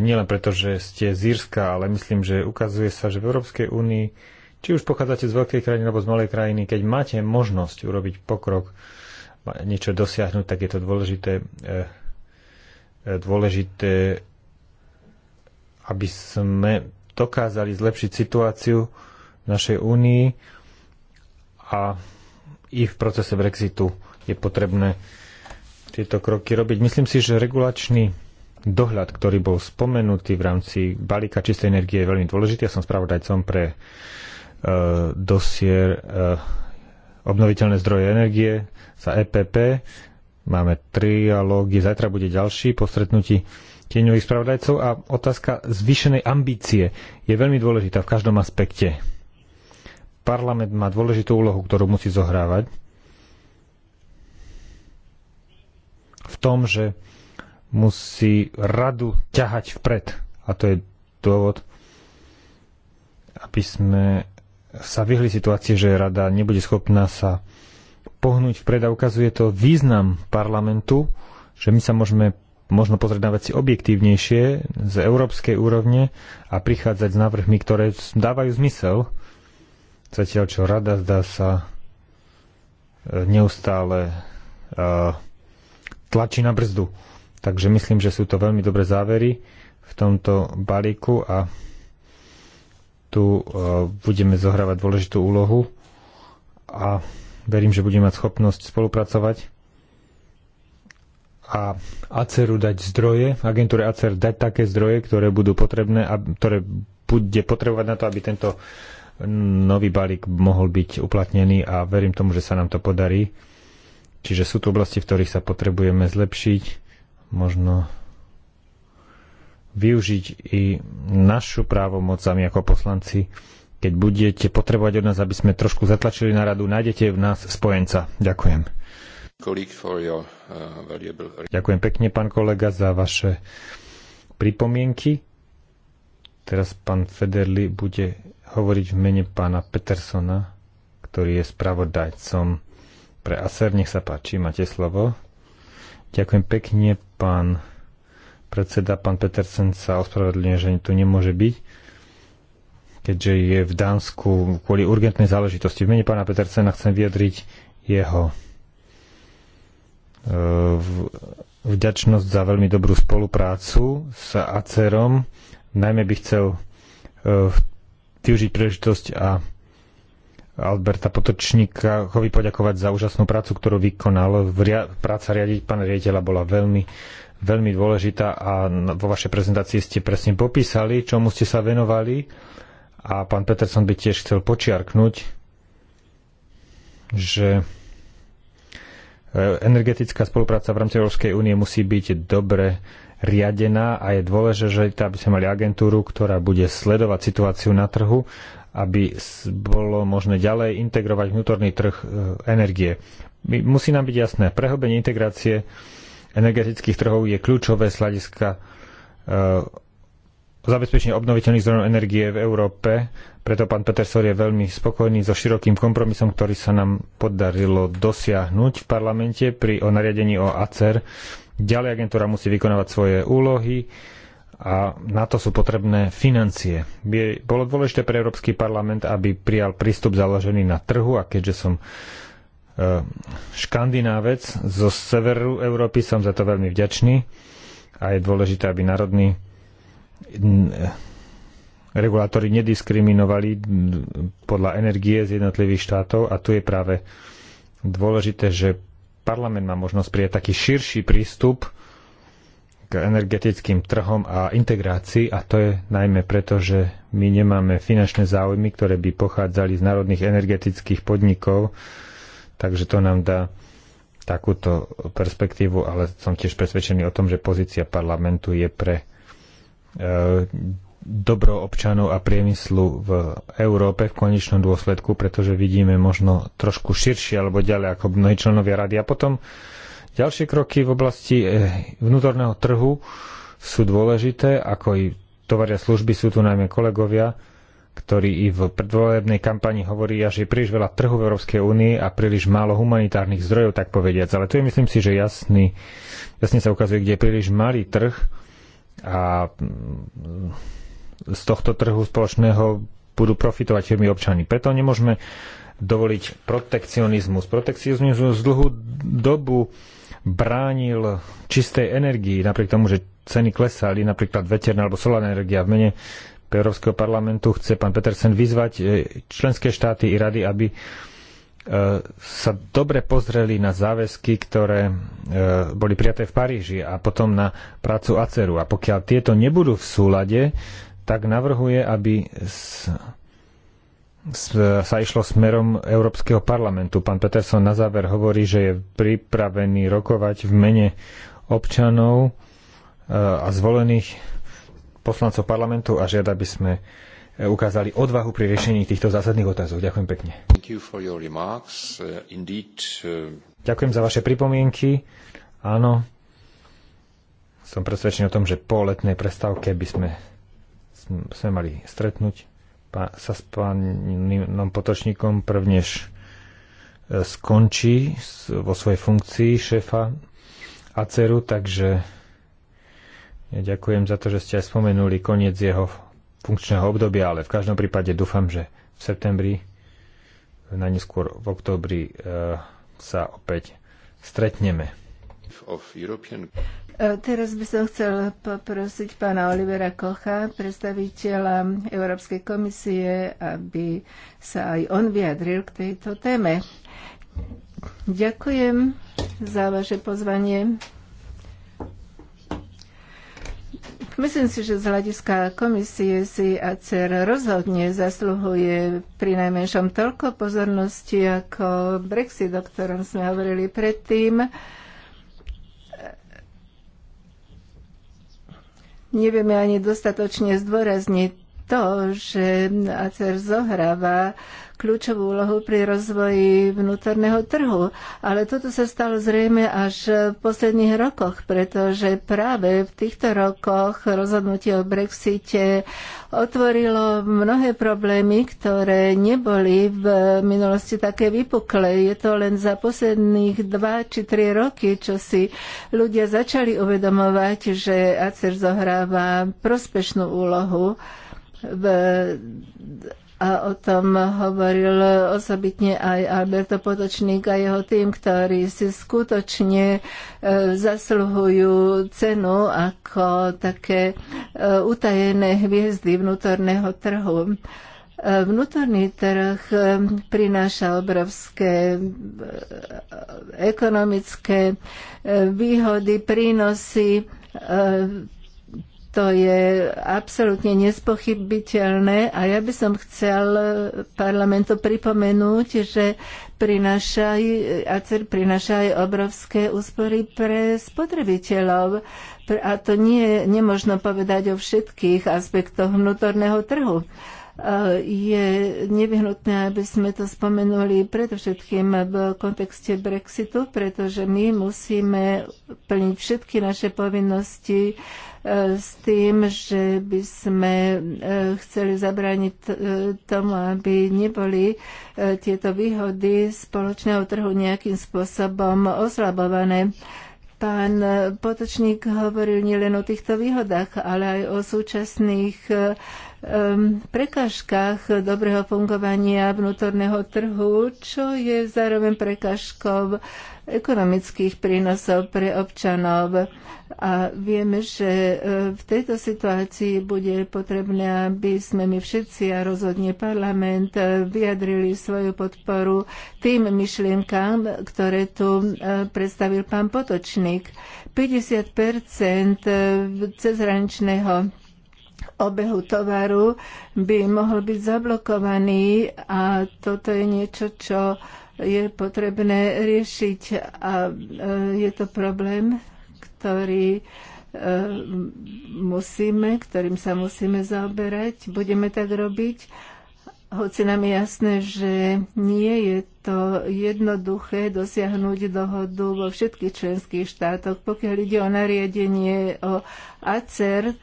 nielen preto, že ste z Írska, ale myslím, že ukazuje sa, že v Európskej únii, či už pochádzate z veľkej krajiny alebo z malej krajiny, keď máte možnosť urobiť pokrok, niečo dosiahnuť, tak je to dôležité, e, dôležité aby sme dokázali zlepšiť situáciu v našej únii a i v procese Brexitu je potrebné tieto kroky robiť. Myslím si, že regulačný dohľad, ktorý bol spomenutý v rámci balíka čistej energie je veľmi dôležitý. Ja som spravodajcom pre e, dosier e, obnoviteľné zdroje energie za EPP. Máme trialógy, zajtra bude ďalší po stretnutí tieňových spravodajcov a otázka zvýšenej ambície je veľmi dôležitá v každom aspekte. Parlament má dôležitú úlohu, ktorú musí zohrávať v tom, že musí radu ťahať vpred. A to je dôvod, aby sme sa vyhli situácii, že rada nebude schopná sa pohnúť vpred a ukazuje to význam parlamentu, že my sa môžeme možno pozrieť na veci objektívnejšie z európskej úrovne a prichádzať s návrhmi, ktoré dávajú zmysel. Zatiaľ, čo rada zdá sa e, neustále uh, tlačí na brzdu. Takže myslím, že sú to veľmi dobré závery v tomto balíku a tu uh, budeme zohrávať dôležitú úlohu a verím, že budeme mať schopnosť spolupracovať a ACERu dať zdroje, agentúre ACER dať také zdroje, ktoré budú potrebné a ktoré bude potrebovať na to, aby tento nový balík mohol byť uplatnený a verím tomu, že sa nám to podarí. Čiže sú tu oblasti, v ktorých sa potrebujeme zlepšiť, možno využiť i našu právomoc sami ako poslanci, keď budete potrebovať od nás, aby sme trošku zatlačili na radu, nájdete v nás spojenca. Ďakujem. Uh, Ďakujem pekne, pán kolega, za vaše pripomienky. Teraz pán Federli bude hovoriť v mene pána Petersona, ktorý je spravodajcom pre ASER. Nech sa páči, máte slovo. Ďakujem pekne, pán predseda, pán Petersen sa ospravedlňuje, že tu nemôže byť, keďže je v Dánsku kvôli urgentnej záležitosti. V mene pána Petersena chcem vyjadriť jeho vďačnosť za veľmi dobrú spoluprácu s ACERom. Najmä by chcel e, využiť príležitosť a Alberta Potočníka. Chovi poďakovať za úžasnú prácu, ktorú vykonal. Práca riadiť pána riaditeľa bola veľmi, veľmi dôležitá a vo vašej prezentácii ste presne popísali, čomu ste sa venovali a pán Peterson by tiež chcel počiarknúť, že E, energetická spolupráca v rámci Európskej únie musí byť dobre riadená a je dôležité, aby sme mali agentúru, ktorá bude sledovať situáciu na trhu, aby bolo možné ďalej integrovať vnútorný trh e, energie. Musí nám byť jasné, prehobenie integrácie energetických trhov je kľúčové z hľadiska e, zabezpečenie obnoviteľných zdrojov energie v Európe. Preto pán Petersor je veľmi spokojný so širokým kompromisom, ktorý sa nám podarilo dosiahnuť v parlamente pri o nariadení o ACER. Ďalej agentúra musí vykonávať svoje úlohy a na to sú potrebné financie. By bolo dôležité pre Európsky parlament, aby prijal prístup založený na trhu a keďže som e, škandinávec zo severu Európy, som za to veľmi vďačný a je dôležité, aby národný. Eh, regulátory nediskriminovali podľa energie z jednotlivých štátov a tu je práve dôležité, že parlament má možnosť prijať taký širší prístup k energetickým trhom a integrácii a to je najmä preto, že my nemáme finančné záujmy, ktoré by pochádzali z národných energetických podnikov, takže to nám dá takúto perspektívu, ale som tiež presvedčený o tom, že pozícia parlamentu je pre E, dobro občanov a priemyslu v Európe v konečnom dôsledku, pretože vidíme možno trošku širšie alebo ďalej ako mnohí členovia rady. A potom ďalšie kroky v oblasti e, vnútorného trhu sú dôležité, ako i tovaria služby sú tu najmä kolegovia, ktorí i v predvolebnej kampani hovoria, že je príliš veľa trhu v Európskej únii a príliš málo humanitárnych zdrojov, tak povediac. Ale tu je, myslím si, že jasný, jasne sa ukazuje, kde je príliš malý trh a mm, z tohto trhu spoločného budú profitovať firmy občany. Preto nemôžeme dovoliť protekcionizmus. Protekcionizmus dlhú dobu bránil čistej energii, napriek tomu, že ceny klesali, napríklad veterná alebo solárna energia v mene Európskeho parlamentu chce pán Petersen vyzvať e, členské štáty i rady, aby E, sa dobre pozreli na záväzky, ktoré e, boli prijaté v Paríži a potom na prácu ACERu. A pokiaľ tieto nebudú v súlade, tak navrhuje, aby sa išlo smerom Európskeho parlamentu. Pán Peterson na záver hovorí, že je pripravený rokovať v mene občanov e, a zvolených poslancov parlamentu a žiada, aby sme E, ukázali odvahu pri riešení týchto zásadných otázok. Ďakujem pekne. You uh, Indeed, uh... Ďakujem za vaše pripomienky. Áno, som presvedčený o tom, že po letnej prestávke by sme, sme mali stretnúť sa s pánom potočníkom, prvnež e, skončí vo svojej funkcii šéfa ACERu, takže ja ďakujem za to, že ste aj spomenuli koniec jeho funkčného obdobia, ale v každom prípade dúfam, že v septembri, najneskôr v októbri e, eh, sa opäť stretneme. European... Eh, teraz by som chcel poprosiť pána Olivera Kocha, predstaviteľa Európskej komisie, aby sa aj on vyjadril k tejto téme. Ďakujem za vaše pozvanie. Myslím si, že z hľadiska komisie si ACER rozhodne zasluhuje pri najmenšom toľko pozornosti ako Brexit, o ktorom sme hovorili predtým. Nevieme ani dostatočne zdôrazniť to, že ACER zohráva kľúčovú úlohu pri rozvoji vnútorného trhu. Ale toto sa stalo zrejme až v posledných rokoch, pretože práve v týchto rokoch rozhodnutie o Brexite otvorilo mnohé problémy, ktoré neboli v minulosti také vypukle. Je to len za posledných dva či tri roky, čo si ľudia začali uvedomovať, že ACER zohráva prospešnú úlohu v a o tom hovoril osobitne aj Alberto Potočník a jeho tým, ktorí si skutočne e, zasluhujú cenu ako také e, utajené hviezdy vnútorného trhu. E, vnútorný trh prináša obrovské ekonomické výhody, prínosy to je absolútne nespochybiteľné a ja by som chcel parlamentu pripomenúť, že prinašaj ACER prináša aj obrovské úspory pre spotrebiteľov. A to nie je nemožno povedať o všetkých aspektoch vnútorného trhu e, je nevyhnutné, aby sme to spomenuli predovšetkým v kontexte Brexitu, pretože my musíme plniť všetky naše povinnosti s tým, že by sme e, chceli zabrániť e, tomu, aby neboli e, tieto výhody spoločného trhu nejakým spôsobom oslabované. Pán Potočník hovoril nielen o týchto výhodách, ale aj o súčasných prekažkách prekážkach dobrého fungovania vnútorného trhu, čo je zároveň prekážkou ekonomických prínosov pre občanov. A vieme, že e, v tejto situácii bude potrebné, aby sme my všetci a rozhodne parlament e, vyjadrili svoju podporu tým myšlienkám, ktoré tu e, predstavil pán Potočník. 50 cezhraničného obehu tovaru by mohol byť zablokovaný a toto je niečo, čo je potrebné riešiť a e, je to problém, ktorý e, musíme, ktorým sa musíme zaoberať. Budeme tak robiť, hoci nám je jasné, že nie je to jednoduché dosiahnuť dohodu vo všetkých členských štátoch. Pokiaľ ide o nariadenie o ACER,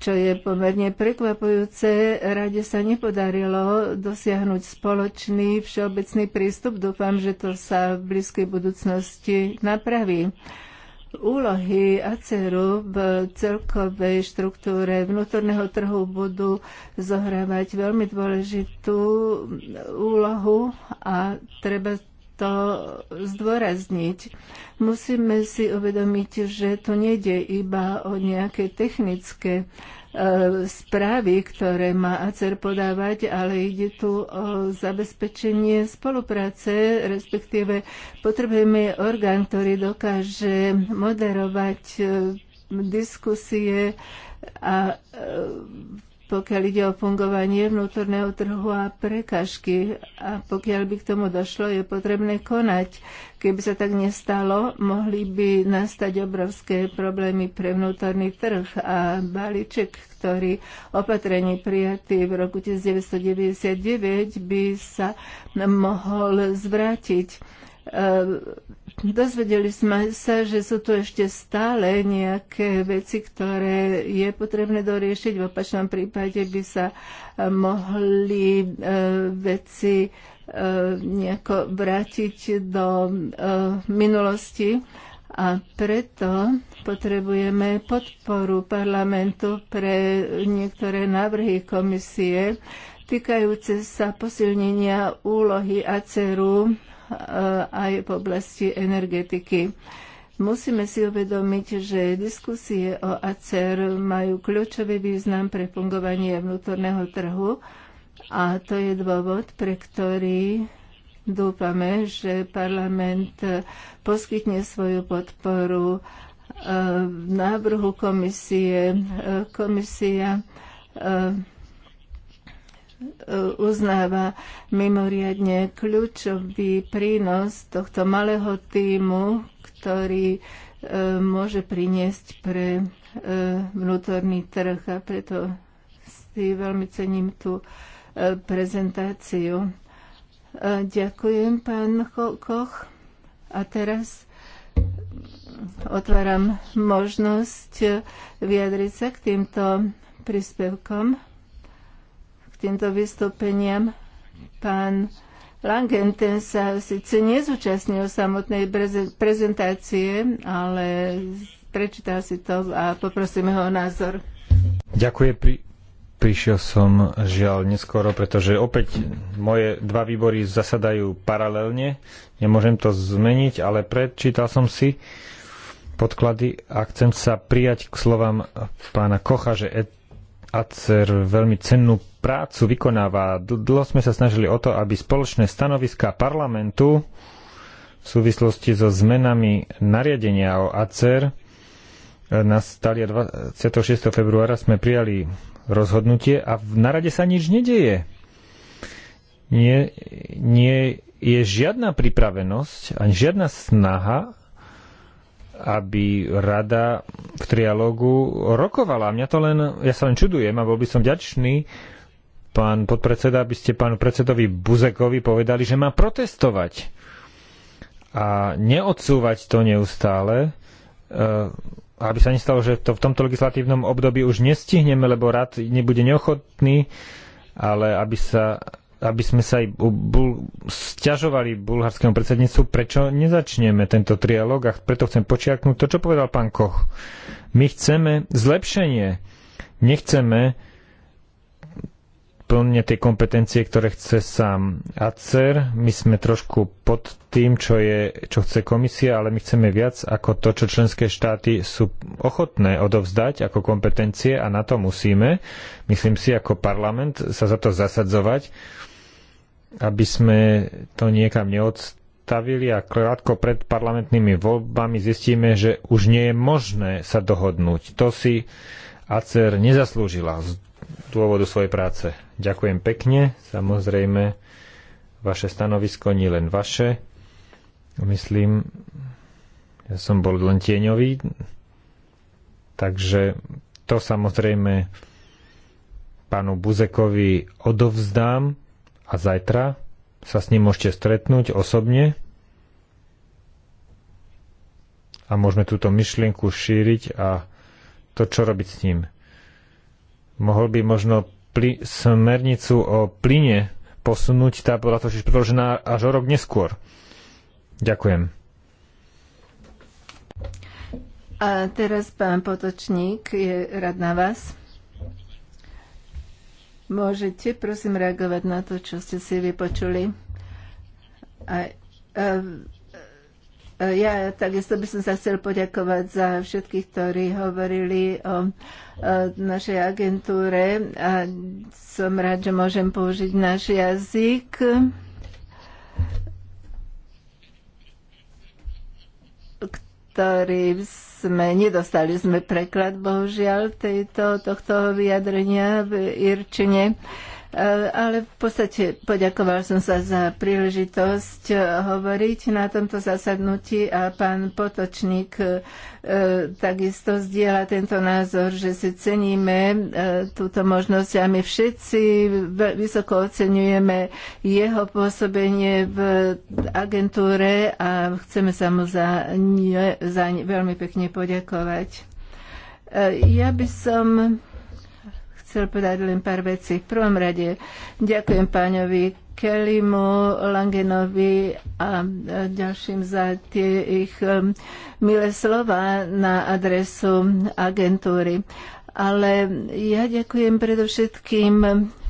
čo je pomerne prekvapujúce. Rade sa nepodarilo dosiahnuť spoločný všeobecný prístup. Dúfam, že to sa v blízkej budúcnosti napraví. Úlohy ACERu v celkovej štruktúre vnútorného trhu budú zohrávať veľmi dôležitú úlohu a treba to zdôrazniť. Musíme si uvedomiť, že tu nejde iba o nejaké technické e, správy, ktoré má ACER podávať, ale ide tu o zabezpečenie spolupráce, respektíve potrebujeme orgán, ktorý dokáže moderovať e, diskusie a e, pokiaľ ide o fungovanie vnútorného trhu a prekažky. A pokiaľ by k tomu došlo, je potrebné konať. Keby sa tak nestalo, mohli by nastať obrovské problémy pre vnútorný trh a balíček, ktorý opatrení prijatý v roku 1999 by sa mohol zvrátiť ehm, Dozvedeli sme sa, že sú tu ešte stále nejaké veci, ktoré je potrebné doriešiť. V opačnom prípade by sa e, mohli e, veci e, nejako vrátiť do minulosti a preto potrebujeme podporu parlamentu pre niektoré návrhy komisie týkajúce sa posilnenia úlohy ACERu Eh, aj v oblasti energetiky. Musíme si uvedomiť, že diskusie o ACER majú kľúčový význam pre fungovanie vnútorného trhu a to je dôvod, pre ktorý dúfame, že parlament poskytne svoju podporu eh, v návrhu komisie. Eh, komisia uznáva mimoriadne kľúčový prínos tohto malého týmu, ktorý e, môže priniesť pre e, vnútorný trh a preto si veľmi cením tú e, prezentáciu. Ďakujem, pán Koch. A teraz otváram možnosť vyjadriť sa k týmto príspevkom týmto vystúpeniam. Pán Langen, ten sa síce nezúčastnil samotnej prezentácie, ale prečítal si to a poprosíme ho o názor. Ďakujem. Pri, prišiel som žiaľ neskoro, pretože opäť moje dva výbory zasadajú paralelne. Nemôžem to zmeniť, ale prečítal som si podklady a chcem sa prijať k slovám pána Kocha, že et, ACER veľmi cennú prácu vykonáva. Dlho sme sa snažili o to, aby spoločné stanoviská parlamentu v súvislosti so zmenami nariadenia o ACER e, na stali 26. februára sme prijali rozhodnutie a v narade sa nič nedieje. Nie, nie je žiadna pripravenosť ani žiadna snaha aby rada v trialógu rokovala. Mňa to len, ja sa len čudujem a bol by som vďačný, pán podpredseda, aby ste pánu predsedovi Buzekovi povedali, že má protestovať a neodsúvať to neustále, e, aby sa nestalo, že to v tomto legislatívnom období už nestihneme, lebo rad nebude neochotný, ale aby sa aby sme sa aj bul- stiažovali bulharskému predsedníctvu, prečo nezačneme tento trialog a preto chcem počiarknúť to, čo povedal pán Koch. My chceme zlepšenie. Nechceme plne tie kompetencie, ktoré chce sám ACER. My sme trošku pod tým, čo, je, čo chce komisia, ale my chceme viac ako to, čo členské štáty sú ochotné odovzdať ako kompetencie a na to musíme, myslím si, ako parlament sa za to zasadzovať aby sme to niekam neodstavili a krátko pred parlamentnými voľbami zistíme, že už nie je možné sa dohodnúť. To si ACER nezaslúžila z dôvodu svojej práce. Ďakujem pekne, samozrejme vaše stanovisko nie len vaše. Myslím, ja som bol len tieňový, takže to samozrejme pánu Buzekovi odovzdám a zajtra sa s ním môžete stretnúť osobne a môžeme túto myšlienku šíriť a to, čo robiť s ním. Mohol by možno pli- smernicu o plyne posunúť, tá bola totiž predložená až o rok neskôr. Ďakujem. A teraz pán Potočník je rad na vás. Môžete prosím reagovať na to, čo ste si vypočuli. A, a, a ja takisto by som sa chcel poďakovať za všetkých, ktorí hovorili o, o našej agentúre a som rád, že môžem použiť náš jazyk. ktorý sme nedostali sme preklad, bohužiaľ, tejto, tohto vyjadrenia v Irčine. Uh, ale v podstate poďakoval som sa za príležitosť eh, hovoriť na tomto zasadnutí a pán Potočník eh, takisto zdieľa tento názor, že si ceníme eh, túto možnosť a my všetci vysoko oceňujeme jeho pôsobenie v agentúre a chceme sa mu za, za veľmi pekne poďakovať. Ja by som chcel povedať len pár vecí. V prvom rade ďakujem páňovi Kellymu, Langenovi a ďalším za tie ich um, milé slova na adresu agentúry. Ale ja ďakujem predovšetkým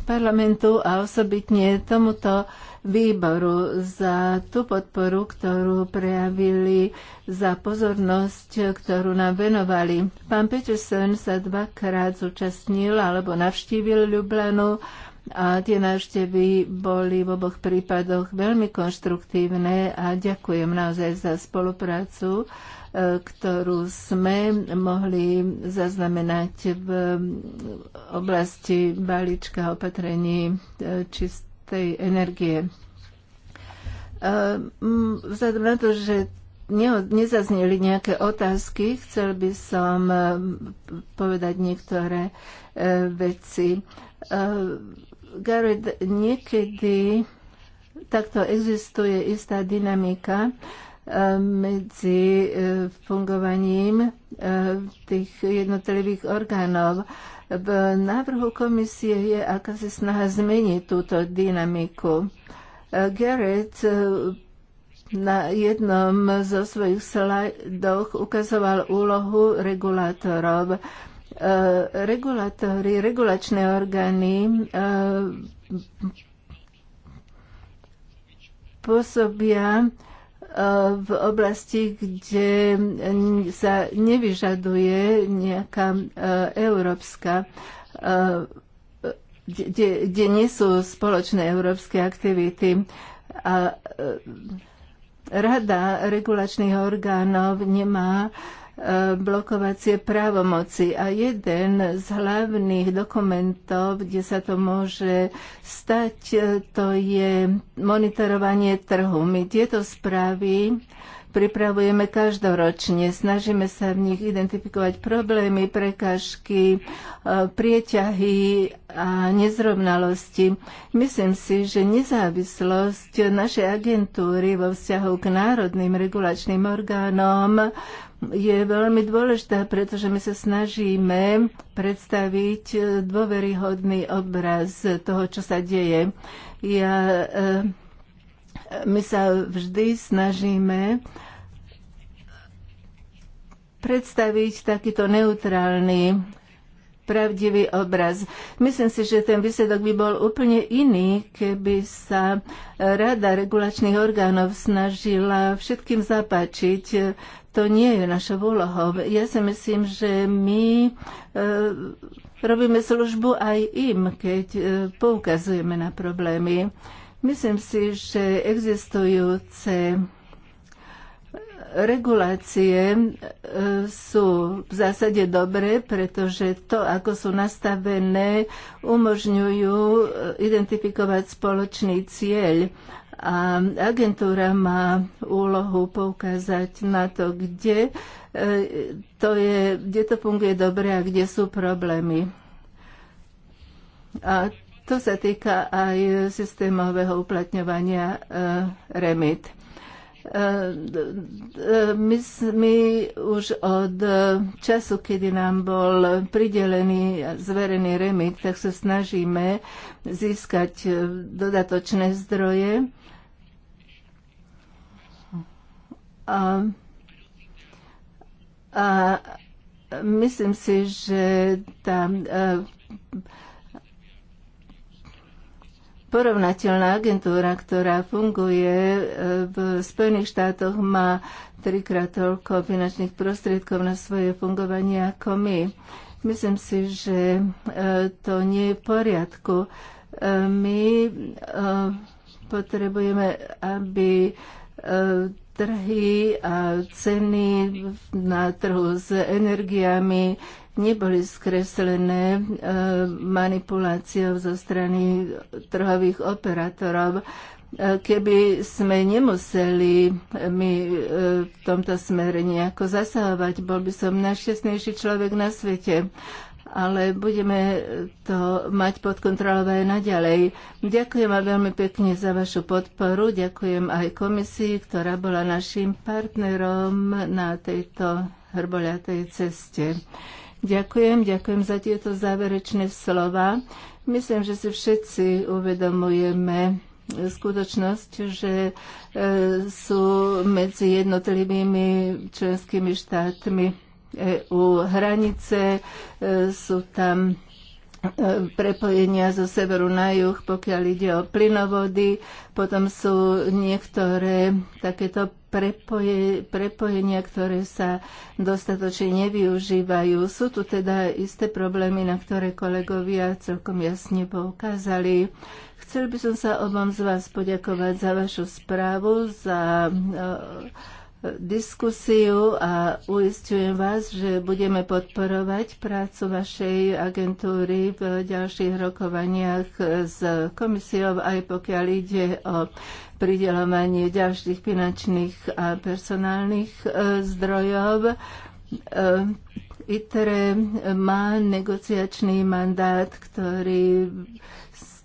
parlamentu a osobitne tomuto výboru za tú podporu, ktorú prejavili, za pozornosť, ktorú nám venovali. Pán Peterson sa dvakrát zúčastnil alebo navštívil Ljubljanu a tie návštevy boli v oboch prípadoch veľmi konštruktívne a ďakujem naozaj za spoluprácu, e, ktorú sme mohli zaznamenať v oblasti balíčka opatrení e, čist tej energie. Vzhľadom na to, že nezazneli nejaké otázky, chcel by som eh, povedať niektoré eh, veci. Eh, Garrett, niekedy takto existuje istá dynamika medzi fungovaním tých jednotlivých orgánov v návrhu komisie je akási snaha zmeniť túto dynamiku. Eh, Garrett eh, na jednom zo svojich slajdoch ukazoval úlohu regulátorov. Eh, Regulátory, regulačné orgány pôsobia v oblasti, kde sa nevyžaduje nejaká e, európska e, kde, kde nie sú spoločné európske aktivity. A e, Rada regulačných orgánov nemá blokovacie právomoci. A jeden z hlavných dokumentov, kde sa to môže stať, to je monitorovanie trhu. My tieto správy pripravujeme každoročne. Snažíme sa v nich identifikovať problémy, prekažky, e, prieťahy a nezrovnalosti. Myslím si, že nezávislosť našej agentúry vo vzťahu k národným regulačným orgánom je veľmi dôležitá, pretože my sa snažíme predstaviť e, dôveryhodný obraz toho, čo sa deje. Ja, e, my sa vždy snažíme predstaviť takýto neutrálny pravdivý obraz. Myslím si, že ten výsledok by bol úplne iný, keby sa rada regulačných orgánov snažila všetkým zapáčiť to nie je naša úloha. Ja si myslím, že my e, robíme službu aj im, keď e, poukazujeme na problémy. Myslím si, že existujúce e, regulácie e, sú v zásade dobré, pretože to, ako sú nastavené, umožňujú e, identifikovať spoločný cieľ a agentúra má úlohu poukázať na to, kde e, to, je, kde to funguje dobre a kde sú problémy. A to sa týka aj systémového uplatňovania e, remit. E, my, my už od času, kedy nám bol pridelený a zverený remit, tak sa snažíme získať dodatočné zdroje A, a myslím si, že tá porovnateľná agentúra, ktorá funguje e, v Spojených štátoch, má trikrát toľko finančných prostriedkov na svoje fungovanie ako my. Myslím si, že e, to nie je v poriadku. E, my potrebujeme, aby trhy a ceny na trhu s energiami neboli skreslené e, manipuláciou zo strany trhových operátorov e, keby sme nemuseli my e, v tomto smere nejako zasahovať, bol by som najšťastnejší človek na svete ale budeme to mať pod kontrolou aj naďalej. Ďakujem vám veľmi pekne za vašu podporu, ďakujem aj komisii, ktorá bola našim partnerom na tejto hrboľatej ceste. Ďakujem, ďakujem za tieto záverečné slova. Myslím, že si všetci uvedomujeme skutočnosť, že e, sú medzi jednotlivými členskými štátmi EU hranice, e, sú tam e, prepojenia zo severu na juh, pokiaľ ide o plynovody. Potom sú niektoré takéto prepoje, prepojenia, ktoré sa dostatočne nevyužívajú. Sú tu teda isté problémy, na ktoré kolegovia celkom jasne poukázali. Chcel by som sa obom z vás poďakovať za vašu správu, za uh, diskusiu a uistujem vás, že budeme podporovať prácu vašej agentúry v ďalších rokovaniach s komisiou, aj pokiaľ ide o pridelovanie ďalších finančných a personálnych e, zdrojov. E, ITRE má negociačný mandát, ktorý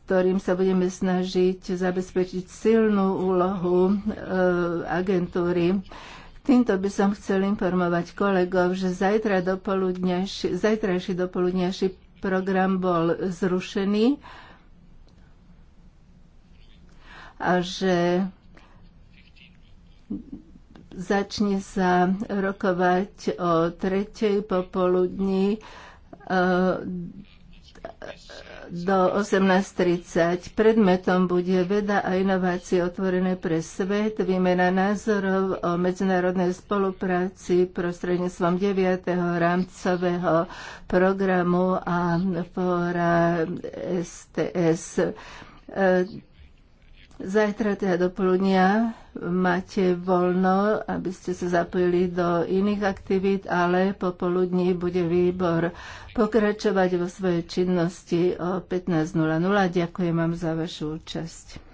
ktorým sa budeme snažiť zabezpečiť silnú úlohu e, agentúry. Týmto by som chcel informovať kolegov, že zajtra dopoludňaši, zajtrajší dopoludňaši program bol zrušený a že začne sa rokovať o tretej popoludní e, do 18.30. Predmetom bude veda a inovácie otvorené pre svet, výmena názorov o medzinárodnej spolupráci prostredníctvom 9. rámcového programu a fóra STS. Zajtra teda do poludnia máte voľno, aby ste sa zapojili do iných aktivít, ale po poludní bude výbor pokračovať vo svojej činnosti o 15.00. Ďakujem vám za vašu účasť.